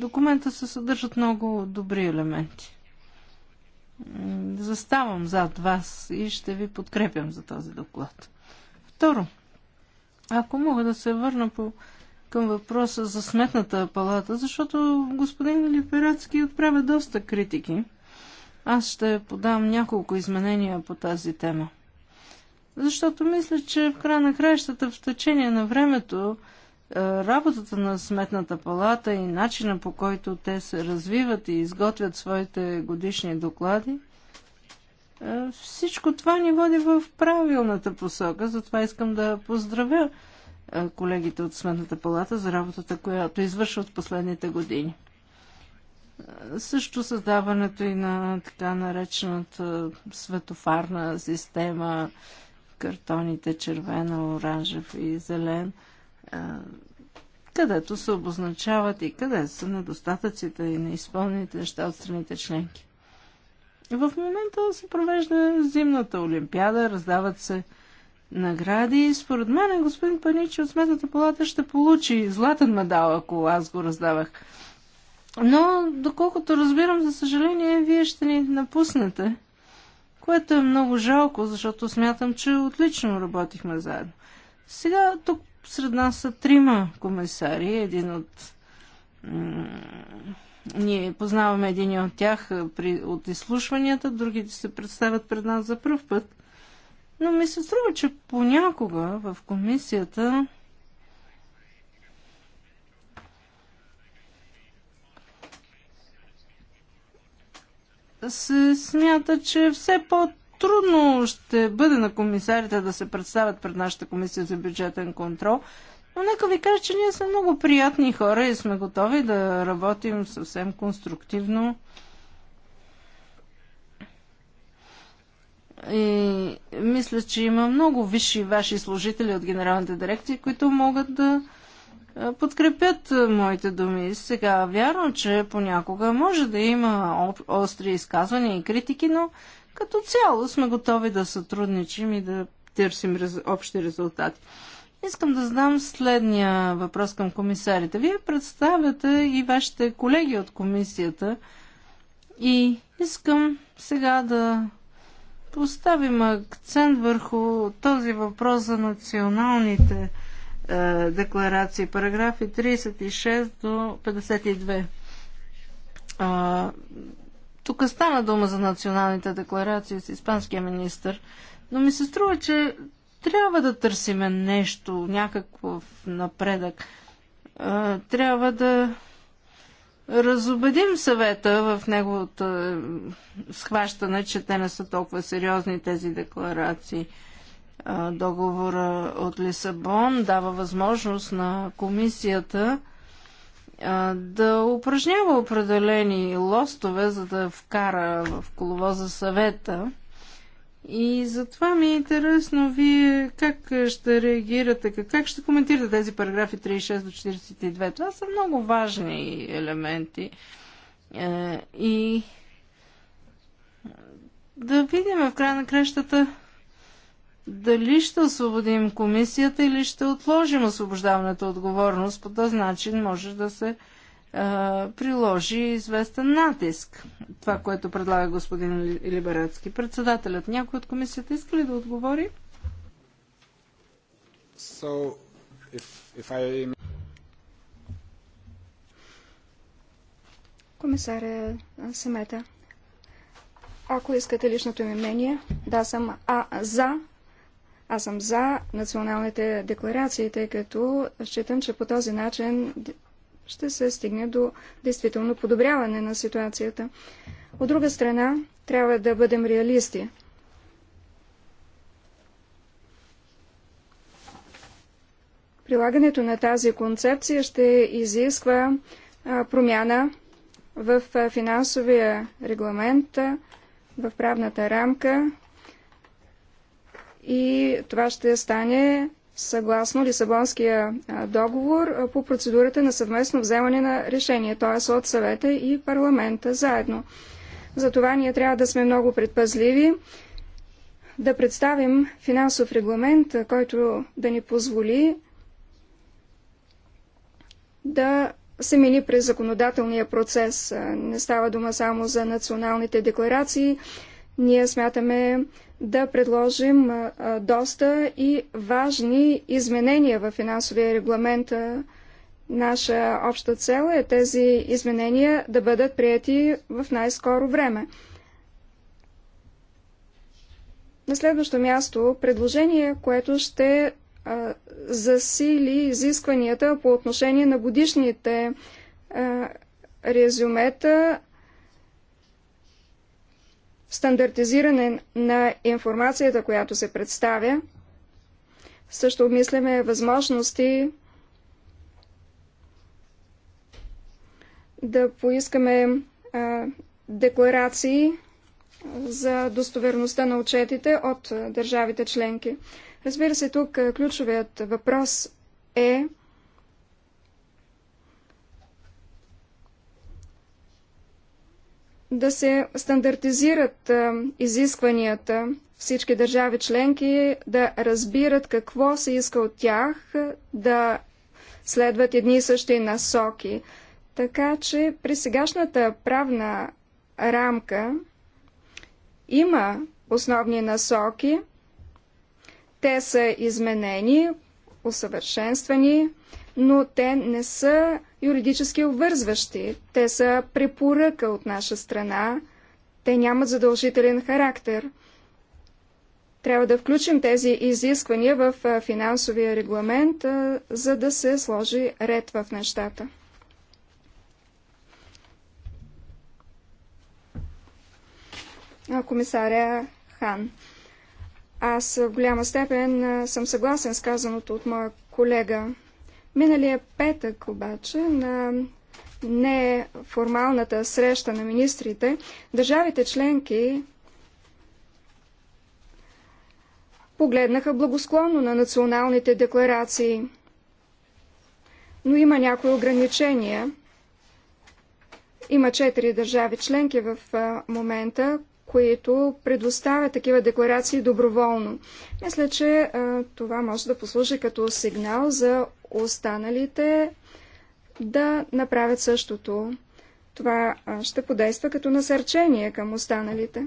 S4: документа се съдържат много добри елементи. Заставам зад вас и ще ви подкрепям за този доклад. Второ, ако мога да се върна по, към въпроса за сметната палата, защото господин Липерацки отправя доста критики. Аз ще подам няколко изменения по тази тема. Защото мисля, че в края на краищата в течение на времето е, работата на Сметната палата и начина по който те се развиват и изготвят своите годишни доклади, е, всичко това ни води в правилната посока. Затова искам да поздравя е, колегите от Сметната палата за работата, която извършват последните години. Също създаването и на така наречената светофарна система, картоните червено, оранжев и зелен, където се обозначават и къде са недостатъците и неизпълнените неща от страните членки. В момента се провежда зимната олимпиада, раздават се награди и според мен господин Паничи от Сметната палата ще получи златен медал, ако аз го раздавах. Но, доколкото разбирам, за съжаление, вие ще ни напуснете което е много жалко, защото смятам, че отлично работихме заедно. Сега тук сред нас са трима комисари, един от ние познаваме един от тях при, от изслушванията, другите се представят пред нас за първ път. Но ми се струва, че понякога в комисията се смята, че все по-трудно ще бъде на комисарите да се представят пред нашата комисия за бюджетен контрол. Но нека ви кажа, че ние сме много приятни хора и сме готови да работим съвсем конструктивно. И мисля, че има много висши ваши служители от генералните дирекции, които могат да е, подкрепят е, моите думи. Сега, вярно, че понякога може да има остри изказвания и критики, но като цяло сме готови да сътрудничим и да търсим рез... общи резултати. Искам да задам следния въпрос към комисарите. Вие представяте и вашите колеги от комисията и искам сега да поставим акцент върху този въпрос за националните е, декларации. Параграфи 36 до 52. А, тук стана дума за националните декларации с испанския министр, но ми се струва, че трябва да търсиме нещо, някакъв напредък. А, трябва да разобедим съвета в неговото е, схващане, че те не са толкова сериозни тези декларации. А, договора от Лисабон дава възможност на комисията да упражнява определени лостове, за да вкара в коловоза съвета. И затова ми е интересно вие как ще реагирате, как ще коментирате тези параграфи 36 до 42. Това са много важни елементи. Е, и да видим в края на крещата дали ще освободим комисията или ще отложим освобождаването отговорност. По този начин може да се приложи известен натиск. Това, което предлага господин Либерацки. Председателят, някой от комисията иска ли да отговори?
S2: So, if, if I...
S1: Комисаря Семета, ако искате личното ми мнение, да съм а, за аз съм за националните декларации, тъй като считам, че по този начин ще се стигне до действително подобряване на ситуацията. От друга страна, трябва да бъдем реалисти. Прилагането на тази концепция ще изисква промяна в финансовия регламент, в правната рамка, и това ще стане съгласно Лисабонския договор по процедурата на съвместно вземане на решение, т.е. от съвета и парламента заедно. Затова ние трябва да сме много предпазливи, да представим финансов регламент, който да ни позволи да се мини през законодателния процес. Не става дума само за националните декларации. Ние смятаме, да предложим доста и важни изменения в финансовия регламент. Наша обща цел е тези изменения да бъдат прияти в най-скоро време. На следващо място предложение, което ще а, засили изискванията по отношение на годишните а, резюмета стандартизиране на информацията, която се представя. Също обмисляме възможности да поискаме а, декларации за достоверността на отчетите от държавите членки. Разбира се, тук ключовият въпрос е да се стандартизират изискванията, всички държави членки да разбират какво се иска от тях, да следват едни и същи насоки. Така че при сегашната правна рамка има основни насоки. Те са изменени, усъвършенствани, но те не са юридически обвързващи. Те са препоръка от наша страна. Те нямат задължителен характер. Трябва да включим тези изисквания в финансовия регламент, за да се сложи ред в нещата. Комисаря Хан. Аз в голяма степен съм съгласен с казаното от моя колега. Миналия петък обаче на неформалната среща на министрите, държавите членки погледнаха благосклонно на националните декларации. Но има някои ограничения. Има четири държави членки в момента, които предоставят такива декларации доброволно. Мисля, че това може да послужи като сигнал за останалите да направят същото. Това ще подейства като насърчение към останалите.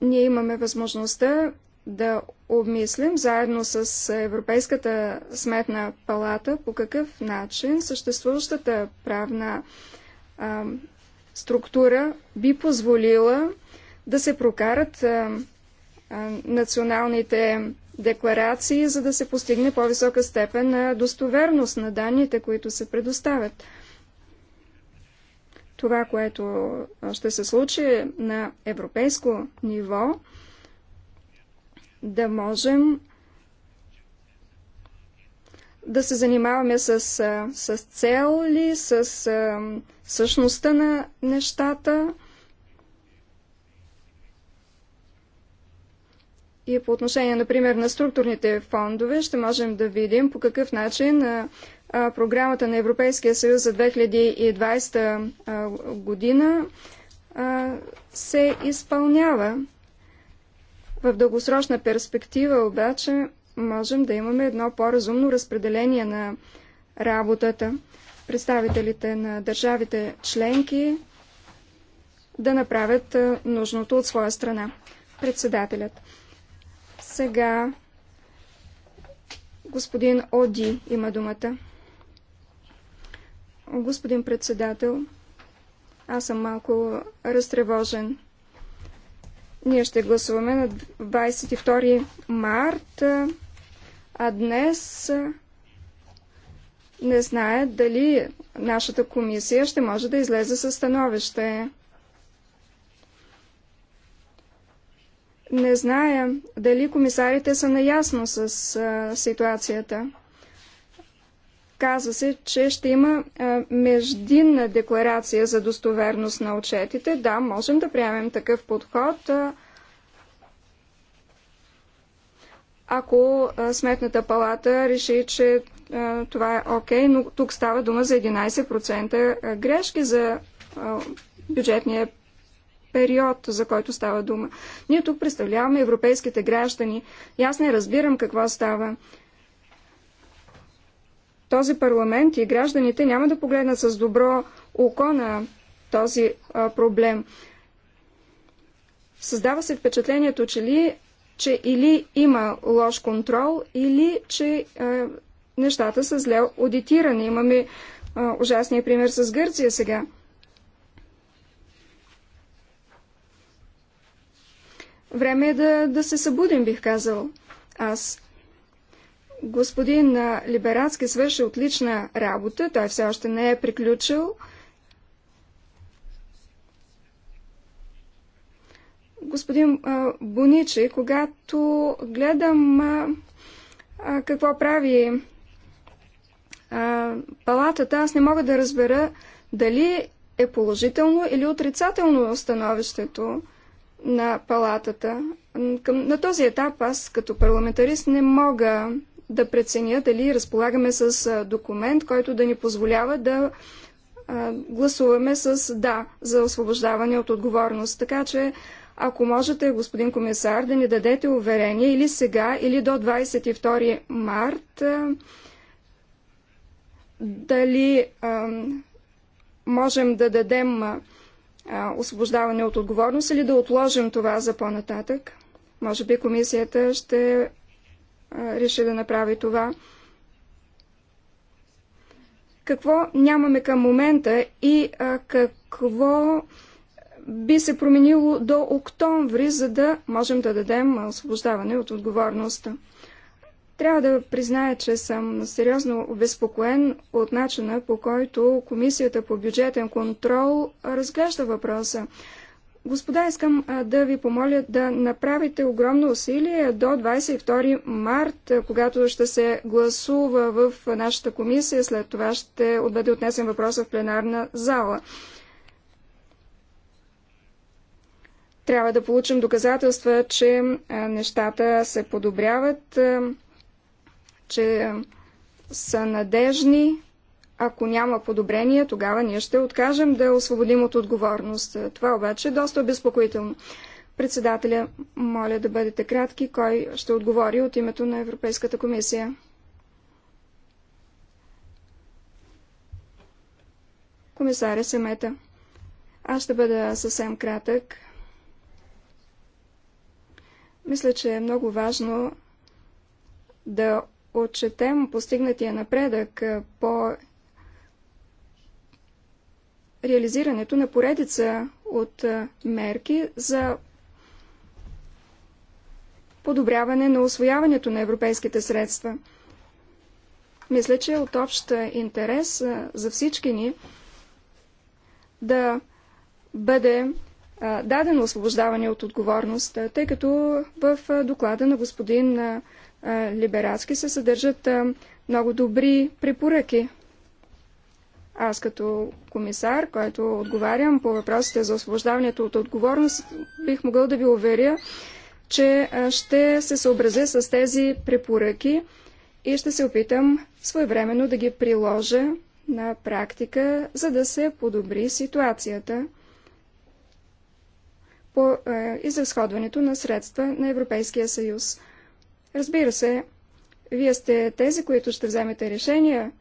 S1: Ние имаме възможността да обмислим заедно с Европейската сметна палата по какъв начин съществуващата правна структура би позволила да се прокарат а, а, националните декларации, за да се постигне по-висока степен на достоверност на данните, които се предоставят. Това, което ще се случи на европейско ниво, да можем да се занимаваме с, с ли, с, с същността на нещата. И по отношение, например, на структурните фондове, ще можем да видим по какъв начин програмата на Европейския съюз за 2020 година се изпълнява. В дългосрочна перспектива обаче можем да имаме едно по-разумно разпределение на работата. Представителите на държавите членки да направят нужното от своя страна. Председателят. Сега господин Оди има думата. Господин председател, аз съм малко разтревожен. Ние ще гласуваме на 22 март а днес не знае дали нашата комисия ще може да излезе със становище. Не знае дали комисарите са наясно с а, ситуацията. Каза се, че ще има а, междинна декларация за достоверност на отчетите. Да, можем да приемем такъв подход. А, ако Сметната палата реши, че това е окей, okay, но тук става дума за 11% грешки за бюджетния период, за който става дума. Ние тук представляваме европейските граждани и аз не разбирам какво става. Този парламент и гражданите няма да погледнат с добро око на този а, проблем. Създава се впечатлението, че ли че или има лош контрол, или че а, е, нещата са зле аудитирани. Имаме а, е, ужасния пример с Гърция сега. Време е да, да се събудим, бих казал аз. Господин е, Либератски свърши отлична работа, той все още не е приключил. господин Боничи, когато гледам какво прави палатата, аз не мога да разбера дали е положително или отрицателно становището на палатата. на този етап аз като парламентарист не мога да преценя дали разполагаме с документ, който да ни позволява да гласуваме с да за освобождаване от отговорност. Така че ако можете, господин комисар, да ни дадете уверение или сега, или до 22 март, дали можем да дадем освобождаване от отговорност или да отложим това за по-нататък. Може би комисията ще реши да направи това. Какво нямаме към момента и какво би се променило до октомври, за да можем да дадем освобождаване от отговорността. Трябва да призная, че съм сериозно обезпокоен от начина по който Комисията по бюджетен контрол разглежда въпроса. Господа, искам да ви помоля да направите огромно усилие до 22 март, когато ще се гласува в нашата комисия. След това ще бъде отнесен въпроса в пленарна зала. Трябва да получим доказателства, че нещата се подобряват, че са надежни. Ако няма подобрение, тогава ние ще откажем да освободим от отговорност. Това обаче е доста обезпокоително. Председателя, моля да бъдете кратки. Кой ще отговори от името на Европейската комисия? Комисаря Семета. Аз ще бъда съвсем кратък. Мисля, че е много важно да отчетем постигнатия напредък по реализирането на поредица от мерки за подобряване на освояването на европейските средства. Мисля, че е от общ интерес за всички ни да бъде дадено освобождаване от отговорност, тъй като в доклада на господин Либерацки се съдържат много добри препоръки. Аз като комисар, който отговарям по въпросите за освобождаването от отговорност, бих могъл да ви уверя, че ще се съобразя с тези препоръки и ще се опитам своевременно да ги приложа на практика, за да се подобри ситуацията върху е, изразходването на средства на Европейския съюз. Разбира се, вие сте тези, които ще вземете решения.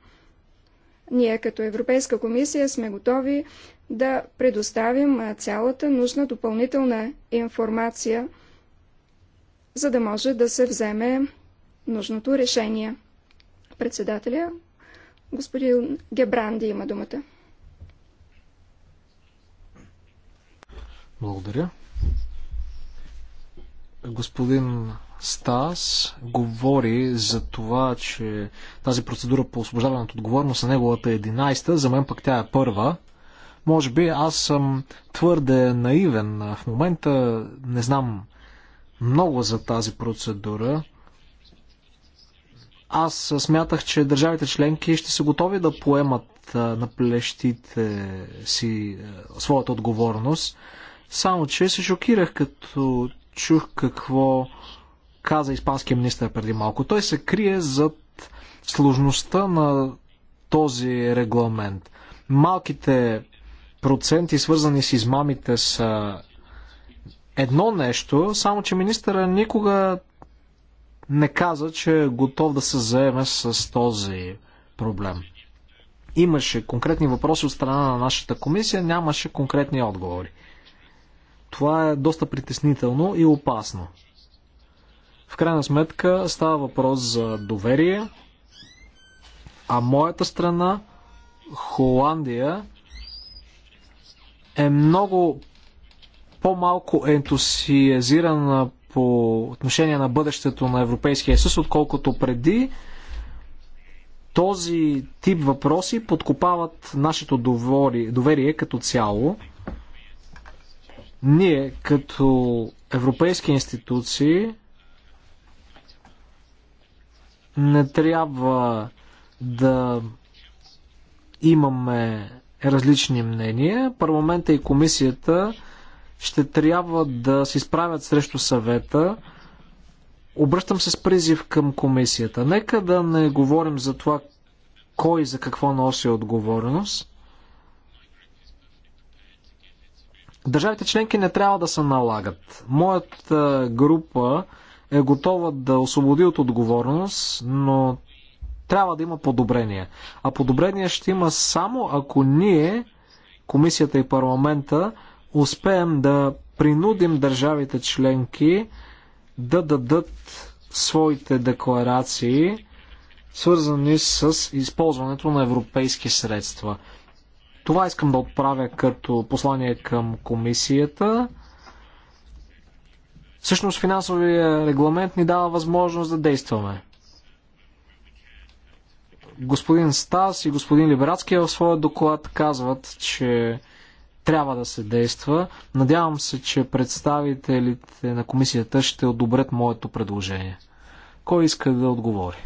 S1: Ние като Европейска комисия сме готови да предоставим е, цялата нужна допълнителна информация, за да може да се вземе нужното решение. Председателя, господин Гебранди има думата.
S2: Благодаря господин Стас говори за това, че тази процедура по освобождаване от отговорност на неговата 11-та, е за мен пък тя е първа. Може би аз съм твърде наивен. В момента не знам много за тази процедура. Аз смятах, че държавите членки ще са готови да поемат на плещите си своята отговорност. Само, че се шокирах, като чух какво каза испанския министр преди малко. Той се крие зад сложността на този регламент. Малките проценти, свързани с измамите, са едно нещо, само че министъра никога не каза, че е готов да се заеме с този проблем. Имаше конкретни въпроси от страна на нашата комисия, нямаше конкретни отговори. Това е доста притеснително и опасно. В крайна сметка става въпрос за доверие, а моята страна, Холандия, е много по-малко ентусиазирана по отношение на бъдещето на Европейския съюз, отколкото преди. Този тип въпроси подкопават нашето доверие като цяло. Ние като европейски институции не трябва да имаме различни мнения. Парламента и комисията ще трябва да се изправят срещу съвета. Обръщам се с призив към комисията. Нека да не говорим за това кой за какво носи отговорност. Държавите членки не трябва да се налагат. Моята група е готова да освободи от отговорност, но трябва да има подобрение. А подобрение ще има само ако ние, комисията и парламента, успеем да принудим държавите членки да дадат своите декларации, свързани с използването на европейски средства. Това искам да отправя като послание към комисията. Всъщност финансовия регламент ни дава възможност да действаме. Господин Стас и господин Либерацки в своя доклад казват, че трябва да се действа. Надявам се, че представителите на комисията ще одобрят моето предложение. Кой иска да отговори?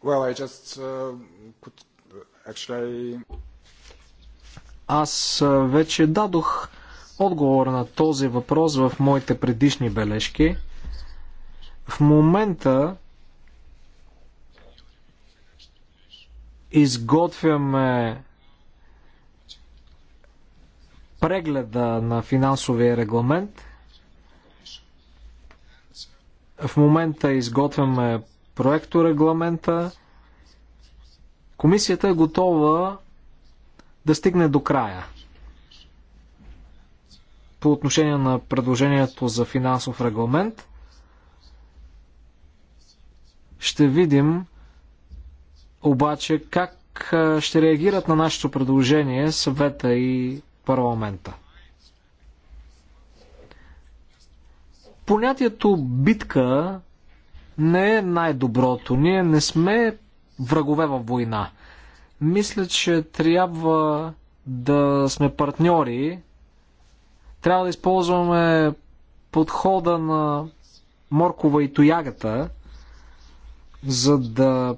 S1: Well, I just uh,
S2: could actually... Аз вече дадох отговор на този въпрос в моите предишни бележки. В момента изготвяме прегледа на финансовия регламент. В момента изготвяме проекто регламента. Комисията е готова да стигне до края по отношение на предложението за финансов регламент. Ще видим обаче как ще реагират на нашето предложение съвета и парламента. Понятието битка не е най-доброто. Ние не сме врагове във война. Мисля, че трябва да сме партньори. Трябва да използваме подхода на моркова и тоягата, за да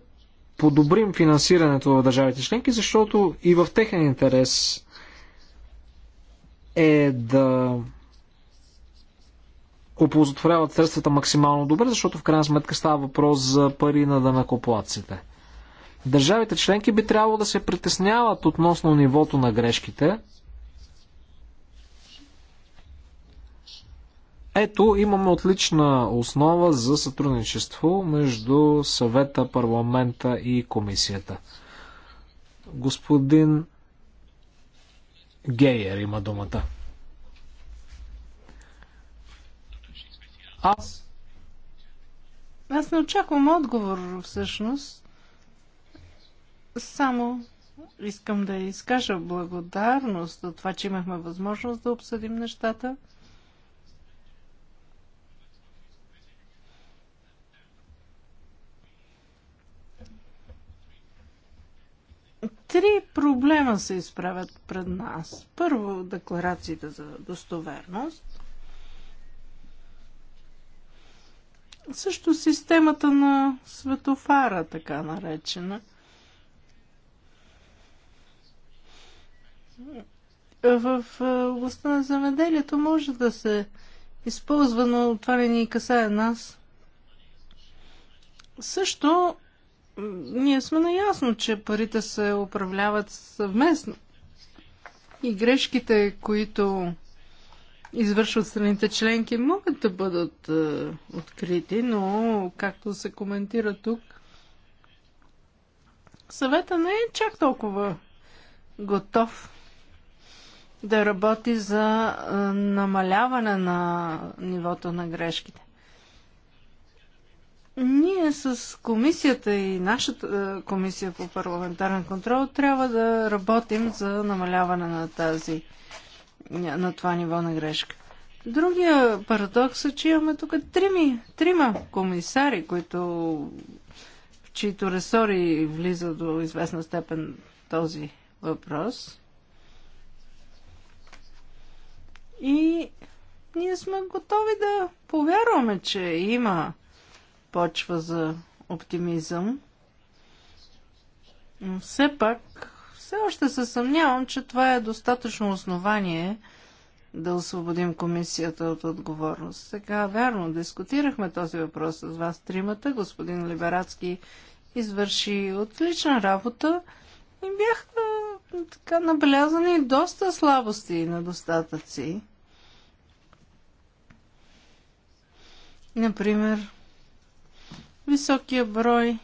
S2: подобрим финансирането в държавите членки, защото и в техен интерес е да оползотворяват средствата максимално добре, защото в крайна сметка става въпрос за пари на данакоплаците. Държавите членки би трябвало да се притесняват относно нивото на грешките. Ето, имаме отлична основа за сътрудничество между съвета, парламента и комисията. Господин Гейер има
S5: думата.
S4: Аз. Аз не очаквам отговор, всъщност. Само искам да изкажа благодарност за това, че имахме възможност да обсъдим нещата. Три проблема се изправят пред нас. Първо, декларацията за достоверност. Също системата на светофара, така наречена. Е, в областта на земеделието може да се използва, но това не ни касае нас. Също ние сме наясно, че парите се управляват съвместно. И грешките, които извършват страните членки, могат да бъдат е, открити, но както се коментира тук, съвета не е чак толкова готов да работи за е, намаляване на нивото на грешките. Ние с комисията и нашата е, комисия по парламентарен контрол трябва да работим за намаляване на тази на това ниво на грешка. Другия парадокс е, че имаме тук трими, трима комисари, които в чието ресори влиза до известна степен този въпрос. И ние сме готови да повярваме, че има почва за оптимизъм. Но все пак все още се съмнявам, че това е достатъчно основание да освободим комисията от отговорност. Сега, вярно, дискутирахме този въпрос с вас тримата. Господин Либерацки извърши отлична работа и бяха така набелязани доста слабости и недостатъци. Например, високия брой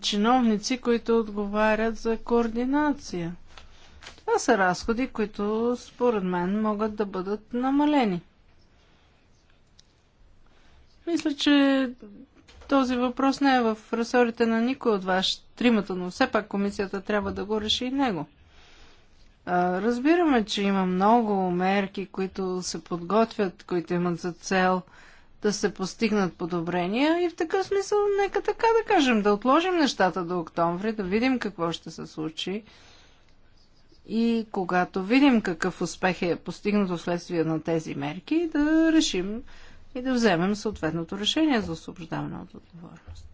S4: чиновници, които отговарят за координация. Това са разходи, които според мен могат да бъдат намалени. Мисля, че този въпрос не е в ресорите на никой от вас, тримата, но все пак комисията трябва да го реши и него. Разбираме, че има много мерки, които се подготвят, които имат за цел – да се постигнат подобрения и в такъв смисъл нека така да кажем, да отложим нещата до октомври, да видим какво ще се случи. И когато видим какъв успех е постигнат следствие на тези мерки, да решим и да вземем съответното решение за освобождаване от отговорност.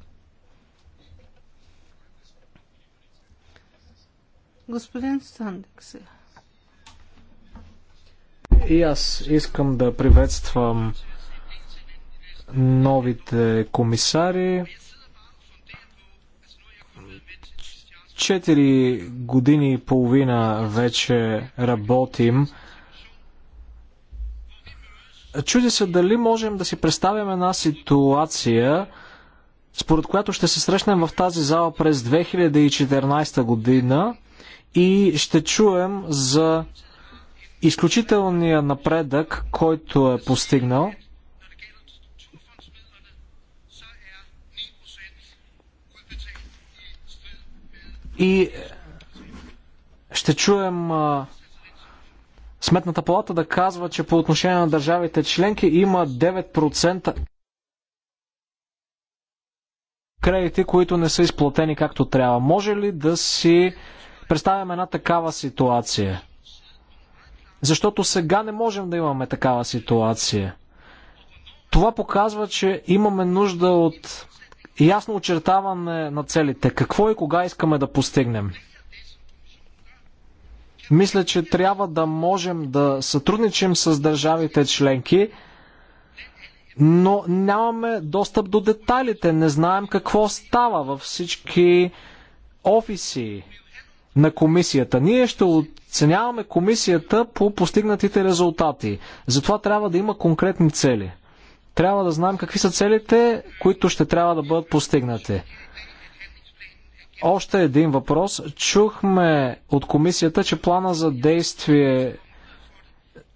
S4: Господин сега.
S2: И аз искам да приветствам новите комисари. Четири години и половина вече работим. Чуди се дали можем да си представим една ситуация, според която ще се срещнем в тази зала през 2014 година и ще чуем за изключителния напредък, който е постигнал – И ще чуем Сметната палата да казва, че по отношение на държавите членки има 9% кредити, които не са изплатени както трябва. Може ли да си представим една такава ситуация? Защото сега не можем да имаме такава ситуация. Това показва, че имаме нужда от и ясно очертаване на целите. Какво и кога искаме да постигнем? Мисля, че трябва да можем да сътрудничим с държавите членки, но нямаме достъп до детайлите. Не знаем какво става във всички офиси на комисията. Ние ще оценяваме комисията по постигнатите резултати. Затова трябва да има конкретни цели. Трябва да знаем какви са целите, които ще трябва да бъдат постигнати. Още един въпрос. Чухме от комисията, че плана за действие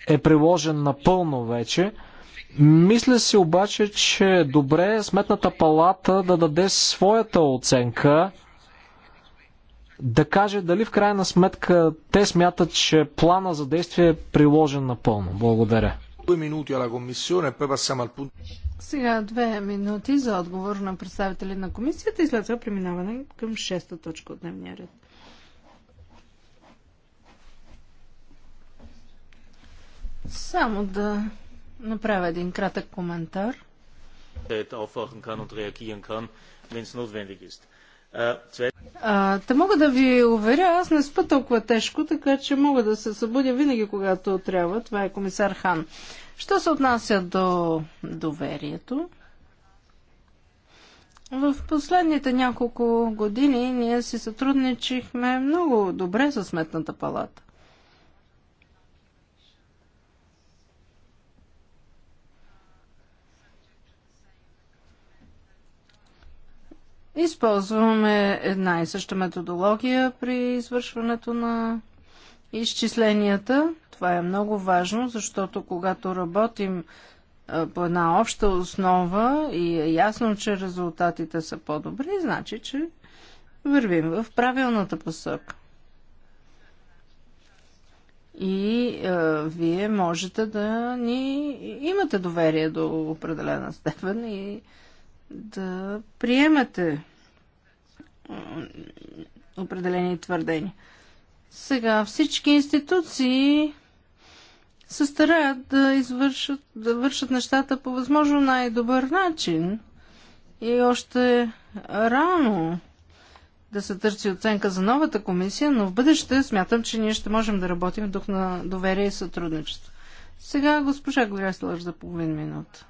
S2: е приложен напълно вече. Мисля си обаче, че е добре е Сметната палата да даде своята оценка, да каже дали в крайна сметка те смятат, че плана за действие е приложен напълно. Благодаря. E
S4: Сега две минути за отговор на представители на комисията и след това преминаване към шеста точка от дневния ред. Само да направя един кратък коментар.
S3: aufwachen kann und reagieren kann, wenn es notwendig ist.
S4: Та те мога да ви уверя, аз не спа толкова тежко, така че мога да се събудя винаги, когато трябва. Това е комисар Хан. Що се отнася до доверието? В последните няколко години ние си сътрудничихме много добре с Сметната палата. Използваме една и съща методология при извършването на изчисленията. Това е много важно, защото когато работим по една обща основа и е ясно, че резултатите са по-добри, значи, че вървим в правилната посока. И е, вие можете да ни имате доверие до определена степен и да приемете определени твърдения. Сега всички институции се стараят да извършат, да вършат нещата по възможно най-добър начин и още рано да се търси оценка за новата комисия, но в бъдеще смятам, че ние ще можем да работим в дух на доверие и сътрудничество. Сега госпожа Гряслър за половин минута.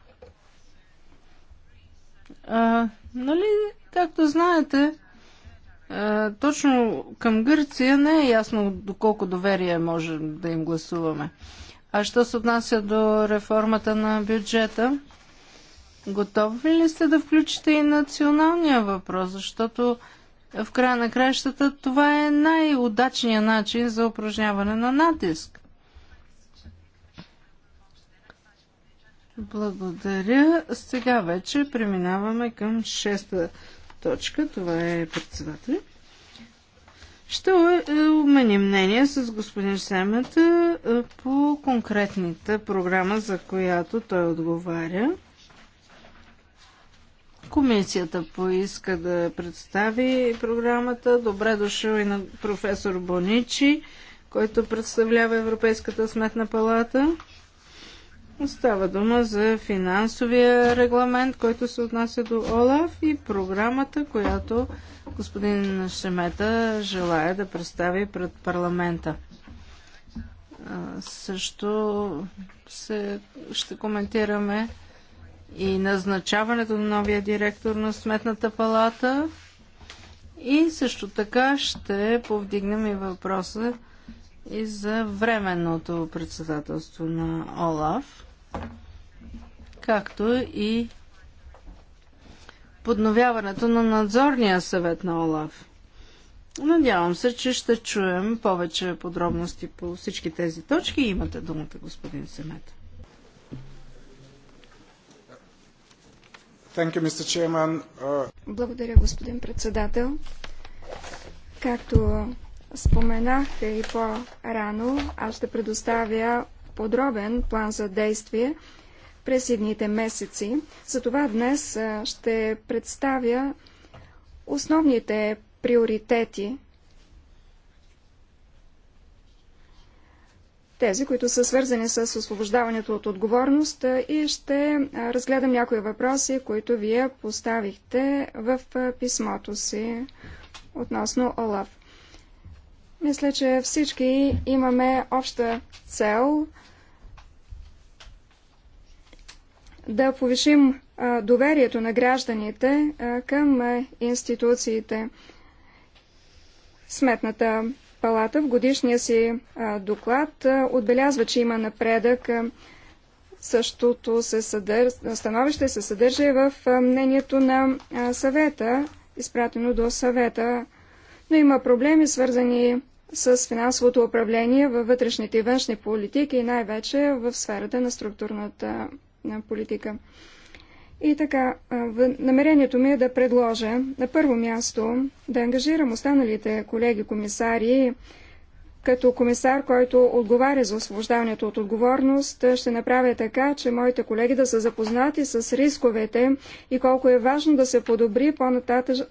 S4: А, нали, както знаете, а, точно към Гърция не е ясно доколко доверие можем да им гласуваме. А що се отнася до реформата на бюджета, готови ли сте да включите и националния въпрос? Защото в края на краищата това е най-удачният начин за упражняване на натиск. Благодаря. Сега вече преминаваме към шеста точка. Това е председателя. Ще е, е, обменим мнение с господин Семета е, по конкретната програма, за която той отговаря. Комисията поиска да представи програмата. Добре дошъл и на професор Боничи, който представлява Европейската сметна палата. Остава дума за финансовия регламент, който се отнася до ОЛАФ и програмата, която господин Шемета желая да представи пред парламента. Също се, ще коментираме и назначаването на новия директор на Сметната палата и също така ще повдигнем и въпроса и за временното председателство на ОЛАФ, както и подновяването на надзорния съвет на ОЛАФ. Надявам се, че ще чуем повече подробности по всички тези точки. Имате думата, господин Семет.
S1: You, uh, Благодаря, господин председател. Както Споменах и по-рано, аз ще предоставя подробен план за действие през едните месеци. Затова днес ще представя основните приоритети, тези, които са свързани с освобождаването от отговорност и ще разгледам някои въпроси, които вие поставихте в писмото си относно ОЛАФ. Мисля, че всички имаме обща цел да повишим доверието на гражданите към институциите. Сметната палата в годишния си доклад отбелязва, че има напредък. Същото се съдър... становище се съдържа и в мнението на съвета, изпратено до съвета, но има проблеми свързани с финансовото управление във вътрешните и външни политики и най-вече в сферата на структурната политика. И така, намерението ми е да предложа на първо място да ангажирам останалите колеги комисари, като комисар, който отговаря за освобождаването от отговорност, ще направя така, че моите колеги да са запознати с рисковете и колко е важно да се подобри по-нататъчното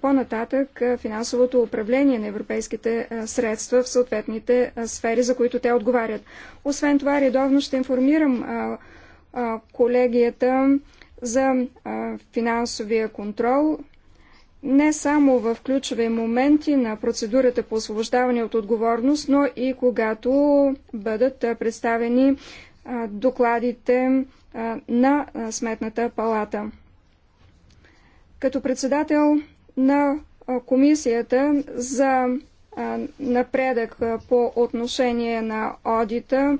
S1: по-нататък финансовото управление на европейските средства в съответните сфери, за които те отговарят. Освен това, редовно ще информирам колегията за финансовия контрол, не само в ключови моменти на процедурата по освобождаване от отговорност, но и когато бъдат представени докладите на Сметната палата. Като председател на комисията за напредък по отношение на одита.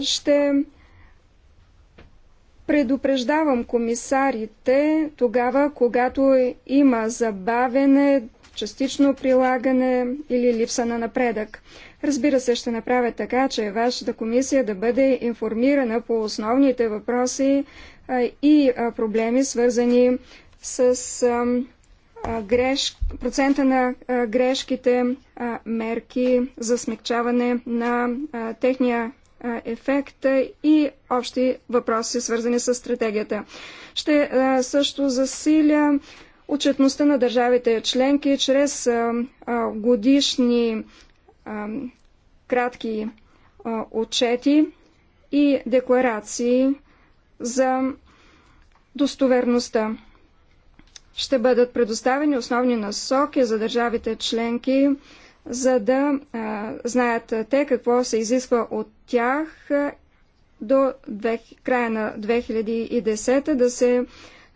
S1: Ще предупреждавам комисарите тогава, когато има забавене, частично прилагане или липса на напредък. Разбира се, ще направя така, че вашата комисия да бъде информирана по основните въпроси и проблеми, свързани с греш, процента на грешките, мерки за смягчаване на техния ефект и общи въпроси, свързани с стратегията. Ще също засиля отчетността на държавите членки чрез годишни кратки отчети и декларации за достоверността ще бъдат предоставени основни насоки за държавите членки, за да а, знаят те какво се изисква от тях до две, края на 2010 да се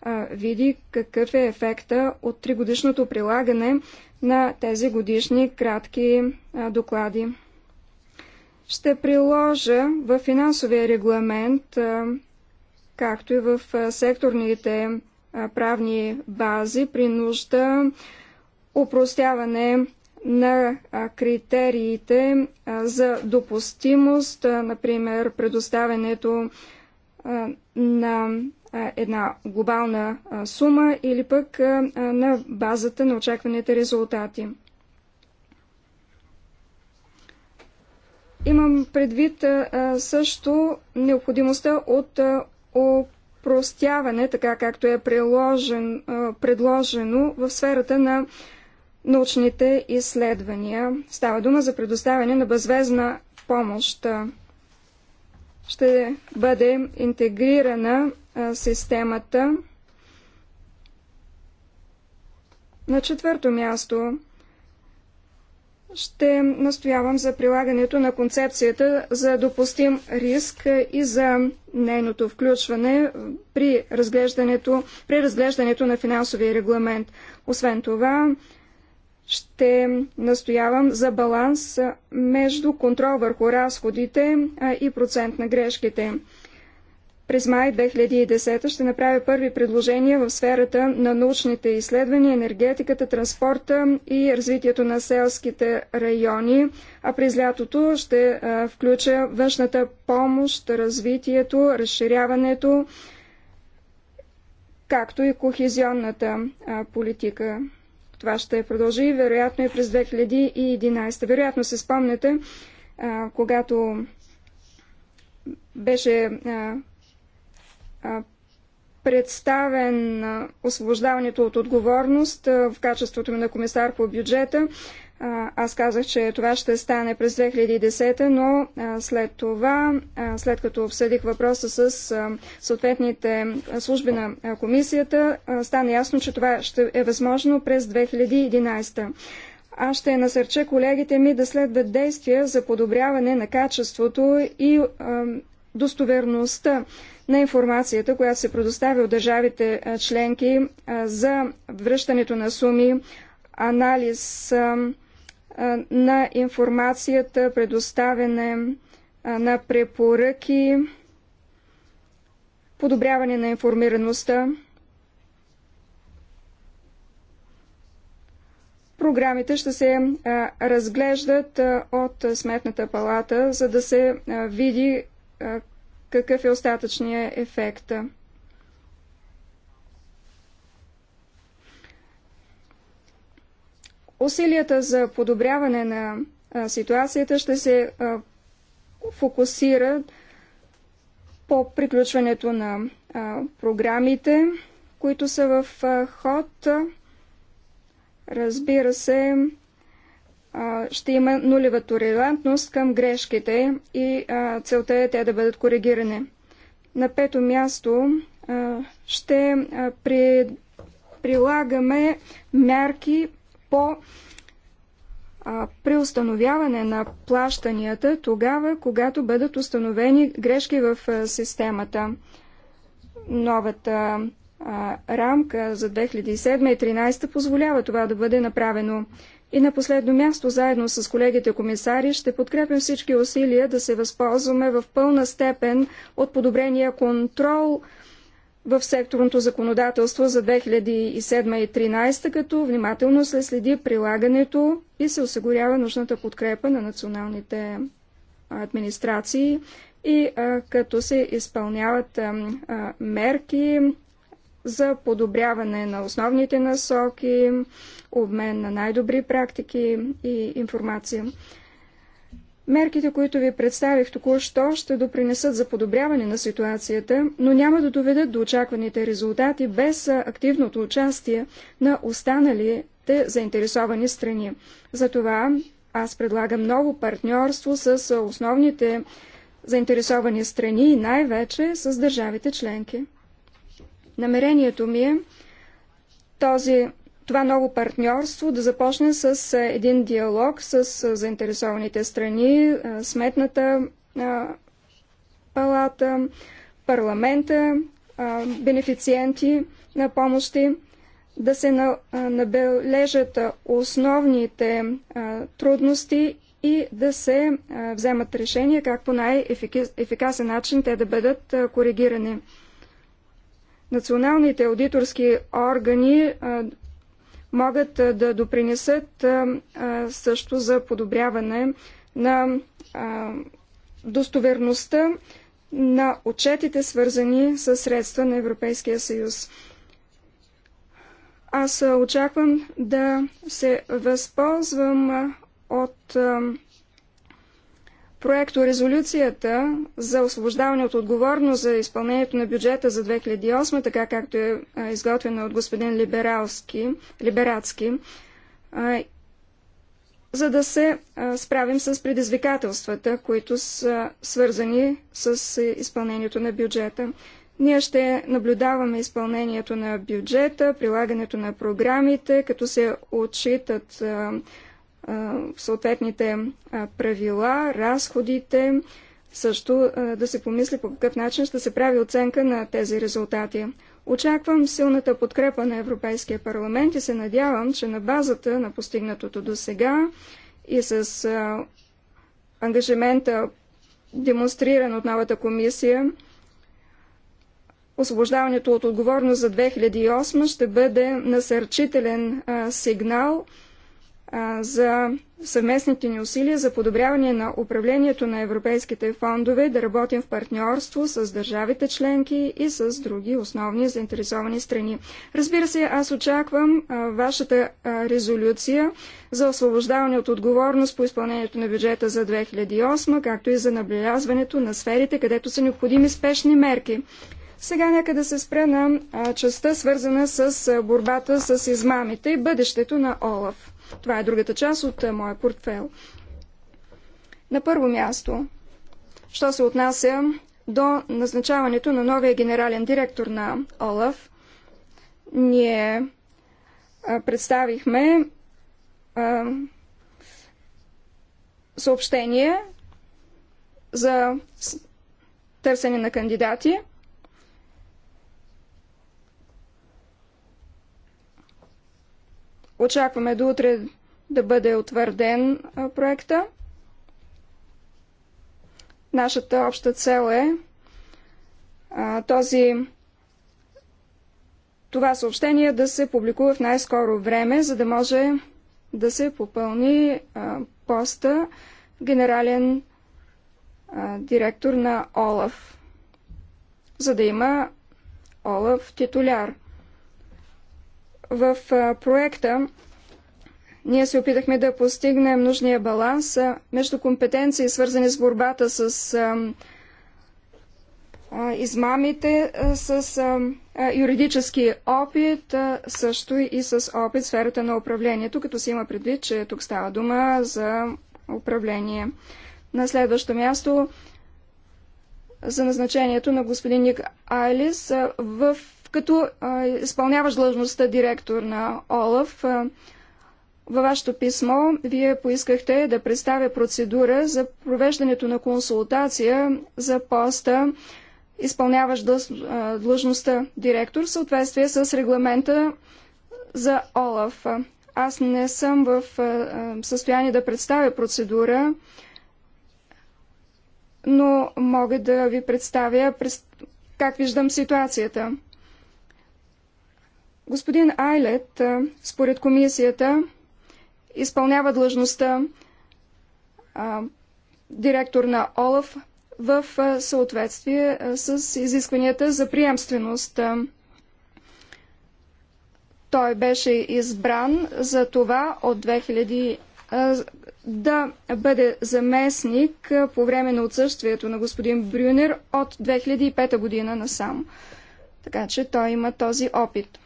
S1: а, види какъв е ефекта от тригодишното прилагане на тези годишни кратки а, доклади. Ще приложа в финансовия регламент, а, както и в секторните правни бази при нужда, упростяване на критериите за допустимост, например предоставянето на една глобална сума или пък на базата на очакваните резултати. Имам предвид също необходимостта от простяване, така както е приложен, предложено в сферата на научните изследвания. Става дума за предоставяне на безвезна помощ. Ще бъде интегрирана системата. На четвърто място ще настоявам за прилагането на концепцията за допустим риск и за нейното включване при разглеждането, при разглеждането на финансовия регламент. Освен това, ще настоявам за баланс между контрол върху разходите и процент на грешките. През май 2010 ще направя първи предложения в сферата на научните изследвания, енергетиката, транспорта и развитието на селските райони, а през лятото ще включа външната помощ, развитието, разширяването, както и кохезионната политика. Това ще продължи вероятно и през 2011. Вероятно се спомняте, когато беше представен освобождаването от отговорност в качеството ми на комисар по бюджета. Аз казах, че това ще стане през 2010, но след това, след като обсъдих въпроса с съответните служби на комисията, стана ясно, че това ще е възможно през 2011. Аз ще насърча колегите ми да следват действия за подобряване на качеството и достоверността на информацията, която се предоставя от държавите членки за връщането на суми, анализ на информацията, предоставяне на препоръки, подобряване на информираността, Програмите ще се разглеждат от Сметната палата, за да се види какъв е остатъчният ефект. Усилията за подобряване на ситуацията ще се фокусира по приключването на програмите, които са в ход. Разбира се, ще има нулева толерантност към грешките и целта е те да бъдат коригирани. На пето място ще при, прилагаме мерки по преустановяване на плащанията тогава, когато бъдат установени грешки в системата. Новата рамка за 2007 и 2013 позволява това да бъде направено. И на последно място, заедно с колегите комисари, ще подкрепим всички усилия да се възползваме в пълна степен от подобрения контрол в секторното законодателство за 2007 и 2013, като внимателно се следи прилагането и се осигурява нужната подкрепа на националните администрации и а, като се изпълняват а, а, мерки за подобряване на основните насоки, обмен на най-добри практики и информация. Мерките, които ви представих току-що, ще допринесат за подобряване на ситуацията, но няма да доведат до очакваните резултати без активното участие на останалите заинтересовани страни. Затова аз предлагам ново партньорство с основните заинтересовани страни и най-вече с държавите членки. Намерението ми е този, това ново партньорство да започне с един диалог с заинтересованите страни, сметната палата, парламента, бенефициенти на помощи, да се набележат основните трудности и да се вземат решения как по най-ефикасен начин те да бъдат коригирани националните аудиторски органи могат да допринесат също за подобряване на достоверността на отчетите, свързани с средства на Европейския съюз. Аз очаквам да се възползвам от проекторезолюцията резолюцията за освобождаване от отговорност за изпълнението на бюджета за 2008, така както е изготвена от господин Либералски, Либерацки, за да се справим с предизвикателствата, които са свързани с изпълнението на бюджета. Ние ще наблюдаваме изпълнението на бюджета, прилагането на програмите, като се отчитат съответните правила, разходите, също да се помисли по какъв начин ще се прави оценка на тези резултати. Очаквам силната подкрепа на Европейския парламент и се надявам, че на базата на постигнатото до сега и с ангажимента, демонстриран от новата комисия, освобождаването от отговорност за 2008 ще бъде насърчителен сигнал – за съвместните ни усилия за подобряване на управлението на европейските фондове, да работим в партньорство с държавите членки и с други основни заинтересовани страни. Разбира се, аз очаквам вашата резолюция за освобождаване от отговорност по изпълнението на бюджета за 2008, както и за набелязването на сферите, където са необходими спешни мерки. Сега нека да се спра на частта, свързана с борбата с измамите и бъдещето на Олаф. Това е другата част от е, моя портфел. На първо място, що се отнася до назначаването на новия генерален директор на ОЛАФ, ние е, представихме е, съобщение за търсене на кандидати – Очакваме до утре да бъде утвърден проекта. Нашата обща цел е а, този това съобщение да се публикува в най-скоро време, за да може да се попълни а, поста генерален а, директор на ОЛАФ, за да има ОЛАФ титуляр. В проекта ние се опитахме да постигнем нужния баланс между компетенции, свързани с борбата с измамите, с юридически опит, също и с опит в сферата на управлението, като се има предвид, че тук става дума за управление. На следващо място за назначението на господин Ник Айлис в като изпълняваш длъжността директор на ОЛАФ. Във вашето писмо вие поискахте да представя процедура за провеждането на консултация за поста изпълняваш длъжността директор в съответствие с регламента за ОЛАФ. Аз не съм в състояние да представя процедура, но мога да ви представя как виждам ситуацията. Господин Айлет, според комисията, изпълнява длъжността а, директор на ОЛАФ в съответствие с изискванията за приемственост. Той беше избран за това от 2000 да бъде заместник по време на отсъствието на господин Брюнер от 2005 година насам. Така че той има този опит.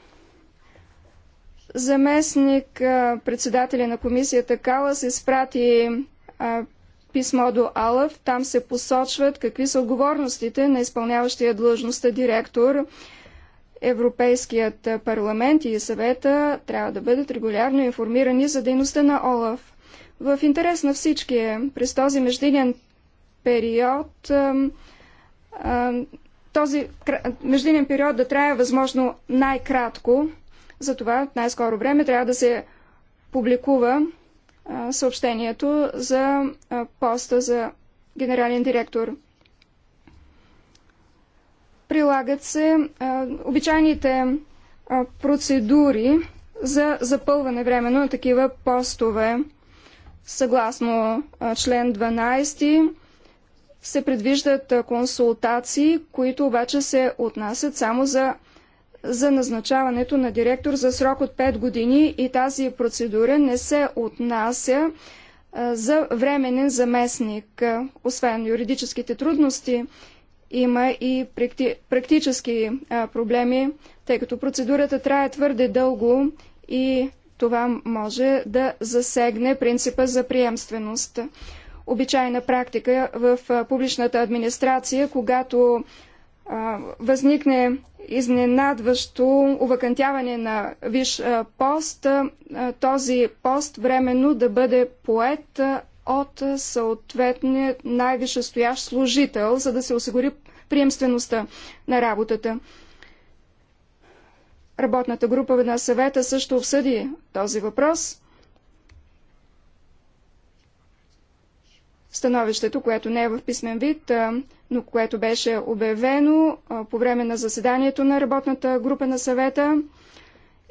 S1: Заместник председателя на комисията Калас изпрати а, писмо до Алъв. Там се посочват какви са отговорностите на изпълняващия длъжността директор. Европейският парламент и съвета трябва да бъдат регулярно информирани за дейността на ОЛАФ. В интерес на всички е, през този междинен период този междинен период да трае възможно най-кратко, затова това най-скоро време трябва да се публикува съобщението за поста за генерален директор. Прилагат се обичайните процедури за запълване времено на такива постове. Съгласно член 12 се предвиждат консултации, които обаче се отнасят само за за назначаването на директор за срок от 5 години и тази процедура не се отнася за временен заместник. Освен юридическите трудности, има и практически проблеми, тъй като процедурата трае твърде дълго и това може да засегне принципа за приемственост. Обичайна практика в публичната администрация, когато възникне изненадващо увакантяване на виш пост, този пост временно да бъде поет от съответния най-висшестоящ служител, за да се осигури приемствеността на работата. Работната група на съвета също обсъди този въпрос – становището, което не е в писмен вид, но което беше обявено по време на заседанието на работната група на съвета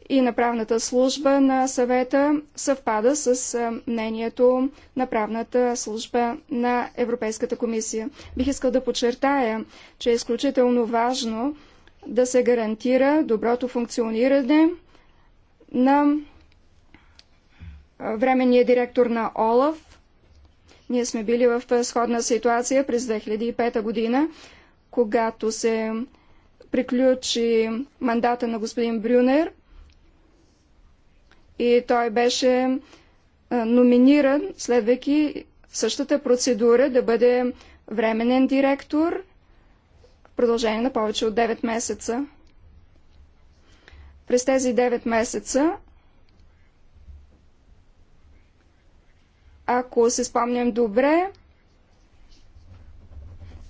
S1: и на правната служба на съвета съвпада с мнението на правната служба на Европейската комисия. Бих искал да подчертая, че е изключително важно да се гарантира доброто функциониране на временния директор на ОЛАФ ние сме били в сходна ситуация през 2005 година, когато се приключи мандата на господин Брюнер и той беше номиниран, следвайки същата процедура, да бъде временен директор в продължение на повече от 9 месеца. През тези 9 месеца Ако се спомням добре,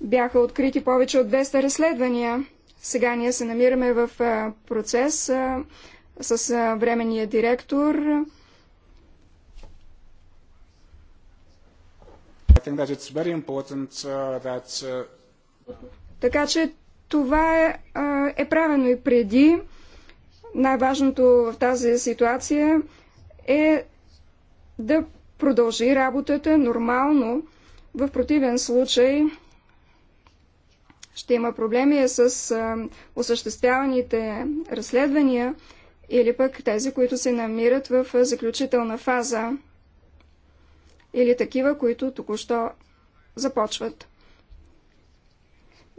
S1: бяха открити повече от 200 разследвания. Сега ние се намираме в процес с временния директор. Uh, uh, така че това е, е правено и преди. Най-важното в тази ситуация е да продължи работата нормално. В противен случай ще има проблеми с осъществяваните разследвания или пък тези, които се намират в заключителна фаза или такива, които току-що започват.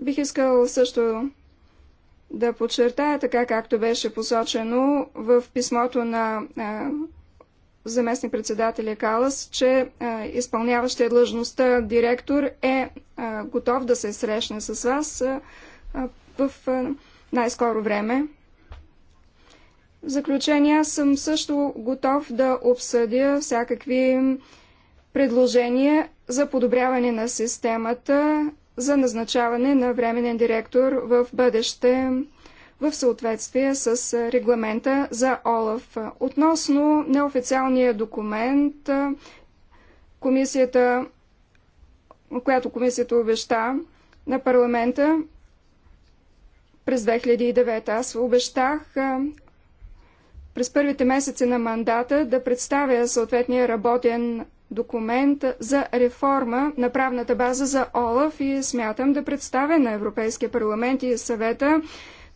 S1: Бих искал също да подчертая, така както беше посочено в писмото на заместник председателя Калас, че а, изпълняващия длъжността директор е а, готов да се срещне с вас а, в най-скоро време. В заключение аз съм също готов да обсъдя всякакви предложения за подобряване на системата за назначаване на временен директор в бъдеще в съответствие с регламента за ОЛАФ. Относно неофициалния документ, комисията, която комисията обеща на парламента през 2009. Аз обещах през първите месеци на мандата да представя съответния работен документ за реформа на правната база за ОЛАФ и смятам да представя на Европейския парламент и съвета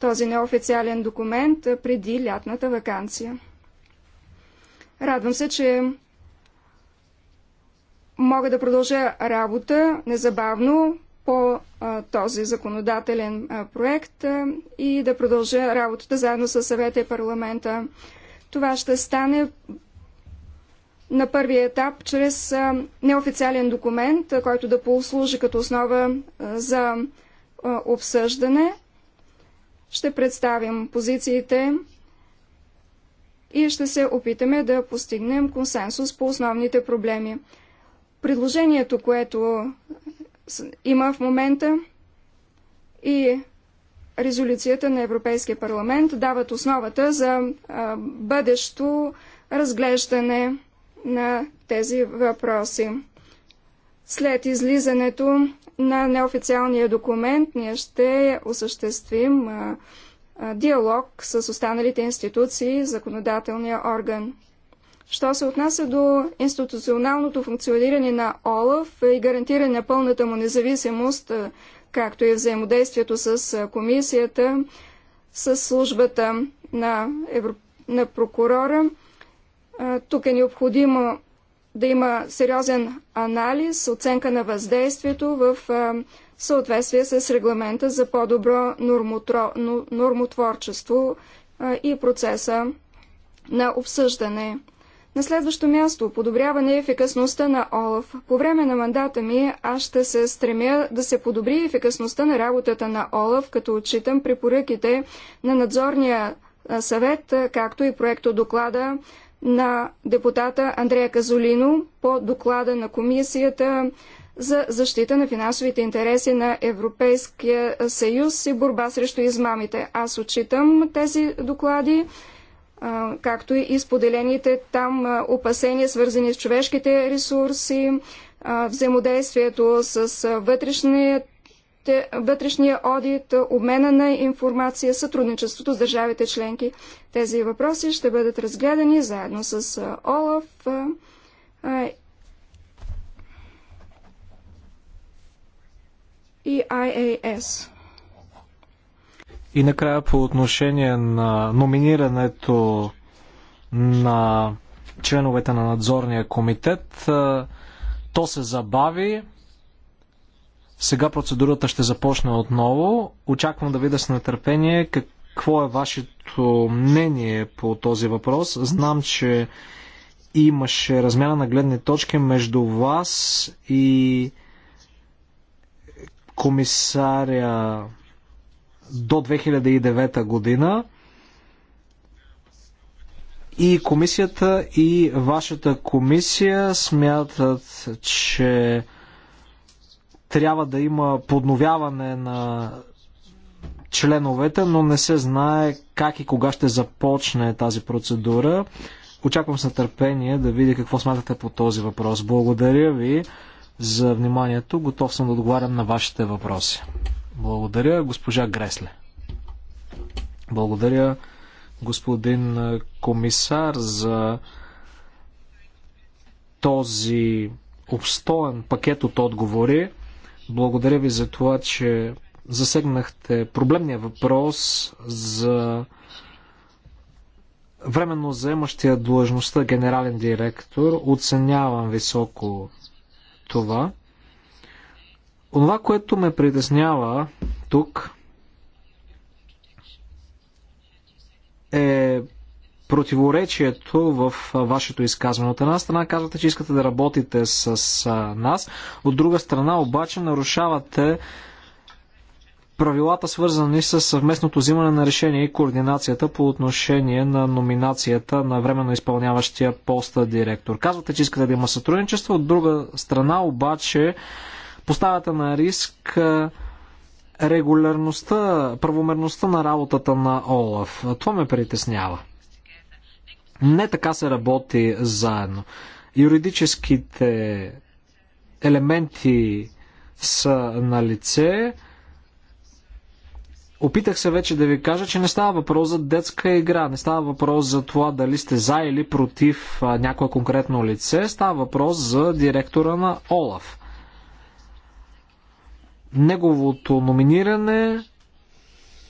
S1: този неофициален документ преди лятната вакансия. Радвам се, че мога да продължа работа незабавно по а, този законодателен а, проект а, и да продължа работата заедно с съвета и парламента. Това ще стане на първия етап чрез а, неофициален документ, а, който да послужи като основа а, за а, обсъждане ще представим позициите и ще се опитаме да постигнем консенсус по основните проблеми. Предложението, което има в момента и резолюцията на Европейския парламент дават основата за бъдещо разглеждане на тези въпроси. След излизането на неофициалния документ ние ще осъществим диалог с останалите институции, законодателния орган. Що се отнася до институционалното функциониране на ОЛАФ и гарантиране на пълната му независимост, както и взаимодействието с комисията, с службата на, на прокурора, тук е необходимо да има сериозен анализ, оценка на въздействието в съответствие с регламента за по-добро нормотворчество и процеса на обсъждане. На следващо място – подобряване ефикасността на ОЛАФ. По време на мандата ми аз ще се стремя да се подобри ефикасността на работата на ОЛАФ, като отчитам препоръките на надзорния съвет, както и проекто доклада на депутата Андрея Казолино по доклада на Комисията за защита на финансовите интереси на Европейския съюз и борба срещу измамите. Аз отчитам тези доклади, както и споделените там опасения, свързани с човешките ресурси, взаимодействието с вътрешният вътрешния одит, обмена на информация, сътрудничеството с държавите членки. Тези въпроси ще бъдат разгледани заедно с ОЛАФ. и IAS.
S2: И накрая по отношение на номинирането на членовете на надзорния комитет, то се забави. Сега процедурата ще започне отново. Очаквам да видя с нетърпение какво е вашето мнение по този въпрос. Знам, че имаше размяна на гледни точки между вас и комисаря до 2009 година и комисията и вашата комисия смятат, че трябва да има подновяване на членовете, но не се знае как и кога ще започне тази процедура. Очаквам с нетърпение да видя какво смятате по този въпрос. Благодаря ви за вниманието. Готов съм да отговарям на вашите въпроси. Благодаря, госпожа Гресле. Благодаря, господин комисар, за този обстоен пакет от отговори. Благодаря ви за това, че засегнахте проблемния въпрос за временно заемащия длъжността генерален директор. Оценявам високо това. Онова, което ме притеснява тук е противоречието в вашето изказване. От една страна казвате, че искате да работите с нас, от друга страна обаче нарушавате правилата свързани с съвместното взимане на решение и координацията по отношение на номинацията на временно изпълняващия поста директор. Казвате, че искате да има сътрудничество, от друга страна обаче поставяте на риск регулярността, правомерността на работата на ОЛАФ. Това ме притеснява. Не така се работи заедно. Юридическите елементи са на лице. Опитах се вече да ви кажа, че не става въпрос за детска игра, не става въпрос за това дали сте за или против някое конкретно лице, става въпрос за директора на Олаф. Неговото номиниране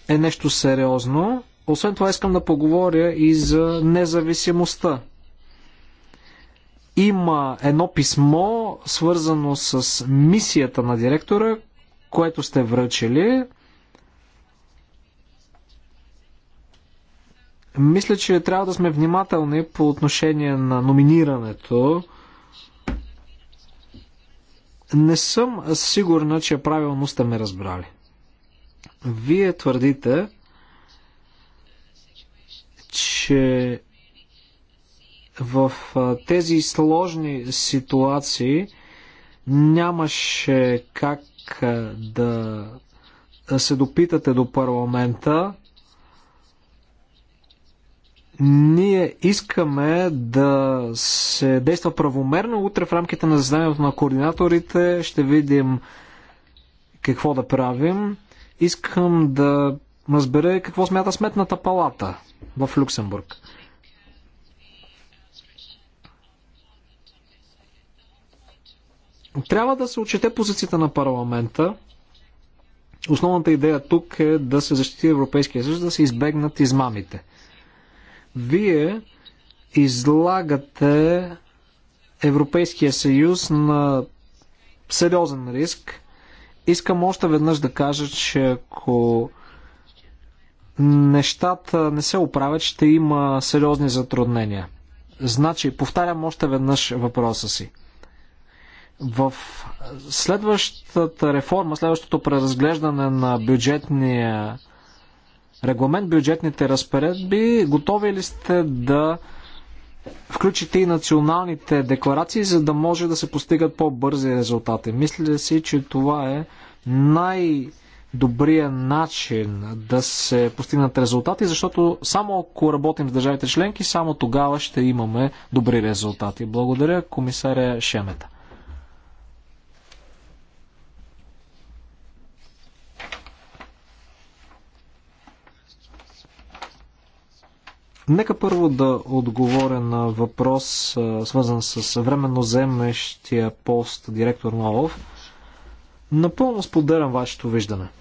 S2: е нещо сериозно. Освен това искам да поговоря и за независимостта. Има едно писмо, свързано с мисията на директора, което сте връчили. Мисля, че трябва да сме внимателни по отношение на номинирането. Не съм сигурна, че правилно сте ме разбрали. Вие твърдите, че в тези сложни ситуации нямаше как да се допитате до парламента. Ние искаме да се действа правомерно. Утре в рамките на заседанието на координаторите ще видим какво да правим. Искам да разбера какво смята сметната палата в Люксембург. Трябва да се отчете позицията на парламента. Основната идея тук е да се защити Европейския съюз, да се избегнат измамите. Вие излагате Европейския съюз на сериозен риск. Искам още веднъж да кажа, че ако нещата не се оправят, ще има сериозни затруднения. Значи, повтарям още веднъж въпроса си. В следващата реформа, следващото преразглеждане на бюджетния регламент, бюджетните разпоредби, готови ли сте да включите и националните декларации, за да може да се постигат по-бързи резултати? Мисля си, че това е най- добрия начин да се постигнат резултати, защото само ако работим с държавите членки, само тогава ще имаме добри резултати. Благодаря, комисаря Шемета. Нека първо да отговоря на въпрос, свързан с временно заемещия пост директор на Напълно споделям вашето виждане –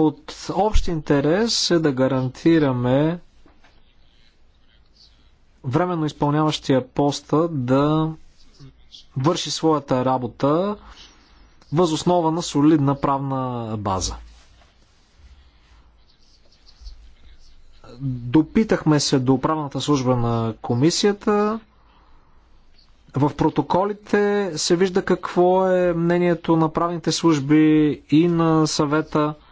S2: от общ интерес е да гарантираме временно изпълняващия поста да върши своята работа възоснова на солидна правна база. Допитахме се до правната служба на комисията. В протоколите се вижда какво е мнението на правните служби и на съвета –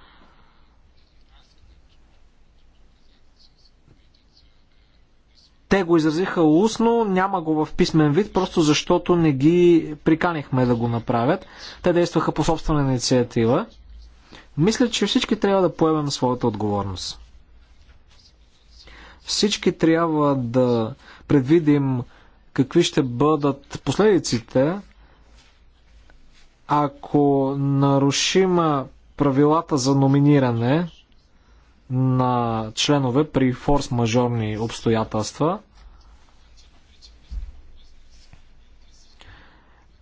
S2: Те го изразиха устно, няма го в писмен вид, просто защото не ги приканихме да го направят. Те действаха по собствена инициатива. Мисля, че всички трябва да поемем своята отговорност. Всички трябва да предвидим какви ще бъдат последиците, ако нарушим правилата за номиниране на членове при форс-мажорни обстоятелства.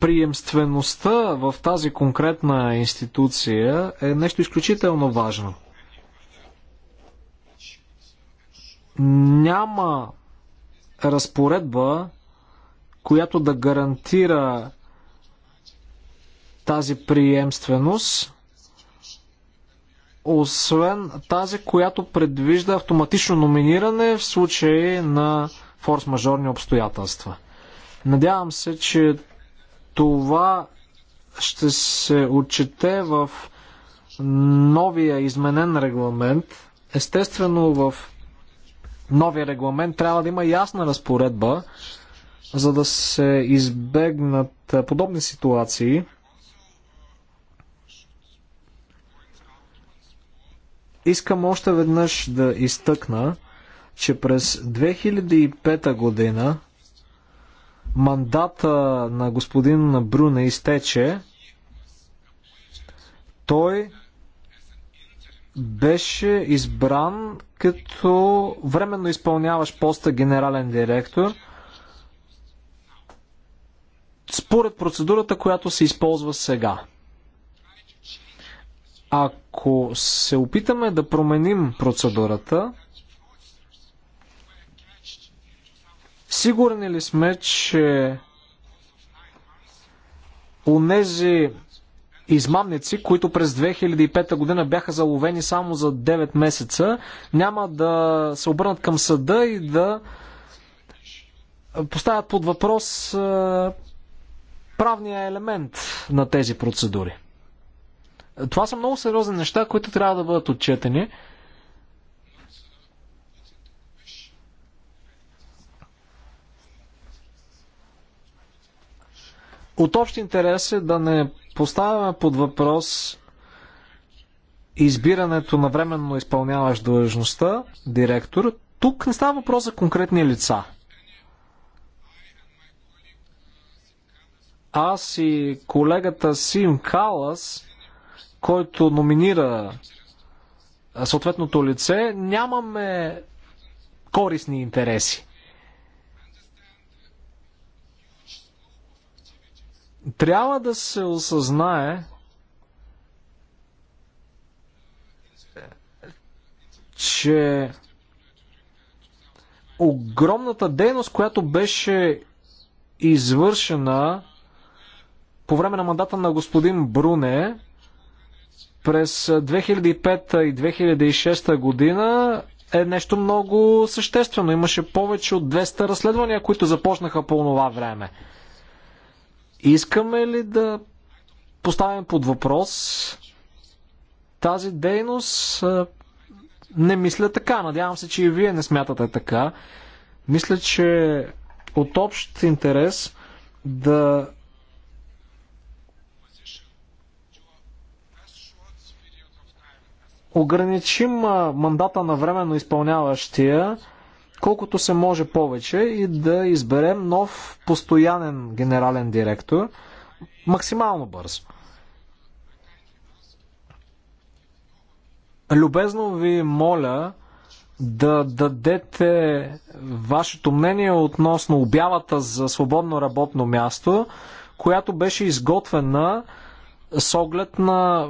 S2: Приемствеността в тази конкретна институция е нещо изключително важно. Няма разпоредба, която да гарантира тази приемственост освен тази, която предвижда автоматично номиниране в случай на форс-мажорни обстоятелства. Надявам се, че това ще се отчете в новия изменен регламент. Естествено, в новия регламент трябва да има ясна разпоредба, за да се избегнат подобни ситуации – Искам още веднъж да изтъкна, че през 2005 година мандата на господин Бруне изтече. Той беше избран като временно изпълняваш поста генерален директор според процедурата, която се използва сега. Ако се опитаме да променим процедурата, сигурни ли сме, че унези измамници, които през 2005 година бяха заловени само за 9 месеца, няма да се обърнат към съда и да поставят под въпрос правния елемент на тези процедури. Това са много сериозни неща, които трябва да бъдат отчетени. От общ интерес е да не поставяме под въпрос избирането на временно изпълняваш длъжността, директор. Тук не става въпрос за конкретни лица. Аз и колегата Сим Калас който номинира съответното лице, нямаме корисни интереси. Трябва да се осъзнае, че огромната дейност, която беше извършена по време на мандата на господин Бруне, през 2005 и 2006 година е нещо много съществено. Имаше повече от 200 разследвания, които започнаха по това време. Искаме ли да поставим под въпрос тази дейност? Не мисля така. Надявам се, че и вие не смятате така. Мисля, че от общ интерес да ограничим мандата на временно изпълняващия колкото се може повече и да изберем нов постоянен генерален директор максимално бързо. Любезно ви моля да дадете вашето мнение относно обявата за свободно работно място, която беше изготвена с оглед на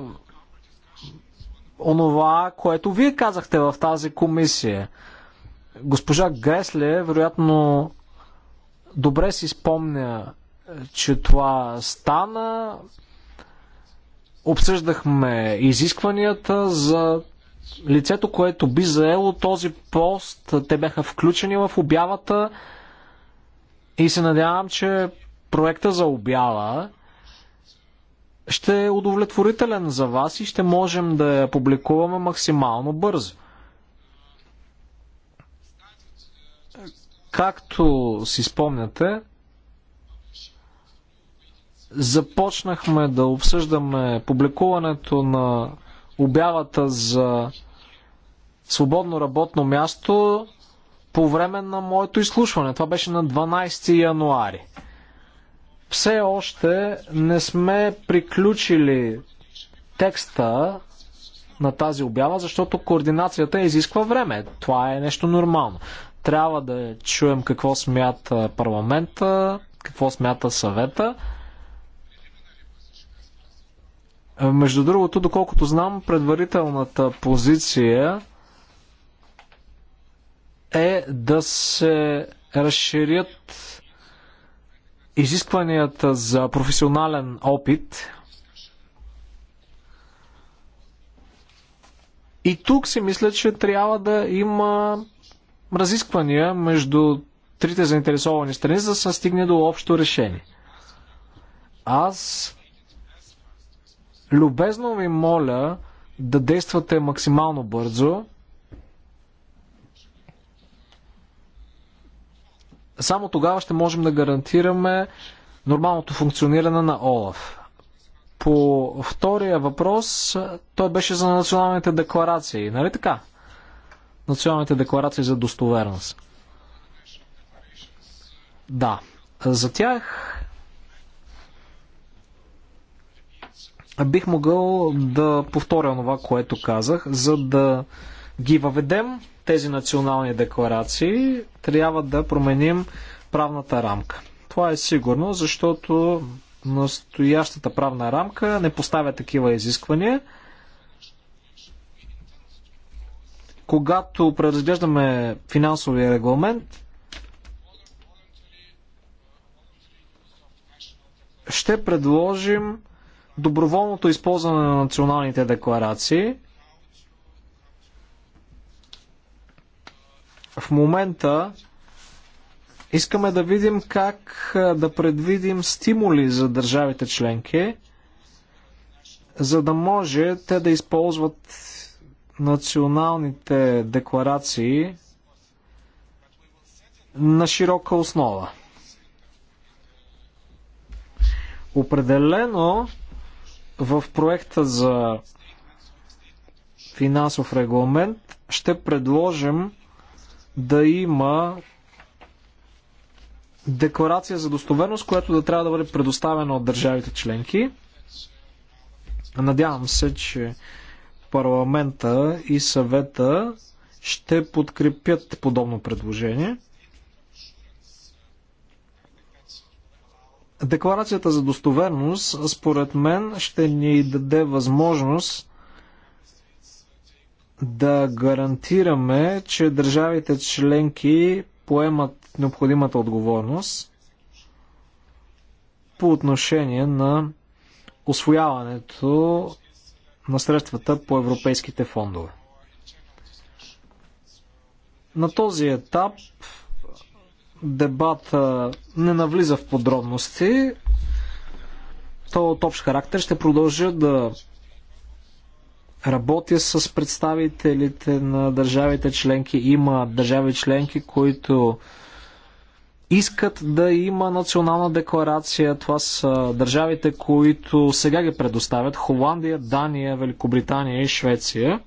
S2: онова, което вие казахте в тази комисия. Госпожа Гресле, вероятно, добре си спомня, че това стана. Обсъждахме изискванията за лицето, което би заело този пост. Те бяха включени в обявата и се надявам, че проекта за обява ще е удовлетворителен за вас и ще можем да я публикуваме максимално бързо. Както си спомняте, започнахме да обсъждаме публикуването на обявата за свободно работно място по време на моето изслушване. Това беше на 12 януари все още не сме приключили текста на тази обява, защото координацията изисква време. Това е нещо нормално. Трябва да чуем какво смята парламента, какво смята съвета. Между другото, доколкото знам, предварителната позиция е да се разширят изискванията за професионален опит. И тук си мисля, че трябва да има разисквания между трите заинтересовани страни, за да се стигне до общо решение. Аз любезно ви моля да действате максимално бързо. Само тогава ще можем да гарантираме нормалното функциониране на ОЛАФ. По втория въпрос, той беше за националните декларации, нали така? Националните декларации за достоверност. Да, за тях бих могъл да повторя това, което казах, за да ги въведем тези национални декларации, трябва да променим правната рамка. Това е сигурно, защото настоящата правна рамка не поставя такива изисквания. Когато преразглеждаме финансовия регламент, ще предложим доброволното използване на националните декларации – В момента искаме да видим как да предвидим стимули за държавите членки, за да може те да използват националните декларации на широка основа. Определено в проекта за финансов регламент ще предложим да има декларация за достоверност, която да трябва да бъде предоставена от държавите членки. Надявам се, че парламента и съвета ще подкрепят подобно предложение. Декларацията за достоверност, според мен, ще ни даде възможност да гарантираме, че държавите членки поемат необходимата отговорност по отношение на освояването на средствата по европейските фондове. На този етап дебата не навлиза в подробности. То от общ характер ще продължа да Работя с представителите на държавите членки. Има държави членки, които искат да има национална декларация. Това са държавите, които сега ги предоставят. Холандия, Дания, Великобритания и Швеция.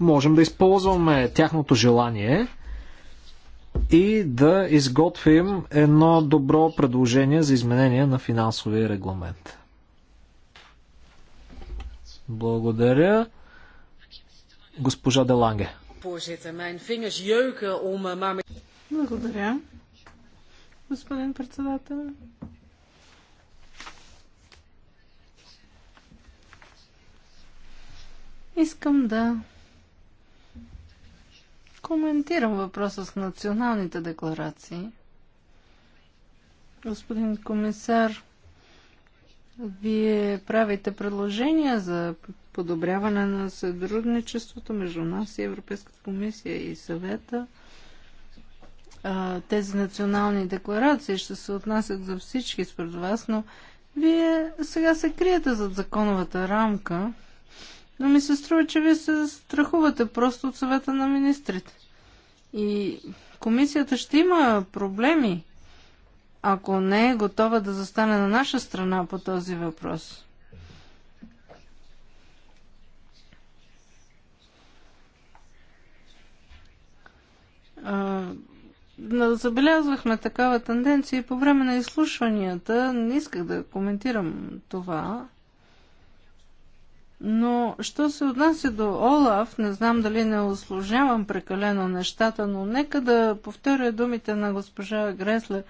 S2: Можем да използваме тяхното желание и да изготвим едно добро предложение за изменение на финансовия регламент. Благодаря. Госпожа Деланге.
S4: Eh, Благодаря. Господин председател. Искам да коментирам въпроса с националните декларации. Господин комисар, вие правите предложения за подобряване на сътрудничеството между нас и Европейската комисия и съвета. Тези национални декларации ще се отнасят за всички според вас, но вие сега се криете зад законовата рамка, но ми се струва, че вие се страхувате просто от съвета на министрите. И комисията ще има проблеми ако не е готова да застане на наша страна по този въпрос. Забелязвахме такава тенденция и по време на изслушванията. Не исках да коментирам това. Но, що се отнася до Олаф, не знам дали не осложнявам прекалено нещата, но нека да повторя думите на госпожа Гресле.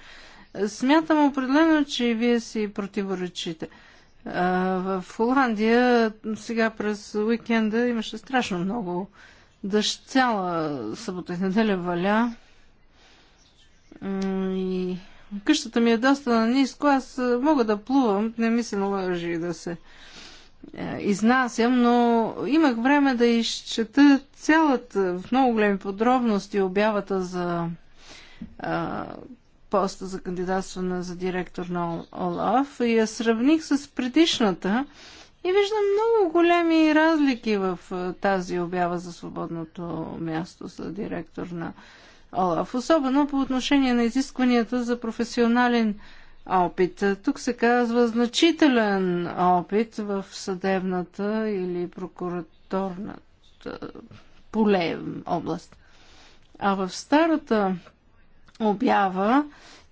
S4: Смятам определено, че и вие си противоречите. В Холандия сега през уикенда имаше страшно много дъжд. Цяла събота и неделя валя. И къщата ми е доста на ниско. Аз мога да плувам. Не ми се наложи да се е, изнасям, но имах време да изчета цялата в много големи подробности обявата за поста за кандидатстване за директор на ОЛАФ и я сравних с предишната и виждам много големи разлики в тази обява за свободното място за директор на ОЛАФ, особено по отношение на изискванията за професионален опит. Тук се казва значителен опит в съдебната или прокураторната поле област. А в старата обява,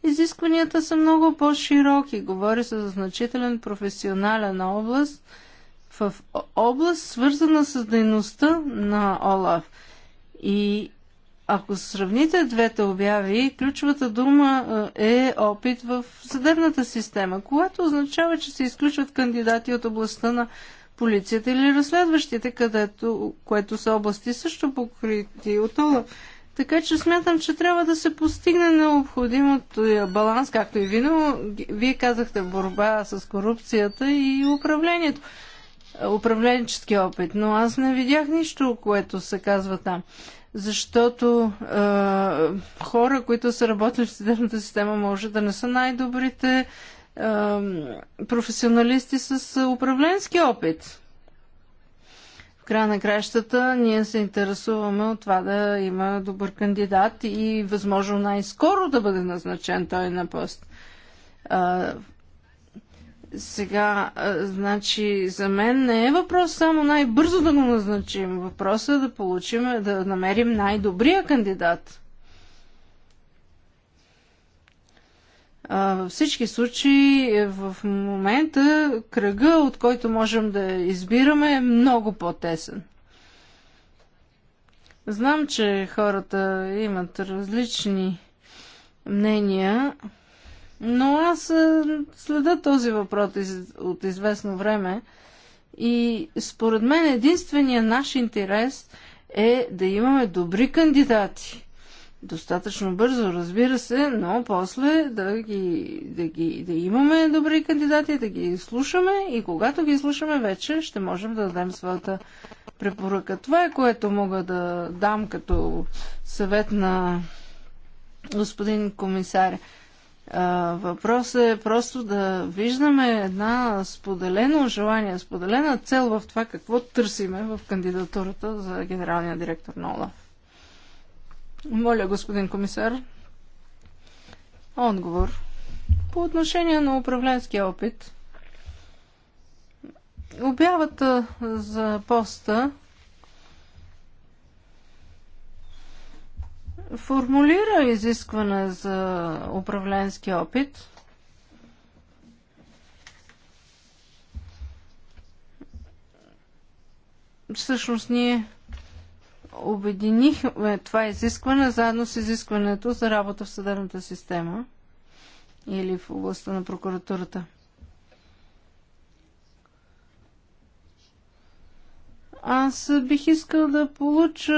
S4: изискванията са много по-широки. Говори се за значителен професионален област, в област свързана с дейността на ОЛАФ. И ако сравните двете обяви, ключовата дума е, е опит в съдебната система, което означава, че се изключват кандидати от областта на полицията или разследващите, където, което са области също покрити от ОЛАФ. Така че смятам, че трябва да се постигне необходимото баланс, както и вино. Вие казахте борба с корупцията и управлението. Управленчески опит, но аз не видях нищо, което се казва там. Защото е, хора, които са работили в съдебната система, може да не са най-добрите е, професионалисти с управленски опит края на кращата ние се интересуваме от това да има добър кандидат и възможно най-скоро да бъде назначен той на пост. А, сега, а, значи, за мен не е въпрос само най-бързо да го назначим. Въпросът е да получим, да намерим най-добрия кандидат. във всички случаи е, в момента кръга, от който можем да избираме, е много по-тесен. Знам, че хората имат различни мнения, но аз е, следа този въпрос от известно време и според мен единствения наш интерес е да имаме добри кандидати – достатъчно бързо, разбира се, но после да, ги, да, ги, да имаме добри кандидати, да ги слушаме и когато ги слушаме вече ще можем да дадем своята препоръка. Това е което мога да дам като съвет на господин комисар. Въпросът е просто да виждаме една споделено желание, споделена цел в това какво търсиме в кандидатурата за генералния директор на ОЛАФ. Моля, господин комисар, отговор. По отношение на управленския опит, обявата за поста формулира изискване за управленски опит. Всъщност ние обединихме това изискване заедно с изискването за работа в съдебната система или в областта на прокуратурата. Аз бих искал да получа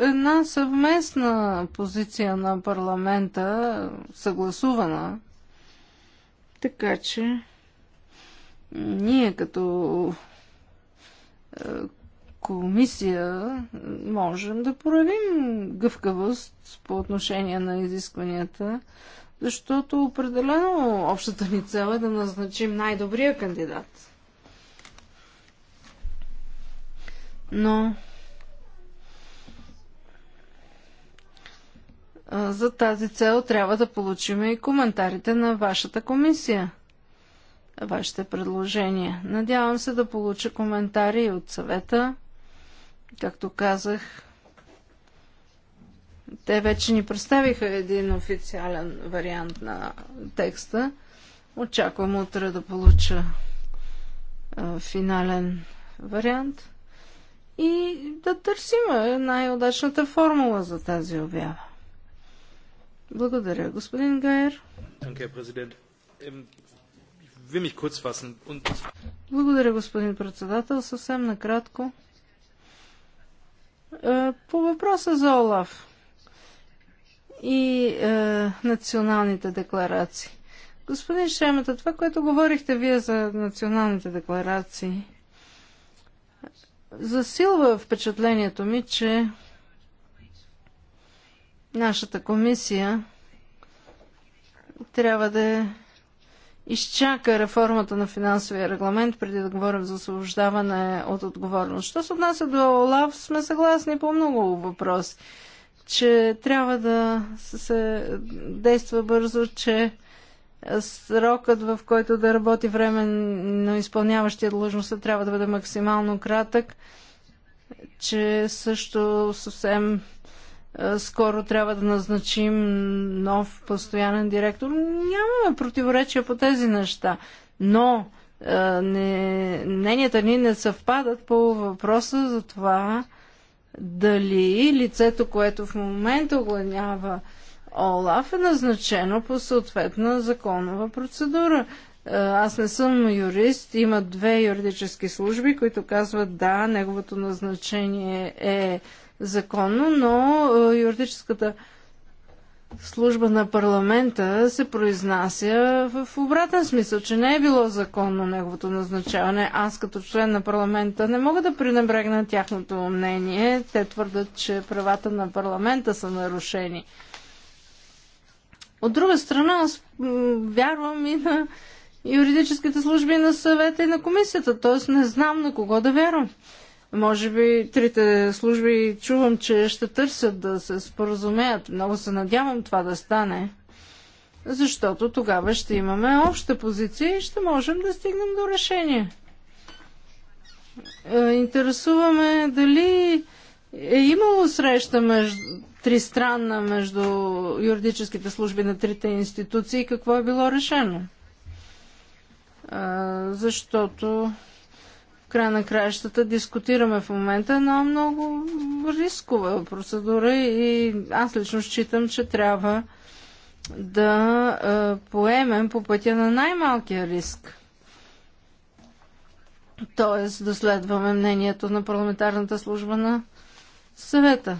S4: една съвместна позиция на парламента, съгласувана, така че ние като е, комисия можем да проявим гъвкавост по отношение на изискванията, защото определено общата ни цел е да назначим най-добрия кандидат. Но за тази цел трябва да получим и коментарите на вашата комисия, вашите предложения. Надявам се да получа коментари от съвета Както казах, те вече ни представиха един официален вариант на текста. Очаквам утре да получа а, финален вариант и да търсим най-удачната формула за тази обява. Благодаря, господин Гайер. Благодаря, господин председател. Съвсем накратко. Е, по въпроса за ОЛАФ и е, националните декларации. Господин Шемета, това, което говорихте вие за националните декларации, засилва впечатлението ми, че нашата комисия трябва да е изчака реформата на финансовия регламент, преди да говорим за освобождаване от отговорност. Що се отнася до ОЛАВ, сме съгласни по много въпроси, че трябва да се действа бързо, че срокът, в който да работи временно изпълняващия длъжността, трябва да бъде максимално кратък, че също съвсем е, скоро трябва да назначим нов постоянен директор. Нямаме противоречия по тези неща. Но е, не, мненията ни не съвпадат по въпроса за това дали лицето, което в момента оглавява ОЛАФ е назначено по съответна законова процедура. Е, аз не съм юрист, има две юридически служби, които казват да, неговото назначение е законно, но е, юридическата служба на парламента се произнася в обратен смисъл, че не е било законно неговото назначаване. Аз като член на парламента не мога да пренебрегна тяхното мнение. Те твърдат, че правата на парламента са нарушени. От друга страна, аз вярвам и на юридическите служби на съвета и на комисията, т.е. не знам на кого да вярвам. Може би трите служби чувам, че ще търсят да се споразумеят. Много се надявам това да стане, защото тогава ще имаме обща позиция и ще можем да стигнем до решение. Е, интересуваме дали е имало среща между, тристранна между юридическите служби на трите институции и какво е било решено. Е, защото края на краищата дискутираме в момента една много рискова процедура и аз лично считам, че трябва да поемем по пътя на най-малкия риск. Тоест да следваме мнението на парламентарната служба на съвета.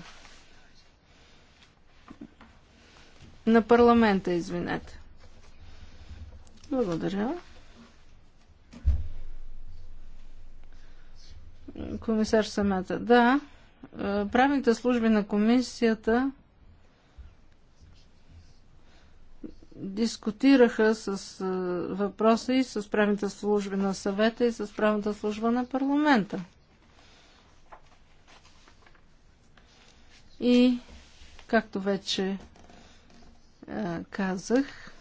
S4: На парламента, извинете. Благодаря. Комисар Самета, да. Е, правните служби на комисията дискутираха с е, въпроса и с правните служби на съвета и с правната служба на парламента. И, както вече е, казах,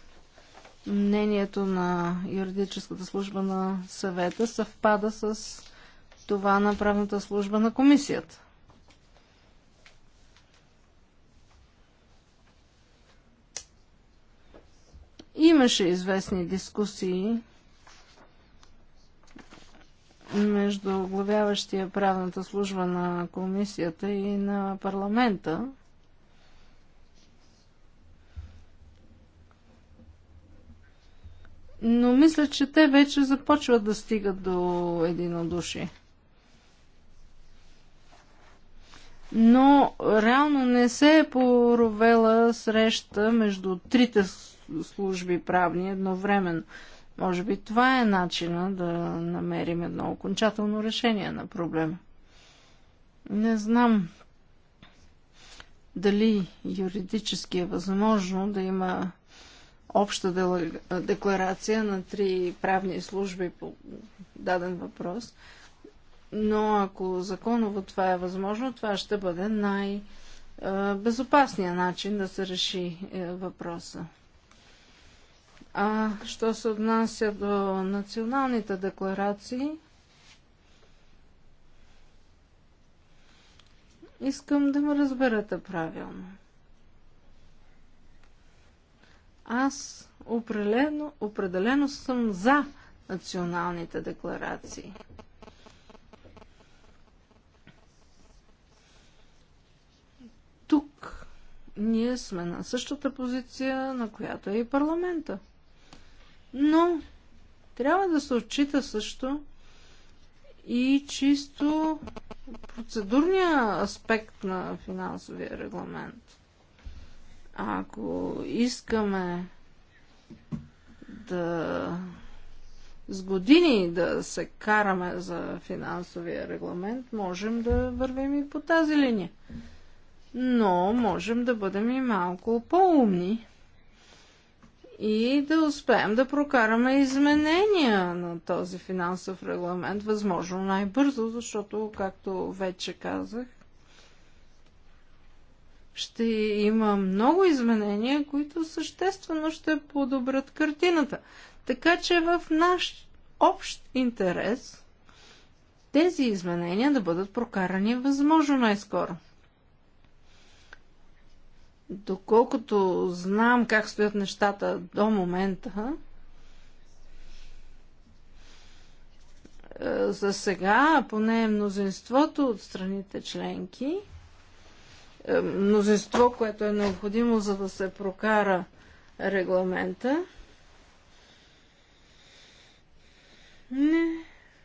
S4: мнението на юридическата служба на съвета съвпада с това на правната служба на комисията. Имаше известни дискусии между оглавяващия правната служба на комисията и на парламента. Но мисля, че те вече започват да стигат до единодушие. но реално не се е поровела среща между трите служби правни едновременно. Може би това е начина да намерим едно окончателно решение на проблема. Не знам дали юридически е възможно да има обща декларация на три правни служби по даден въпрос – но ако законово това е възможно, това ще бъде най-безопасният начин да се реши е, въпроса. А що се отнася до националните декларации, искам да ме разберете правилно. Аз определено, определено съм за националните декларации – Тук ние сме на същата позиция, на която е и парламента. Но трябва да се отчита също и чисто процедурния аспект на финансовия регламент. Ако искаме да с години да се караме за финансовия регламент, можем да вървим и по тази линия но можем да бъдем и малко по-умни и да успеем да прокараме изменения на този финансов регламент, възможно най-бързо, защото, както вече казах, ще има много изменения, които съществено ще подобрят картината. Така че в наш общ интерес тези изменения да бъдат прокарани възможно най-скоро. Доколкото знам как стоят нещата до момента, е, за сега, поне мнозинството от страните членки, е, мнозинство, което е необходимо за да се прокара регламента, не,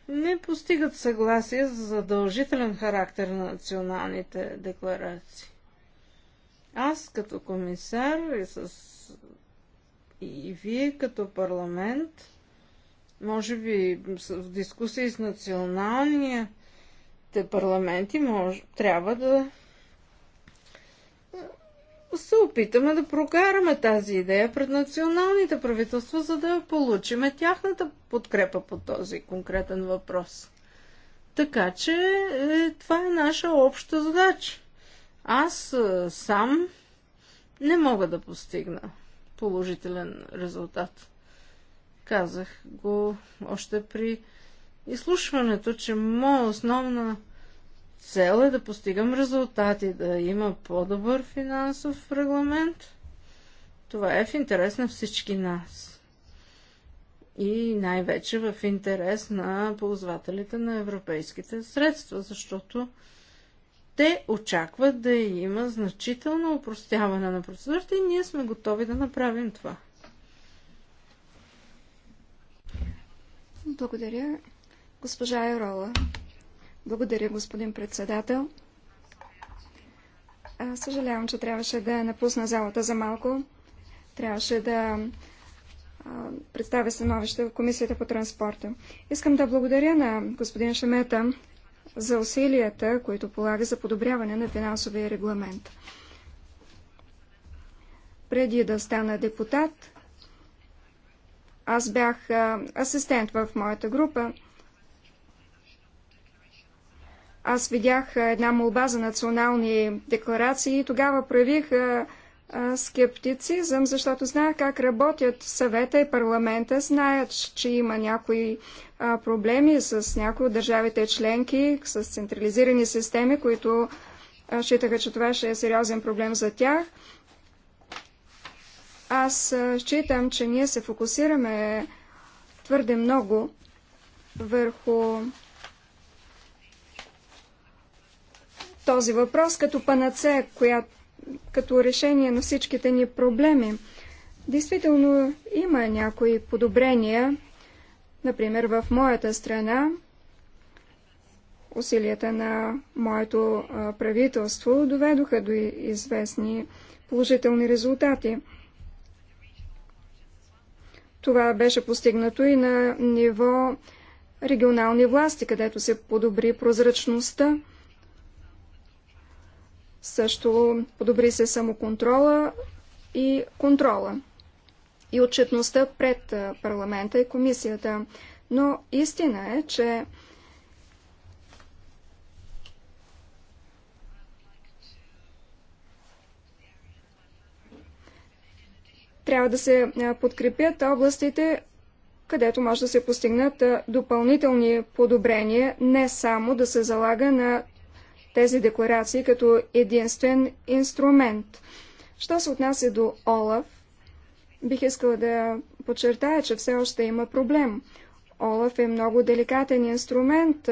S4: не постигат съгласие за задължителен характер на националните декларации. Аз като комисар и, с... и вие като парламент, може би в дискусии с националните парламенти, може... трябва да се опитаме да прокараме тази идея пред националните правителства, за да получиме тяхната подкрепа по този конкретен въпрос. Така че е, това е наша обща задача. Аз сам не мога да постигна положителен резултат. Казах го още при изслушването, че моя основна цел е да постигам резултати, да има по-добър финансов регламент. Това е в интерес на всички нас. И най-вече в интерес на ползвателите на европейските средства, защото те очакват да има значително упростяване на процедурите и ние сме готови да направим това.
S1: Благодаря, госпожа Ерола. Благодаря, господин председател. съжалявам, че трябваше да напусна залата за малко. Трябваше да представя становище в Комисията по транспорта. Искам да благодаря на господин Шемета за усилията, които полага за подобряване на финансовия регламент. Преди да стана депутат, аз бях асистент в моята група. Аз видях една молба за национални декларации и тогава правих скептицизъм, защото зная как работят съвета и парламента, знаят, че има някои проблеми с някои от държавите членки, с централизирани системи, които считаха, че това ще е сериозен проблем за тях. Аз считам, че ние се фокусираме твърде много върху този въпрос като панацея, която като решение на всичките ни проблеми. Действително има някои подобрения, например в моята страна, усилията на моето правителство доведоха до известни положителни резултати. Това беше постигнато и на ниво регионални власти, където се подобри прозрачността. Също подобри се самоконтрола и контрола и отчетността пред парламента и комисията. Но истина е, че трябва да се подкрепят областите, където може да се постигнат допълнителни подобрения, не само да се залага на тези декларации като единствен инструмент. Що се отнася до Олаф, бих искала да подчертая, че все още има проблем. Олаф е много деликатен инструмент,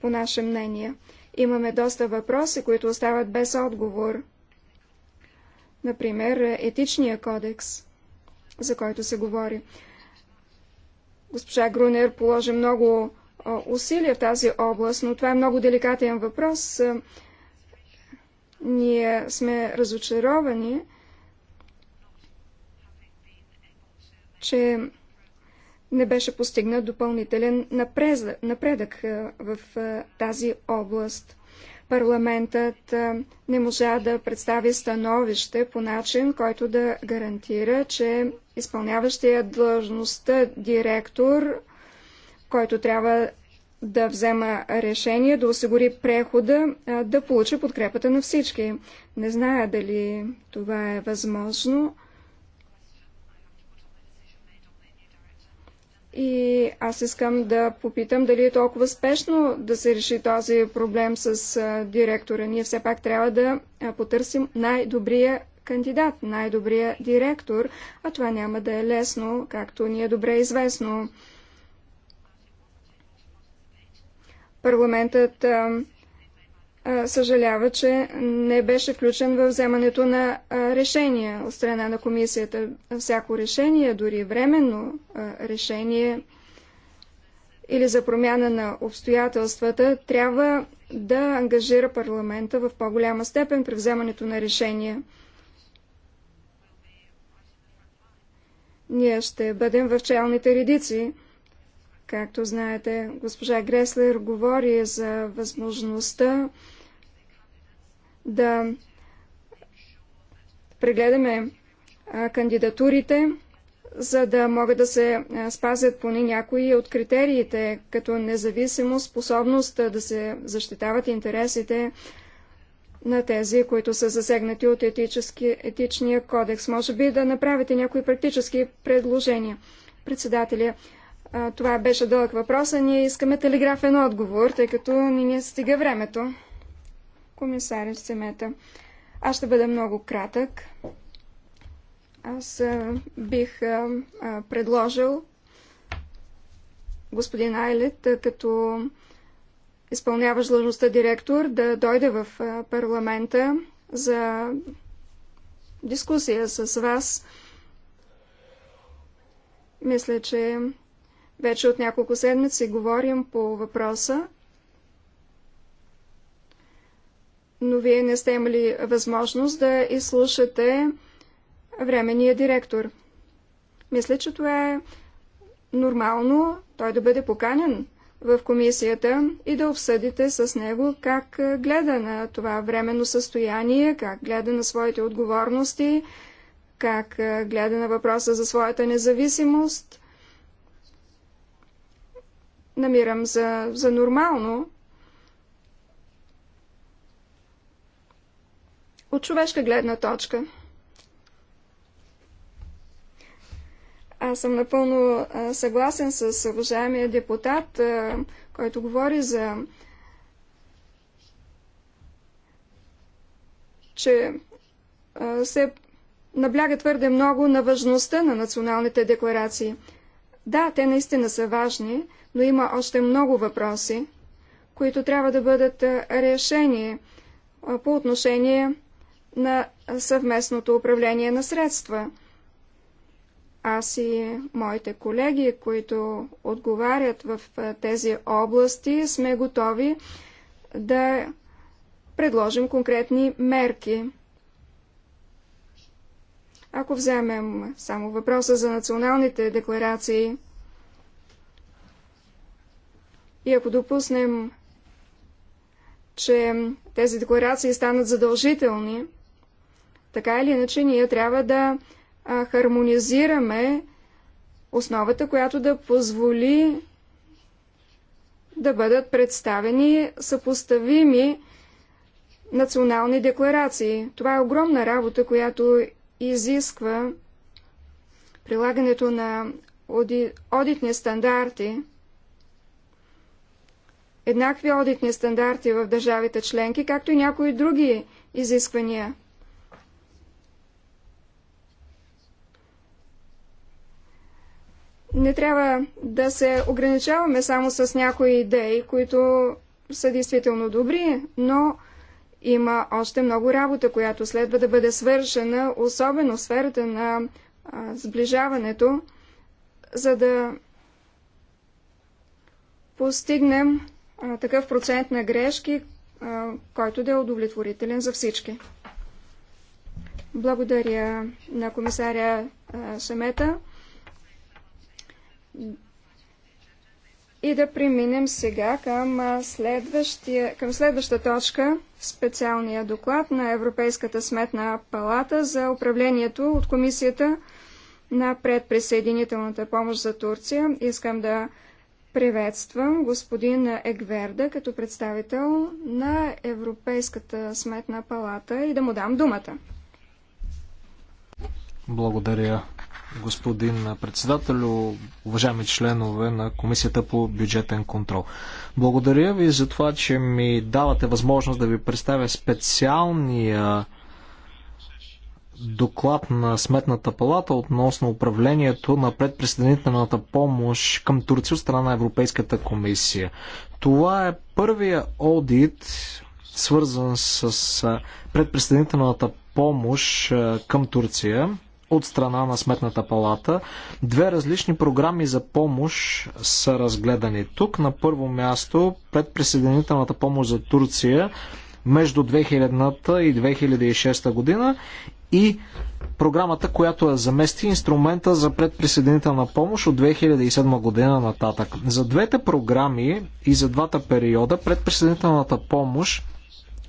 S1: по наше мнение. Имаме доста въпроси, които остават без отговор. Например, етичния кодекс, за който се говори. Госпожа Грунер положи много усилия в тази област, но това е много деликатен въпрос. Ние сме разочаровани, че не беше постигнат допълнителен напредък в тази област. Парламентът не можа да представи становище по начин, който да гарантира, че изпълняващия длъжността директор който трябва да взема решение, да осигури прехода, да получи подкрепата на всички. Не зная дали това е възможно. И аз искам да попитам дали е толкова спешно да се реши този проблем с директора. Ние все пак трябва да потърсим най-добрия кандидат, най-добрия директор, а това няма да е лесно, както ни е добре известно. Парламентът съжалява, че не беше включен в вземането на решение от страна на комисията. Всяко решение, дори временно решение или за промяна на обстоятелствата, трябва да ангажира парламента в по-голяма степен при вземането на решение. Ние ще бъдем в челните редици Както знаете, госпожа Греслер говори за възможността да прегледаме кандидатурите, за да могат да се спазят поне някои от критериите, като независимост, способност да се защитават интересите на тези, които са засегнати от етически, етичния кодекс. Може би да направите някои практически предложения. Председателя, това беше дълъг въпрос, а ние искаме телеграфен отговор, тъй като не ни стига времето. Комисарят Семета. Аз ще бъда много кратък. Аз а, бих а, а, предложил господин Айлет, а, като изпълняваш длъжността директор, да дойде в а, парламента за дискусия с вас. Мисля, че вече от няколко седмици говорим по въпроса, но вие не сте имали възможност да изслушате временния директор. Мисля, че това е нормално той да бъде поканен в комисията и да обсъдите с него как гледа на това временно състояние, как гледа на своите отговорности, как гледа на въпроса за своята независимост – намирам за, за нормално. От човешка гледна точка. Аз съм напълно съгласен с уважаемия депутат, който говори за че се набляга твърде много на важността на националните декларации. Да, те наистина са важни, но има още много въпроси, които трябва да бъдат решени по отношение на съвместното управление на средства. Аз и моите колеги, които отговарят в тези области, сме готови да предложим конкретни мерки. Ако вземем само въпроса за националните декларации, и ако допуснем, че тези декларации станат задължителни, така или иначе ние трябва да хармонизираме основата, която да позволи да бъдат представени съпоставими национални декларации. Това е огромна работа, която изисква прилагането на одитни стандарти еднакви одитни стандарти в държавите членки, както и някои други изисквания. Не трябва да се ограничаваме само с някои идеи, които са действително добри, но има още много работа, която следва да бъде свършена, особено в сферата на а, сближаването, за да постигнем такъв процент на грешки, който да е удовлетворителен за всички. Благодаря на комисаря Шемета. И да преминем сега към, към следваща точка, специалния доклад на Европейската сметна палата за управлението от комисията на предприсъединителната помощ за Турция. Искам да Приветствам господин Егверда като представител на Европейската сметна палата и да му дам думата.
S2: Благодаря, господин председател, уважаеми членове на Комисията по бюджетен контрол. Благодаря ви за това, че ми давате възможност да ви представя специалния доклад на Сметната палата относно управлението на предприсъединителната помощ към Турция от страна на Европейската комисия. Това е първия одит, свързан с предприсъединителната помощ към Турция от страна на Сметната палата. Две различни програми за помощ са разгледани тук. На първо място предприсъединителната помощ за Турция между 2000-та и 2006 година и програмата, която я замести инструмента за предприсъединителна помощ от 2007 година нататък. За двете програми и за двата периода предприсъединителната помощ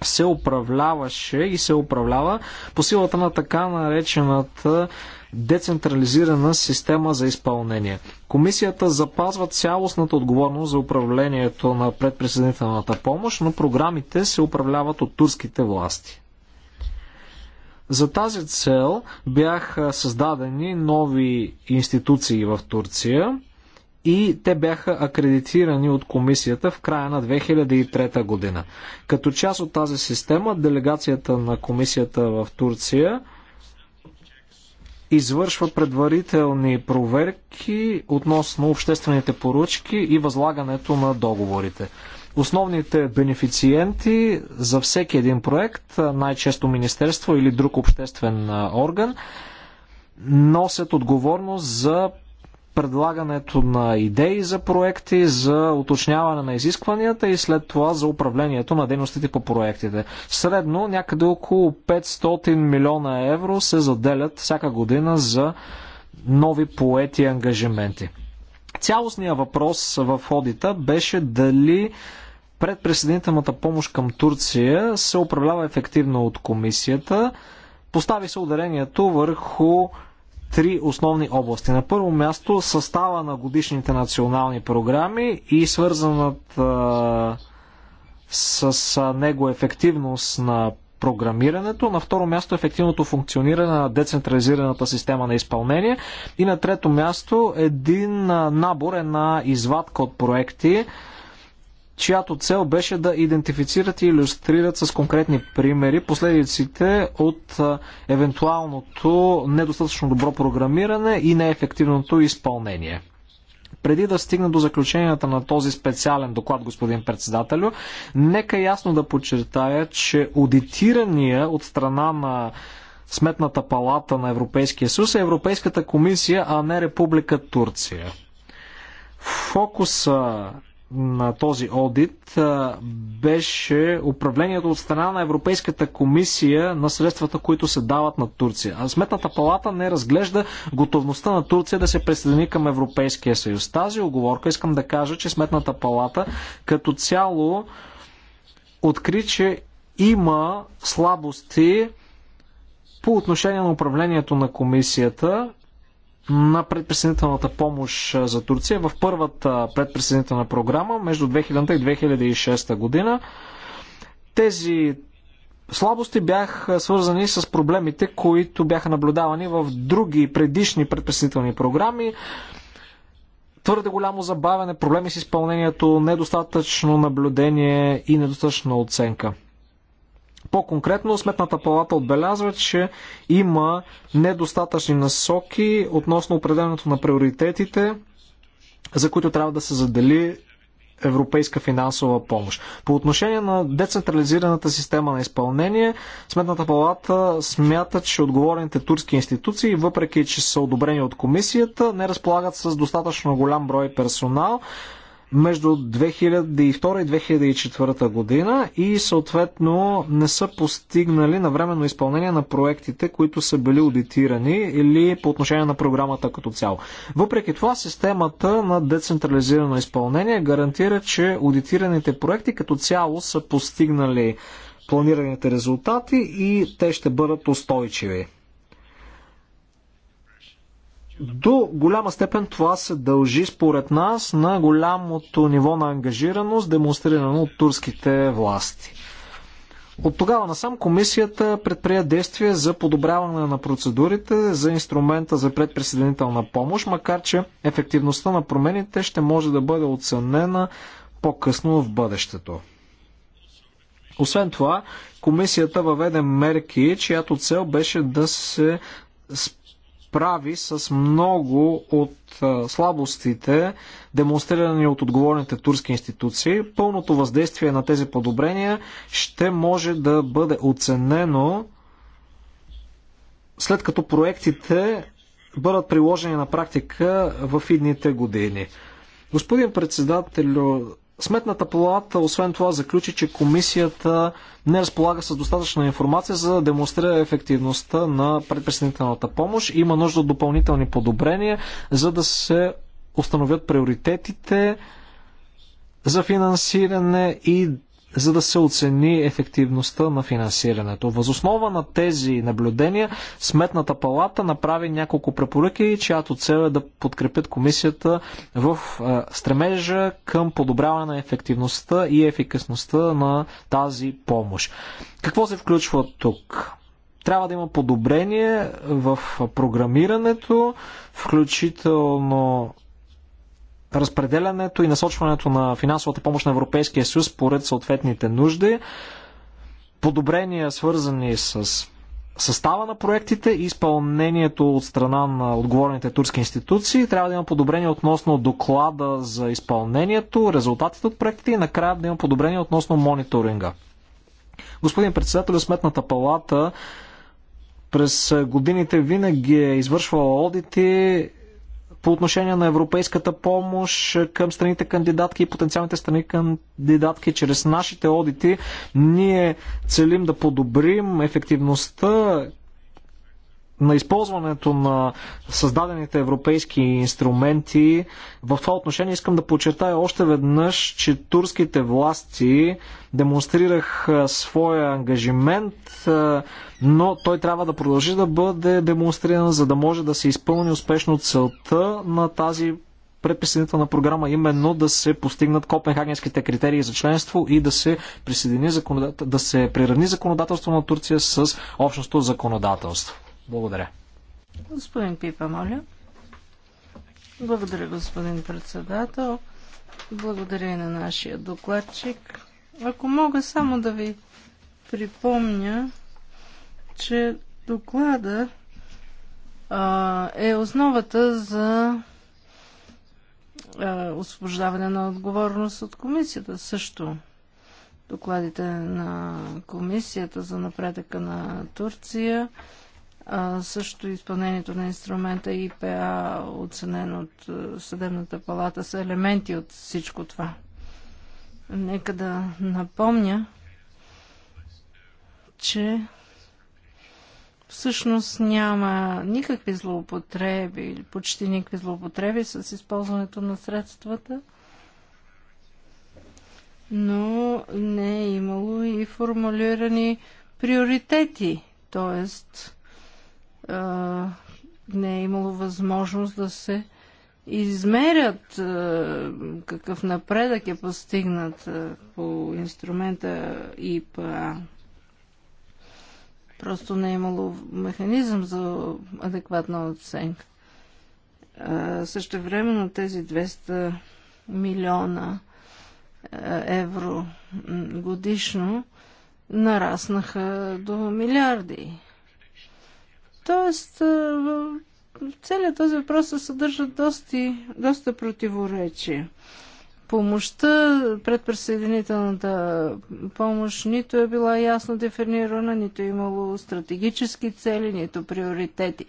S2: се управляваше и се управлява по силата на така наречената децентрализирана система за изпълнение. Комисията запазва цялостната отговорност за управлението на предприсъединителната помощ, но програмите се управляват от турските власти. За тази цел бяха създадени нови институции в Турция и те бяха акредитирани от комисията в края на 2003 година. Като част от тази система, делегацията на комисията в Турция извършва предварителни проверки относно обществените поръчки и възлагането на договорите основните бенефициенти за всеки един проект, най-често министерство или друг обществен орган, носят отговорност за предлагането на идеи за проекти, за уточняване на изискванията и след това за управлението на дейностите по проектите. Средно някъде около 500 милиона евро се заделят всяка година за нови поети ангажименти. Цялостният въпрос в одита беше дали Предприсъединителната помощ към Турция се управлява ефективно от комисията. Постави се ударението върху три основни области. На първо място състава на годишните национални програми и свързаната с него ефективност на програмирането, на второ място ефективното функциониране на децентрализираната система на изпълнение и на трето място един набор, една извадка от проекти, чиято цел беше да идентифицират и иллюстрират с конкретни примери последиците от евентуалното недостатъчно добро програмиране и неефективното изпълнение. Преди да стигна до заключенията на този специален доклад, господин председателю, нека ясно да подчертая, че аудитирания от страна на Сметната палата на Европейския съюз е Европейската комисия, а не Република Турция. Фокуса на този одит беше управлението от страна на Европейската комисия на средствата, които се дават на Турция. А Сметната палата не разглежда готовността на Турция да се присъедини към Европейския съюз. Тази оговорка искам да кажа, че Сметната палата като цяло откри, че има слабости по отношение на управлението на комисията на предприсъединителната помощ за Турция в първата предприсъединителна програма между 2000 и 2006 година. Тези слабости бяха свързани с проблемите, които бяха наблюдавани в други предишни предприсъединителни програми. Твърде голямо забавяне, проблеми с изпълнението, недостатъчно наблюдение и недостатъчна оценка. По-конкретно, Сметната палата отбелязва, че има недостатъчни насоки относно определенето на приоритетите, за които трябва да се задели европейска финансова помощ. По отношение на децентрализираната система на изпълнение, Сметната палата смята, че отговорните турски институции, въпреки че са одобрени от комисията, не разполагат с достатъчно голям брой персонал между 2002 и 2004 година и съответно не са постигнали на изпълнение на проектите, които са били аудитирани или по отношение на програмата като цяло. Въпреки това, системата на децентрализирано изпълнение гарантира, че аудитираните проекти като цяло са постигнали планираните резултати и те ще бъдат устойчиви до голяма степен това се дължи според нас на голямото ниво на ангажираност, демонстрирано от турските власти. От тогава насам комисията предприе действия за подобряване на процедурите за инструмента за предприсъединителна помощ, макар че ефективността на промените ще може да бъде оценена по-късно в бъдещето. Освен това, комисията въведе мерки, чиято цел беше да се справи с много от слабостите, демонстрирани от отговорните турски институции. Пълното въздействие на тези подобрения ще може да бъде оценено след като проектите бъдат приложени на практика в идните години. Господин председател, Сметната палата, освен това, заключи, че комисията не разполага с достатъчна информация за да демонстрира ефективността на предприсъединителната помощ. Има нужда от допълнителни подобрения, за да се установят приоритетите за финансиране и за да се оцени ефективността на финансирането. Възоснова на тези наблюдения Сметната палата направи няколко препоръки, чиято цел е да подкрепят комисията в е, стремежа към подобряване на ефективността и ефикасността на тази помощ. Какво се включва тук? трябва да има подобрение в програмирането, включително разпределянето и насочването на финансовата помощ на Европейския съюз според съответните нужди, подобрения свързани с състава на проектите и изпълнението от страна на отговорните турски институции. Трябва да има подобрение относно доклада за изпълнението, резултатите от проектите и накрая да има подобрение относно мониторинга. Господин председател, Сметната палата през годините винаги е извършвала одити по отношение на европейската помощ към страните кандидатки и потенциалните страни кандидатки чрез нашите одити, ние целим да подобрим ефективността, на използването на създадените европейски инструменти. В това отношение искам да подчертая още веднъж, че турските власти демонстрирах своя ангажимент, но той трябва да продължи да бъде демонстриран, за да може да се изпълни успешно целта на тази предприсъединителна програма, именно да се постигнат копенхагенските критерии за членство и да се, присъедини законодател... да се приравни законодателство на Турция с общото законодателство. Благодаря.
S4: Господин Пипа, моля. Благодаря, господин председател. Благодаря и на нашия докладчик. Ако мога само да ви припомня, че доклада а, е основата за а, освобождаване на отговорност от комисията. Също докладите на комисията за напредъка на Турция а, също изпълнението на инструмента ИПА, оценен от е, Съдебната палата, са елементи от всичко това. Нека да напомня, че всъщност няма никакви злоупотреби или почти никакви злоупотреби с използването на средствата, но не е имало и формулирани приоритети, т.е не е имало възможност да се измерят какъв напредък е постигнат по инструмента ИПА. Просто не е имало механизъм за адекватна оценка. Също на тези 200 милиона евро годишно нараснаха до милиарди Тоест, е, целият този въпрос се съдържа доста, доста противоречия. Помощта, предприсъединителната помощ нито е била ясно дефинирана, нито е имало стратегически цели, нито приоритети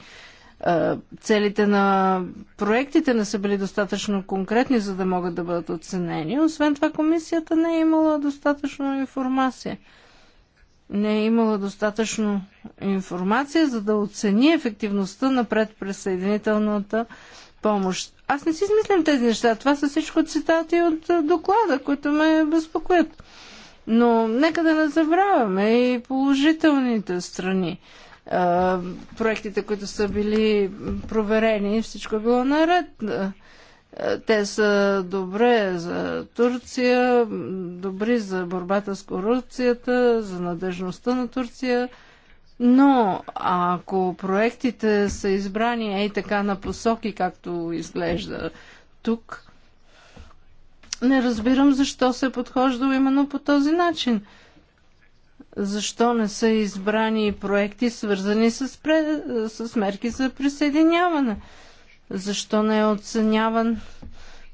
S4: е, целите на проектите не са били достатъчно конкретни, за да могат да бъдат оценени. Освен това, комисията не е имала достатъчно информация не е имала достатъчно информация, за да оцени ефективността на предпресъединителната помощ. Аз не си измислям тези неща. Това са всичко цитати от е, доклада, които ме безпокоят. Но нека да не забравяме и положителните страни. Е, проектите, които са били проверени, всичко е било наред. Е, е, те са добре за Турция, добри за борбата с корупцията, за надежността на Турция. Но ако проектите са избрани ей така на посоки, както изглежда тук, не разбирам защо се е именно по този начин. Защо не са избрани проекти, свързани с, пре... с мерки за присъединяване? Защо не е оценяван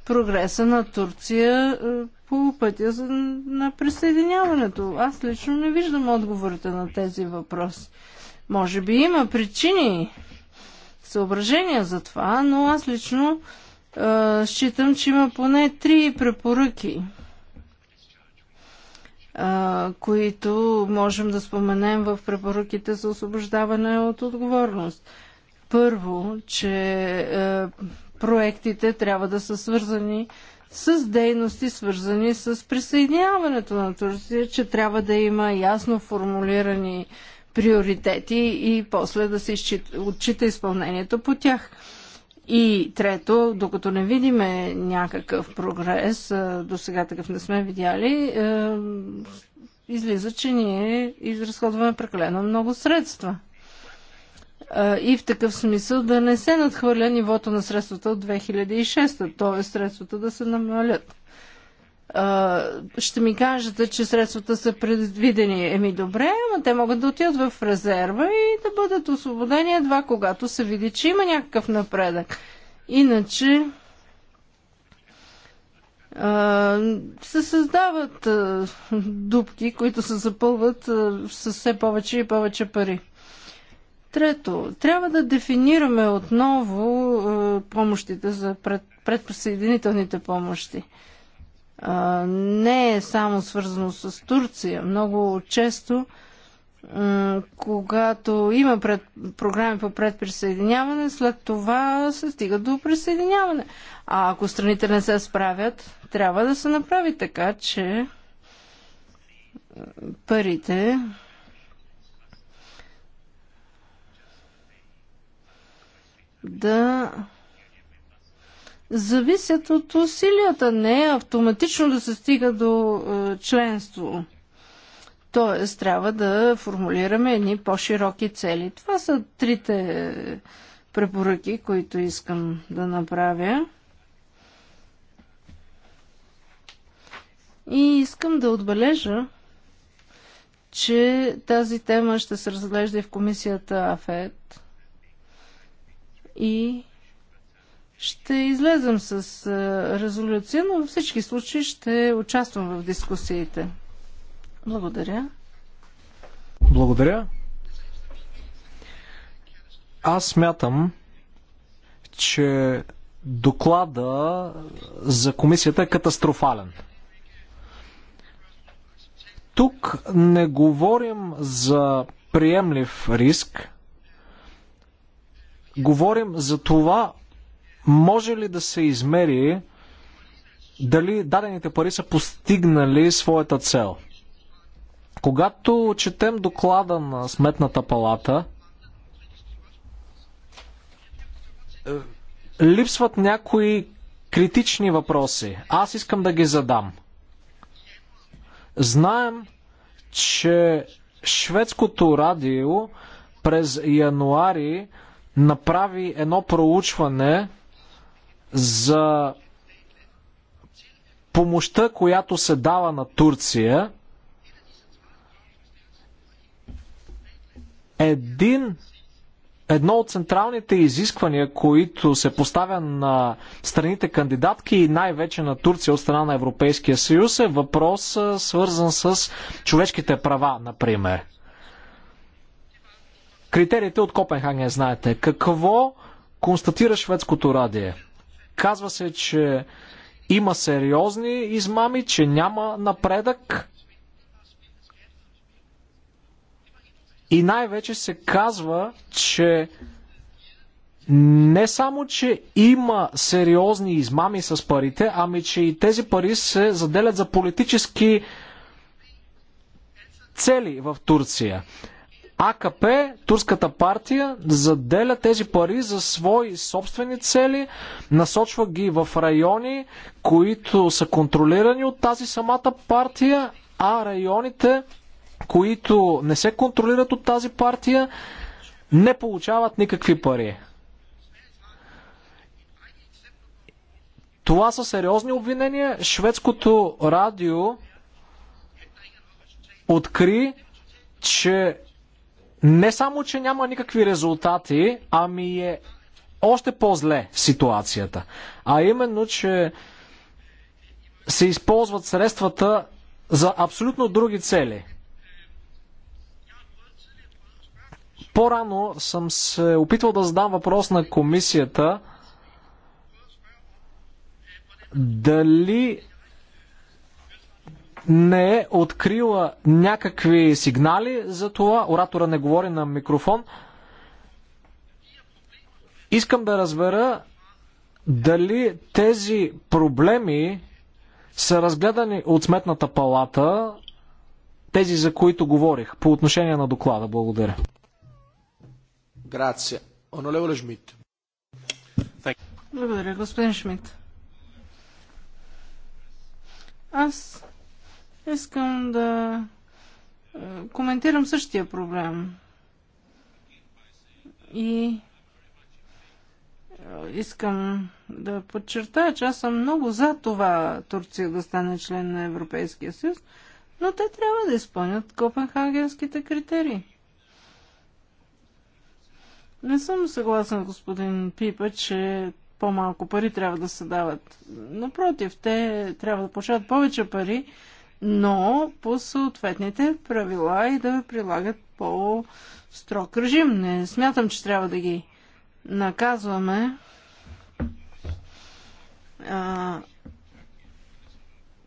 S4: прогреса на Турция е, по пътя на присъединяването? Аз лично не виждам отговорите на тези въпроси. Може би има причини, съображения за това, но аз лично е, считам, че има поне три препоръки, е, които можем да споменем в препоръките за освобождаване от отговорност. Първо, че е, проектите трябва да са свързани с дейности, свързани с присъединяването на Турция, че трябва да има ясно формулирани приоритети и после да се отчита изпълнението по тях. И трето, докато не видиме някакъв прогрес, е, до сега такъв не сме видяли, е, излиза, че ние изразходваме прекалено много средства и в такъв смисъл да не се надхвърля нивото на средствата от 2006, т.е. средствата да се намалят. Ще ми кажете, че средствата са предвидени. Еми добре, ама те могат да отидат в резерва и да бъдат освободени едва когато се види, че има някакъв напредък. Иначе се създават дупки, които се запълват с все повече и повече пари. Трето, трябва да дефинираме отново е, помощите за пред, предприсъединителните помощи. Е, не е само свързано с Турция. Много често когато има пред, програми по предприсъединяване, след това се стига до присъединяване. А ако страните не се справят, трябва да се направи така, че парите да зависят от усилията, не автоматично да се стига до е, членство. Тоест, трябва да формулираме едни по-широки цели. Това са трите препоръки, които искам да направя. И искам да отбележа, че тази тема ще се разглежда и в комисията АФЕД и ще излезам с резолюция, но във всички случаи ще участвам в дискусиите. Благодаря.
S2: Благодаря. Аз смятам, че доклада за комисията е катастрофален. Тук не говорим за приемлив риск, Говорим за това, може ли да се измери дали дадените пари са постигнали своята цел. Когато четем доклада на Сметната палата, е, липсват някои критични въпроси. Аз искам да ги задам. Знаем, че шведското радио през януари направи едно проучване за помощта, която се дава на Турция. Един едно от централните изисквания, които се поставя на страните кандидатки и най-вече на Турция от страна на Европейския съюз е въпрос свързан с човешките права, например. Критериите от Копенхаген знаете. Какво констатира шведското радие? Казва се, че има сериозни измами, че няма напредък. И най-вече се казва, че не само, че има сериозни измами с парите, ами че и тези пари се заделят за политически цели в Турция. АКП, турската партия, заделя тези пари за свои собствени цели, насочва ги в райони, които са контролирани от тази самата партия, а районите, които не се контролират от тази партия, не получават никакви пари. Това са сериозни обвинения. Шведското радио откри, че не само, че няма никакви резултати, ами е още по-зле ситуацията. А именно, че се използват средствата за абсолютно други цели. По-рано съм се опитвал да задам въпрос на комисията дали не е открила някакви сигнали за това. Оратора не говори на микрофон. Искам да разбера дали тези проблеми са разгледани от Сметната палата, тези за които говорих, по отношение на доклада. Благодаря. Грация. Онолеоле Шмидт.
S4: Благодаря, господин Шмидт. Аз Искам да е, коментирам същия проблем. И е, искам да подчертая, че аз съм много за това Турция да стане член на Европейския съюз, но те трябва да изпълнят копенхагенските критерии. Не съм съгласен, господин Пипа, че по-малко пари трябва да се дават. Напротив, те трябва да получават повече пари, но по съответните правила и да прилагат по-строг режим. Не смятам, че трябва да ги наказваме. А,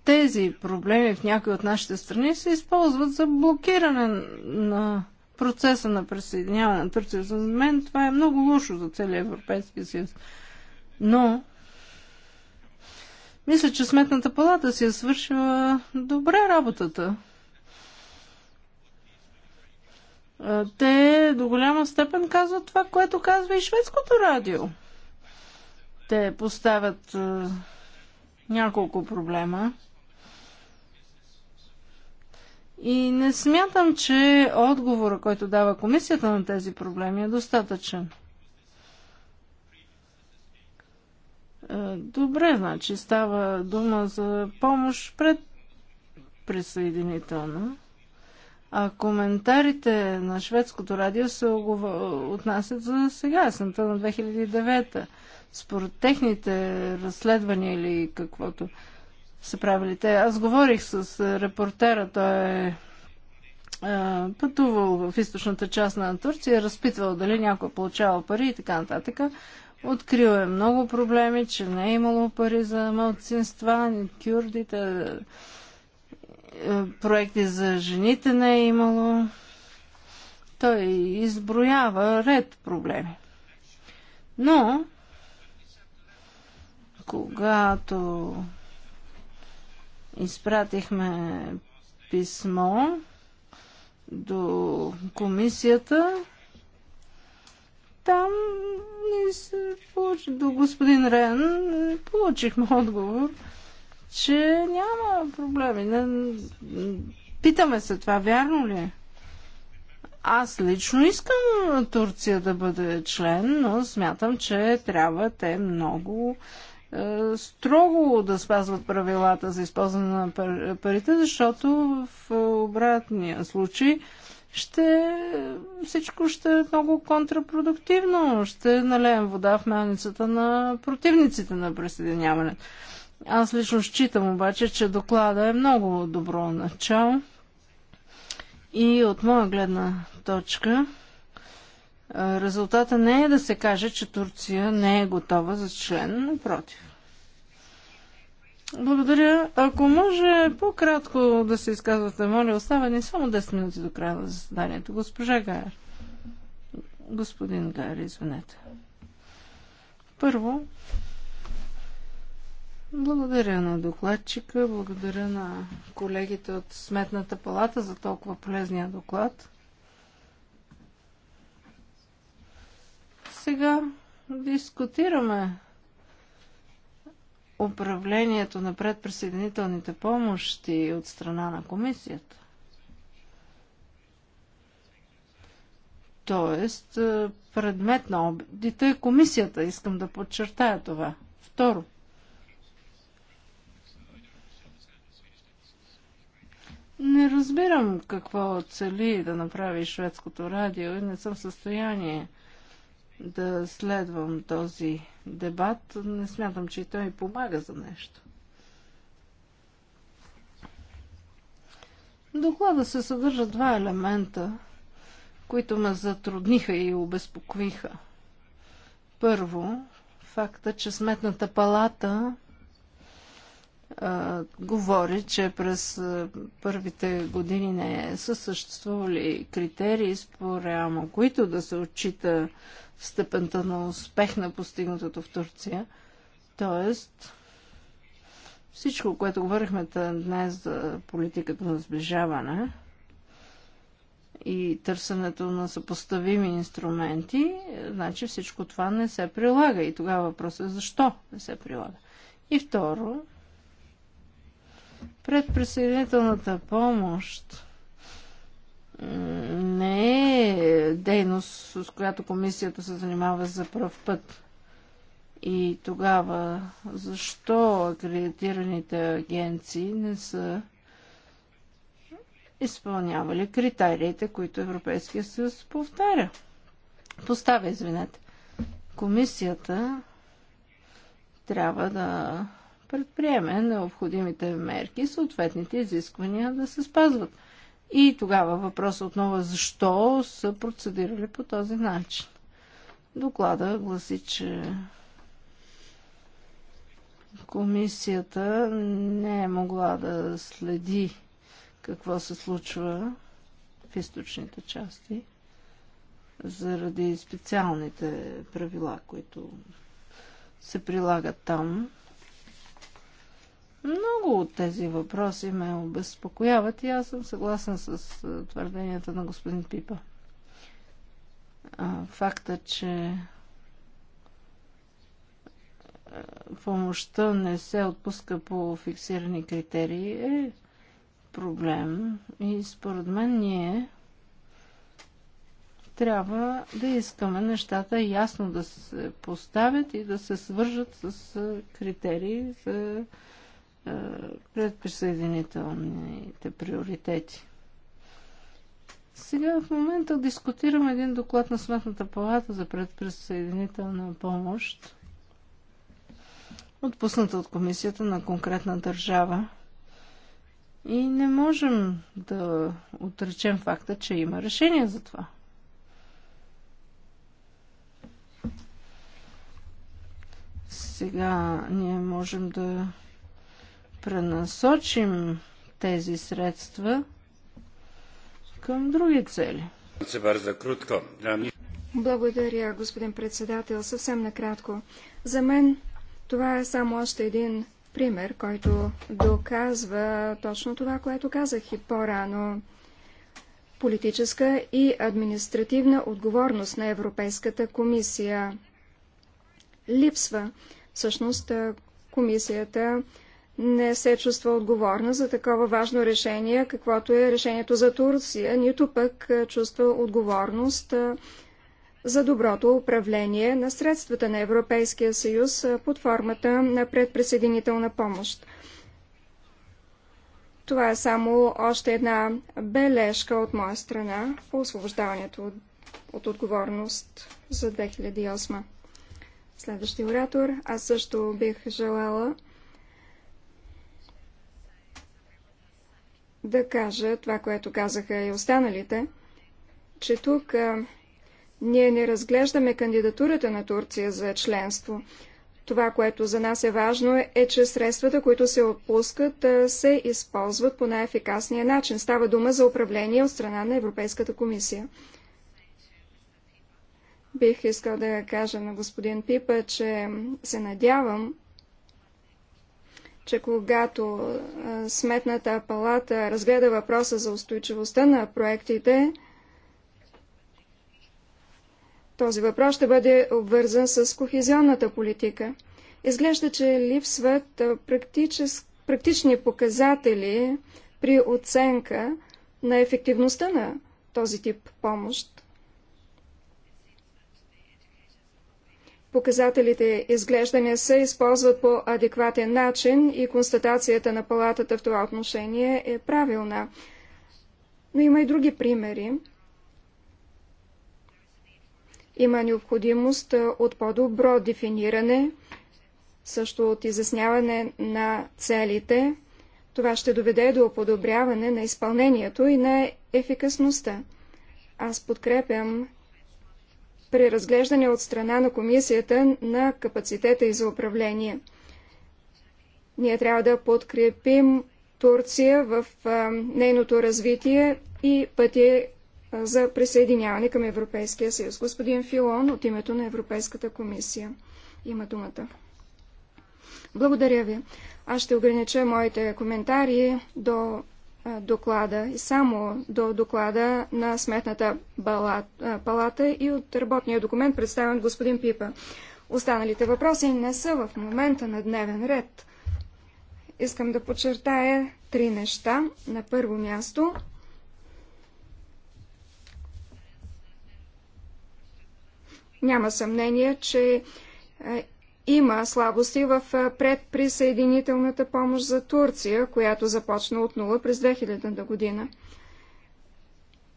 S4: тези проблеми в някои от нашите страни се използват за блокиране на процеса на присъединяване на Турция. За мен това е много лошо за целия Европейски съюз. Но мисля, че Сметната палата си е свършила добре работата. Те до голяма степен казват това, което казва и шведското радио. Те поставят няколко проблема. И не смятам, че отговора, който дава комисията на тези проблеми е достатъчен. Е, добре, значи става дума за помощ пред присъединително. А коментарите на шведското радио се отнасят за сега, есента на 2009 Според техните разследвания или каквото са правили те. Аз говорих с репортера, той е, е пътувал в източната част на Турция, разпитвал дали някой е получавал пари и така нататък. Открил е много проблеми, че не е имало пари за малцинства, кюрдите, е, проекти за жените не е имало. Той изброява ред проблеми. Но, когато изпратихме писмо до комисията, там до господин Рен получихме отговор, че няма проблеми. Не... Питаме се това, вярно ли е? Аз лично искам Турция да бъде член, но смятам, че трябва те много е, строго да спазват правилата за използване на парите, защото в обратния случай е, ще, всичко ще е много контрапродуктивно. Ще налеем вода в мелницата на противниците на присъединяването. Аз лично считам обаче, че доклада е много добро начало. И от моя гледна точка, резултата не е да се каже, че Турция не е готова за член, напротив. Благодаря. Ако може по-кратко да се изказвате, моля, остава ни само 10 минути до края на заседанието. Госпожа Гайер. Господин Гайер, извинете. Първо, благодаря на докладчика, благодаря на колегите от Сметната палата за толкова полезния доклад. Сега дискутираме управлението на предприсъединителните помощи от страна на комисията. Тоест, е, предмет на обидите е комисията, искам да подчертая това. Второ, Не разбирам какво цели да направи шведското радио и не съм в състояние да следвам този дебат. Не смятам, че и той помага за нещо. доклада се съдържа два елемента, които ме затрудниха и обезпокоиха. Първо, факта, че Сметната палата а, говори, че през първите години не са съществували критерии, спорямо които да се отчита степента на успех на постигнатото в Турция. Тоест, всичко, което говорихме днес за политиката на сближаване и търсенето на съпоставими инструменти, значи всичко това не се прилага. И тогава въпросът е защо не се прилага. И второ, предприсъединителната помощ не е дейност, с която комисията се занимава за пръв път. И тогава защо акредитираните агенции не са изпълнявали критериите, които Европейския съюз повтаря? Поставя, извинете. Комисията трябва да предприеме необходимите мерки, съответните изисквания да се спазват. И тогава въпрос отново е защо са процедирали по този начин. Доклада гласи, че комисията не е могла да следи какво се случва в източните части заради специалните правила, които се прилагат там. Много от тези въпроси ме обезпокояват и аз съм съгласен с твърденията на господин Пипа. Факта, че помощта не се отпуска по фиксирани критерии е проблем и според мен ние трябва да искаме нещата ясно да се поставят и да се свържат с критерии за предприсъединителните приоритети. Сега в момента дискутирам един доклад на Сметната палата за предприсъединителна помощ, отпусната от комисията на конкретна държава. И не можем да отречем факта, че има решение за това. Сега ние можем да пренасочим тези средства към други
S1: цели. Благодаря, господин председател. Съвсем накратко. За мен това е само още един пример, който доказва точно това, което казах и по-рано. Политическа и административна отговорност на Европейската комисия липсва. Всъщност комисията не се чувства отговорна за такова важно решение, каквото е решението за Турция, нито пък е, чувства отговорност е, за доброто управление на средствата на Европейския съюз е, под формата на предприсъединителна помощ. Това е само още една бележка от моя страна по освобождаването от, от отговорност за 2008. Следващия оратор. Аз също бих желала да кажа това, което казаха и останалите, че тук а, ние не разглеждаме кандидатурата на Турция за членство. Това, което за нас е важно, е, че средствата, които се отпускат, се използват по най-ефикасния начин. Става дума за управление от страна на Европейската комисия. Бих искал да кажа на господин Пипа, че се надявам, че когато Сметната палата разгледа въпроса за устойчивостта на проектите, този въпрос ще бъде обвързан с кохезионната политика. Изглежда, че липсват практични показатели при оценка на ефективността на този тип помощ. показателите изглежда не се използват по адекватен начин и констатацията на палатата в това отношение е правилна. Но има и други примери. Има необходимост от по-добро дефиниране, също от изясняване на целите. Това ще доведе до подобряване на изпълнението и на ефикасността. Аз подкрепям при разглеждане от страна на комисията на капацитета и за управление. Ние трябва да подкрепим Турция в нейното развитие и пъти за присъединяване към Европейския съюз. Господин Филон от името на Европейската комисия има думата. Благодаря ви. Аз ще огранича моите коментари до доклада и само до доклада на Сметната палата и от работния документ, представен господин Пипа. Останалите въпроси не са в момента на дневен ред. Искам да подчертая три неща. На първо място няма съмнение, че има слабости в предприсъединителната помощ за Турция, която започна от нула през 2000 година.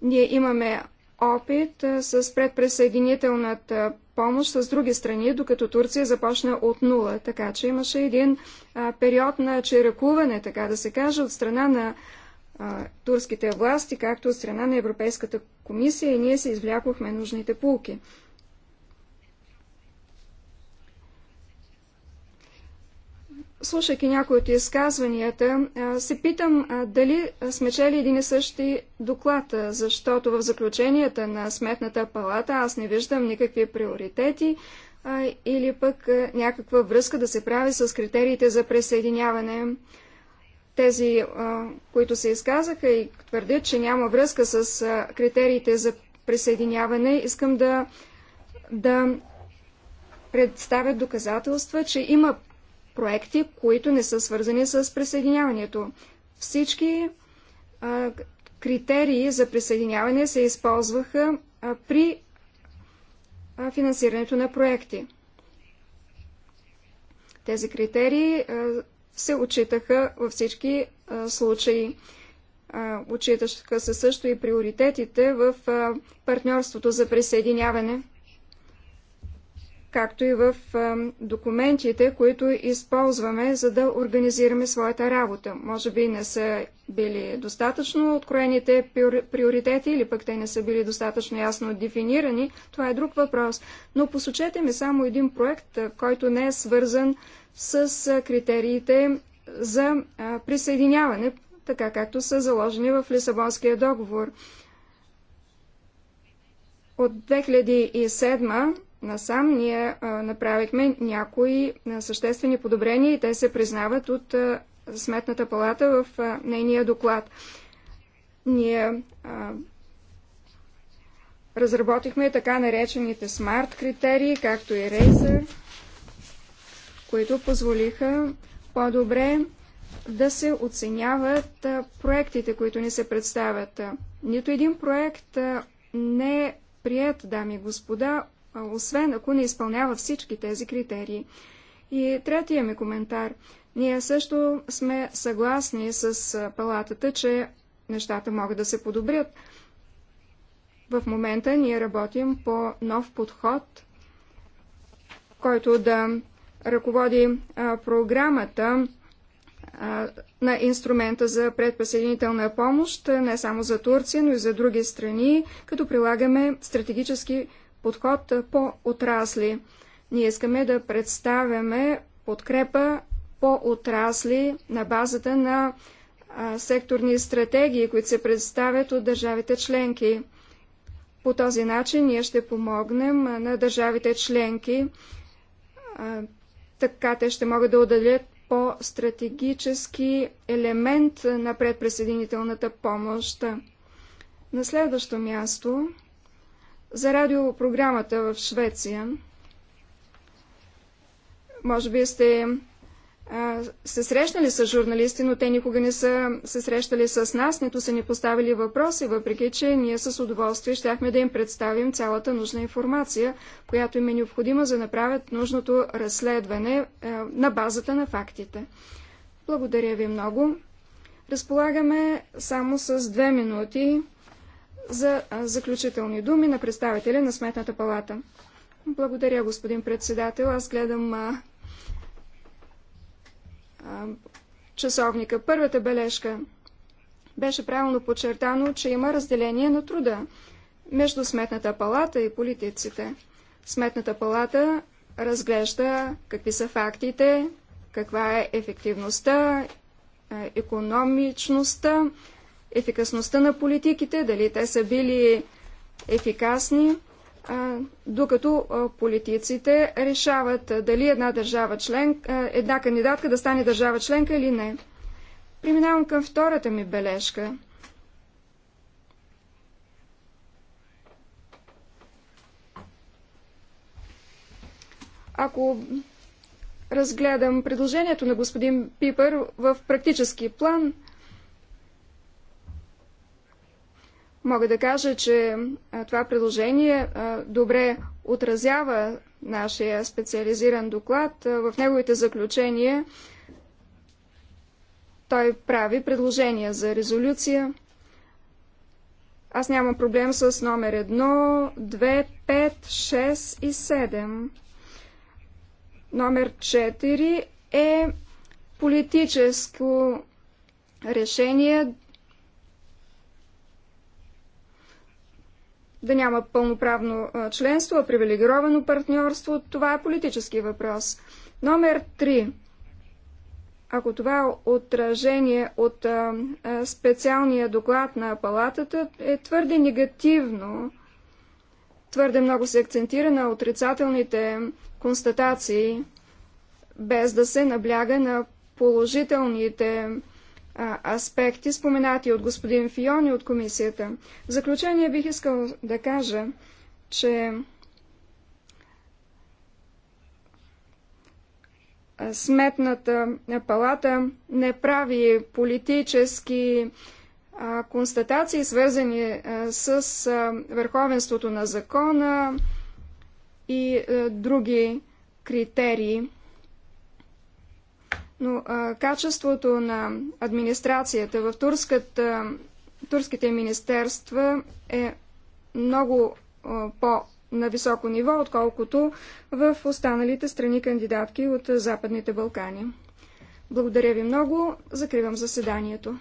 S1: Ние имаме опит с предприсъединителната помощ с други страни, докато Турция започна от нула. Така че имаше един период на черекуване, така да се каже, от страна на турските власти, както от страна на Европейската комисия и ние се извлякохме нужните пулки. слушайки някои от изказванията, се питам дали сме чели един и същи доклад, защото в заключенията на Сметната палата аз не виждам никакви приоритети или пък някаква връзка да се прави с критериите за присъединяване. Тези, които се изказаха и твърдят, че няма връзка с критериите за присъединяване, искам да, да представят доказателства, че има проекти, които не са свързани с присъединяването. Всички а, критерии за присъединяване се използваха а, при а, финансирането на проекти. Тези критерии а, се отчитаха във всички а, случаи. А, отчитаха се също и приоритетите в а, партньорството за присъединяване – както и в документите, които използваме, за да организираме своята работа. Може би не са били достатъчно откроените приоритети или пък те не са били достатъчно ясно дефинирани. Това е друг въпрос. Но посочете ми само един проект, който не е свързан с критериите за присъединяване, така както са заложени в Лисабонския договор. От 2007 насам ние направихме някои съществени подобрения и те се признават от Сметната палата в нейния доклад. Ние разработихме така наречените смарт критерии, както и Razer, които позволиха по-добре да се оценяват проектите, които ни се представят. Нито един проект не е прият, дами и господа, освен ако не изпълнява всички тези критерии. И третия ми коментар. Ние също сме съгласни с палатата, че нещата могат да се подобрят. В момента ние работим по нов подход, който да ръководи а, програмата а, на инструмента за предприсъединителна помощ, не само за Турция, но и за други страни, като прилагаме стратегически подход по отрасли. Ние искаме да представяме подкрепа по отрасли на базата на секторни стратегии, които се представят от държавите членки. По този начин ние ще помогнем на държавите членки, така те ще могат да отделят по-стратегически елемент на предпресъединителната помощ. На следващо място за радиопрограмата в Швеция, може би сте а, се срещнали с журналисти, но те никога не са се срещали с нас, нито са ни поставили въпроси, въпреки че ние с удоволствие щяхме да им представим цялата нужна информация, която им е необходима за да направят нужното разследване а, на базата на фактите. Благодаря ви много. Разполагаме само с две минути за заключителни думи на представителя на Сметната палата. Благодаря, господин председател. Аз гледам а, а, часовника. Първата бележка беше правилно подчертано, че има разделение на труда между Сметната палата и политиците. Сметната палата разглежда какви са фактите, каква е ефективността, е, економичността ефикасността на политиките, дали те са били ефикасни, докато политиците решават дали една държава член, една кандидатка да стане държава членка или не. Преминавам към втората ми бележка. Ако разгледам предложението на господин Пипър в практически план – Мога да кажа, че това предложение добре отразява нашия специализиран доклад. В неговите заключения той прави предложения за резолюция. Аз нямам проблем с номер 1, 2, 5, 6 и 7. Номер 4 е политическо решение да няма пълноправно членство, а привилегировано партньорство, това е политически въпрос. Номер 3. Ако това е отражение от а, специалния доклад на палатата е твърде негативно, твърде много се акцентира на отрицателните констатации, без да се набляга на положителните аспекти, споменати от господин Фион и от комисията. В заключение бих искал да кажа, че Сметната палата не прави политически констатации, свързани с върховенството на закона и други критерии но а, качеството на администрацията в турската, турските министерства е много а, по на високо ниво, отколкото в останалите страни кандидатки от Западните Балкани. Благодаря ви много. Закривам заседанието.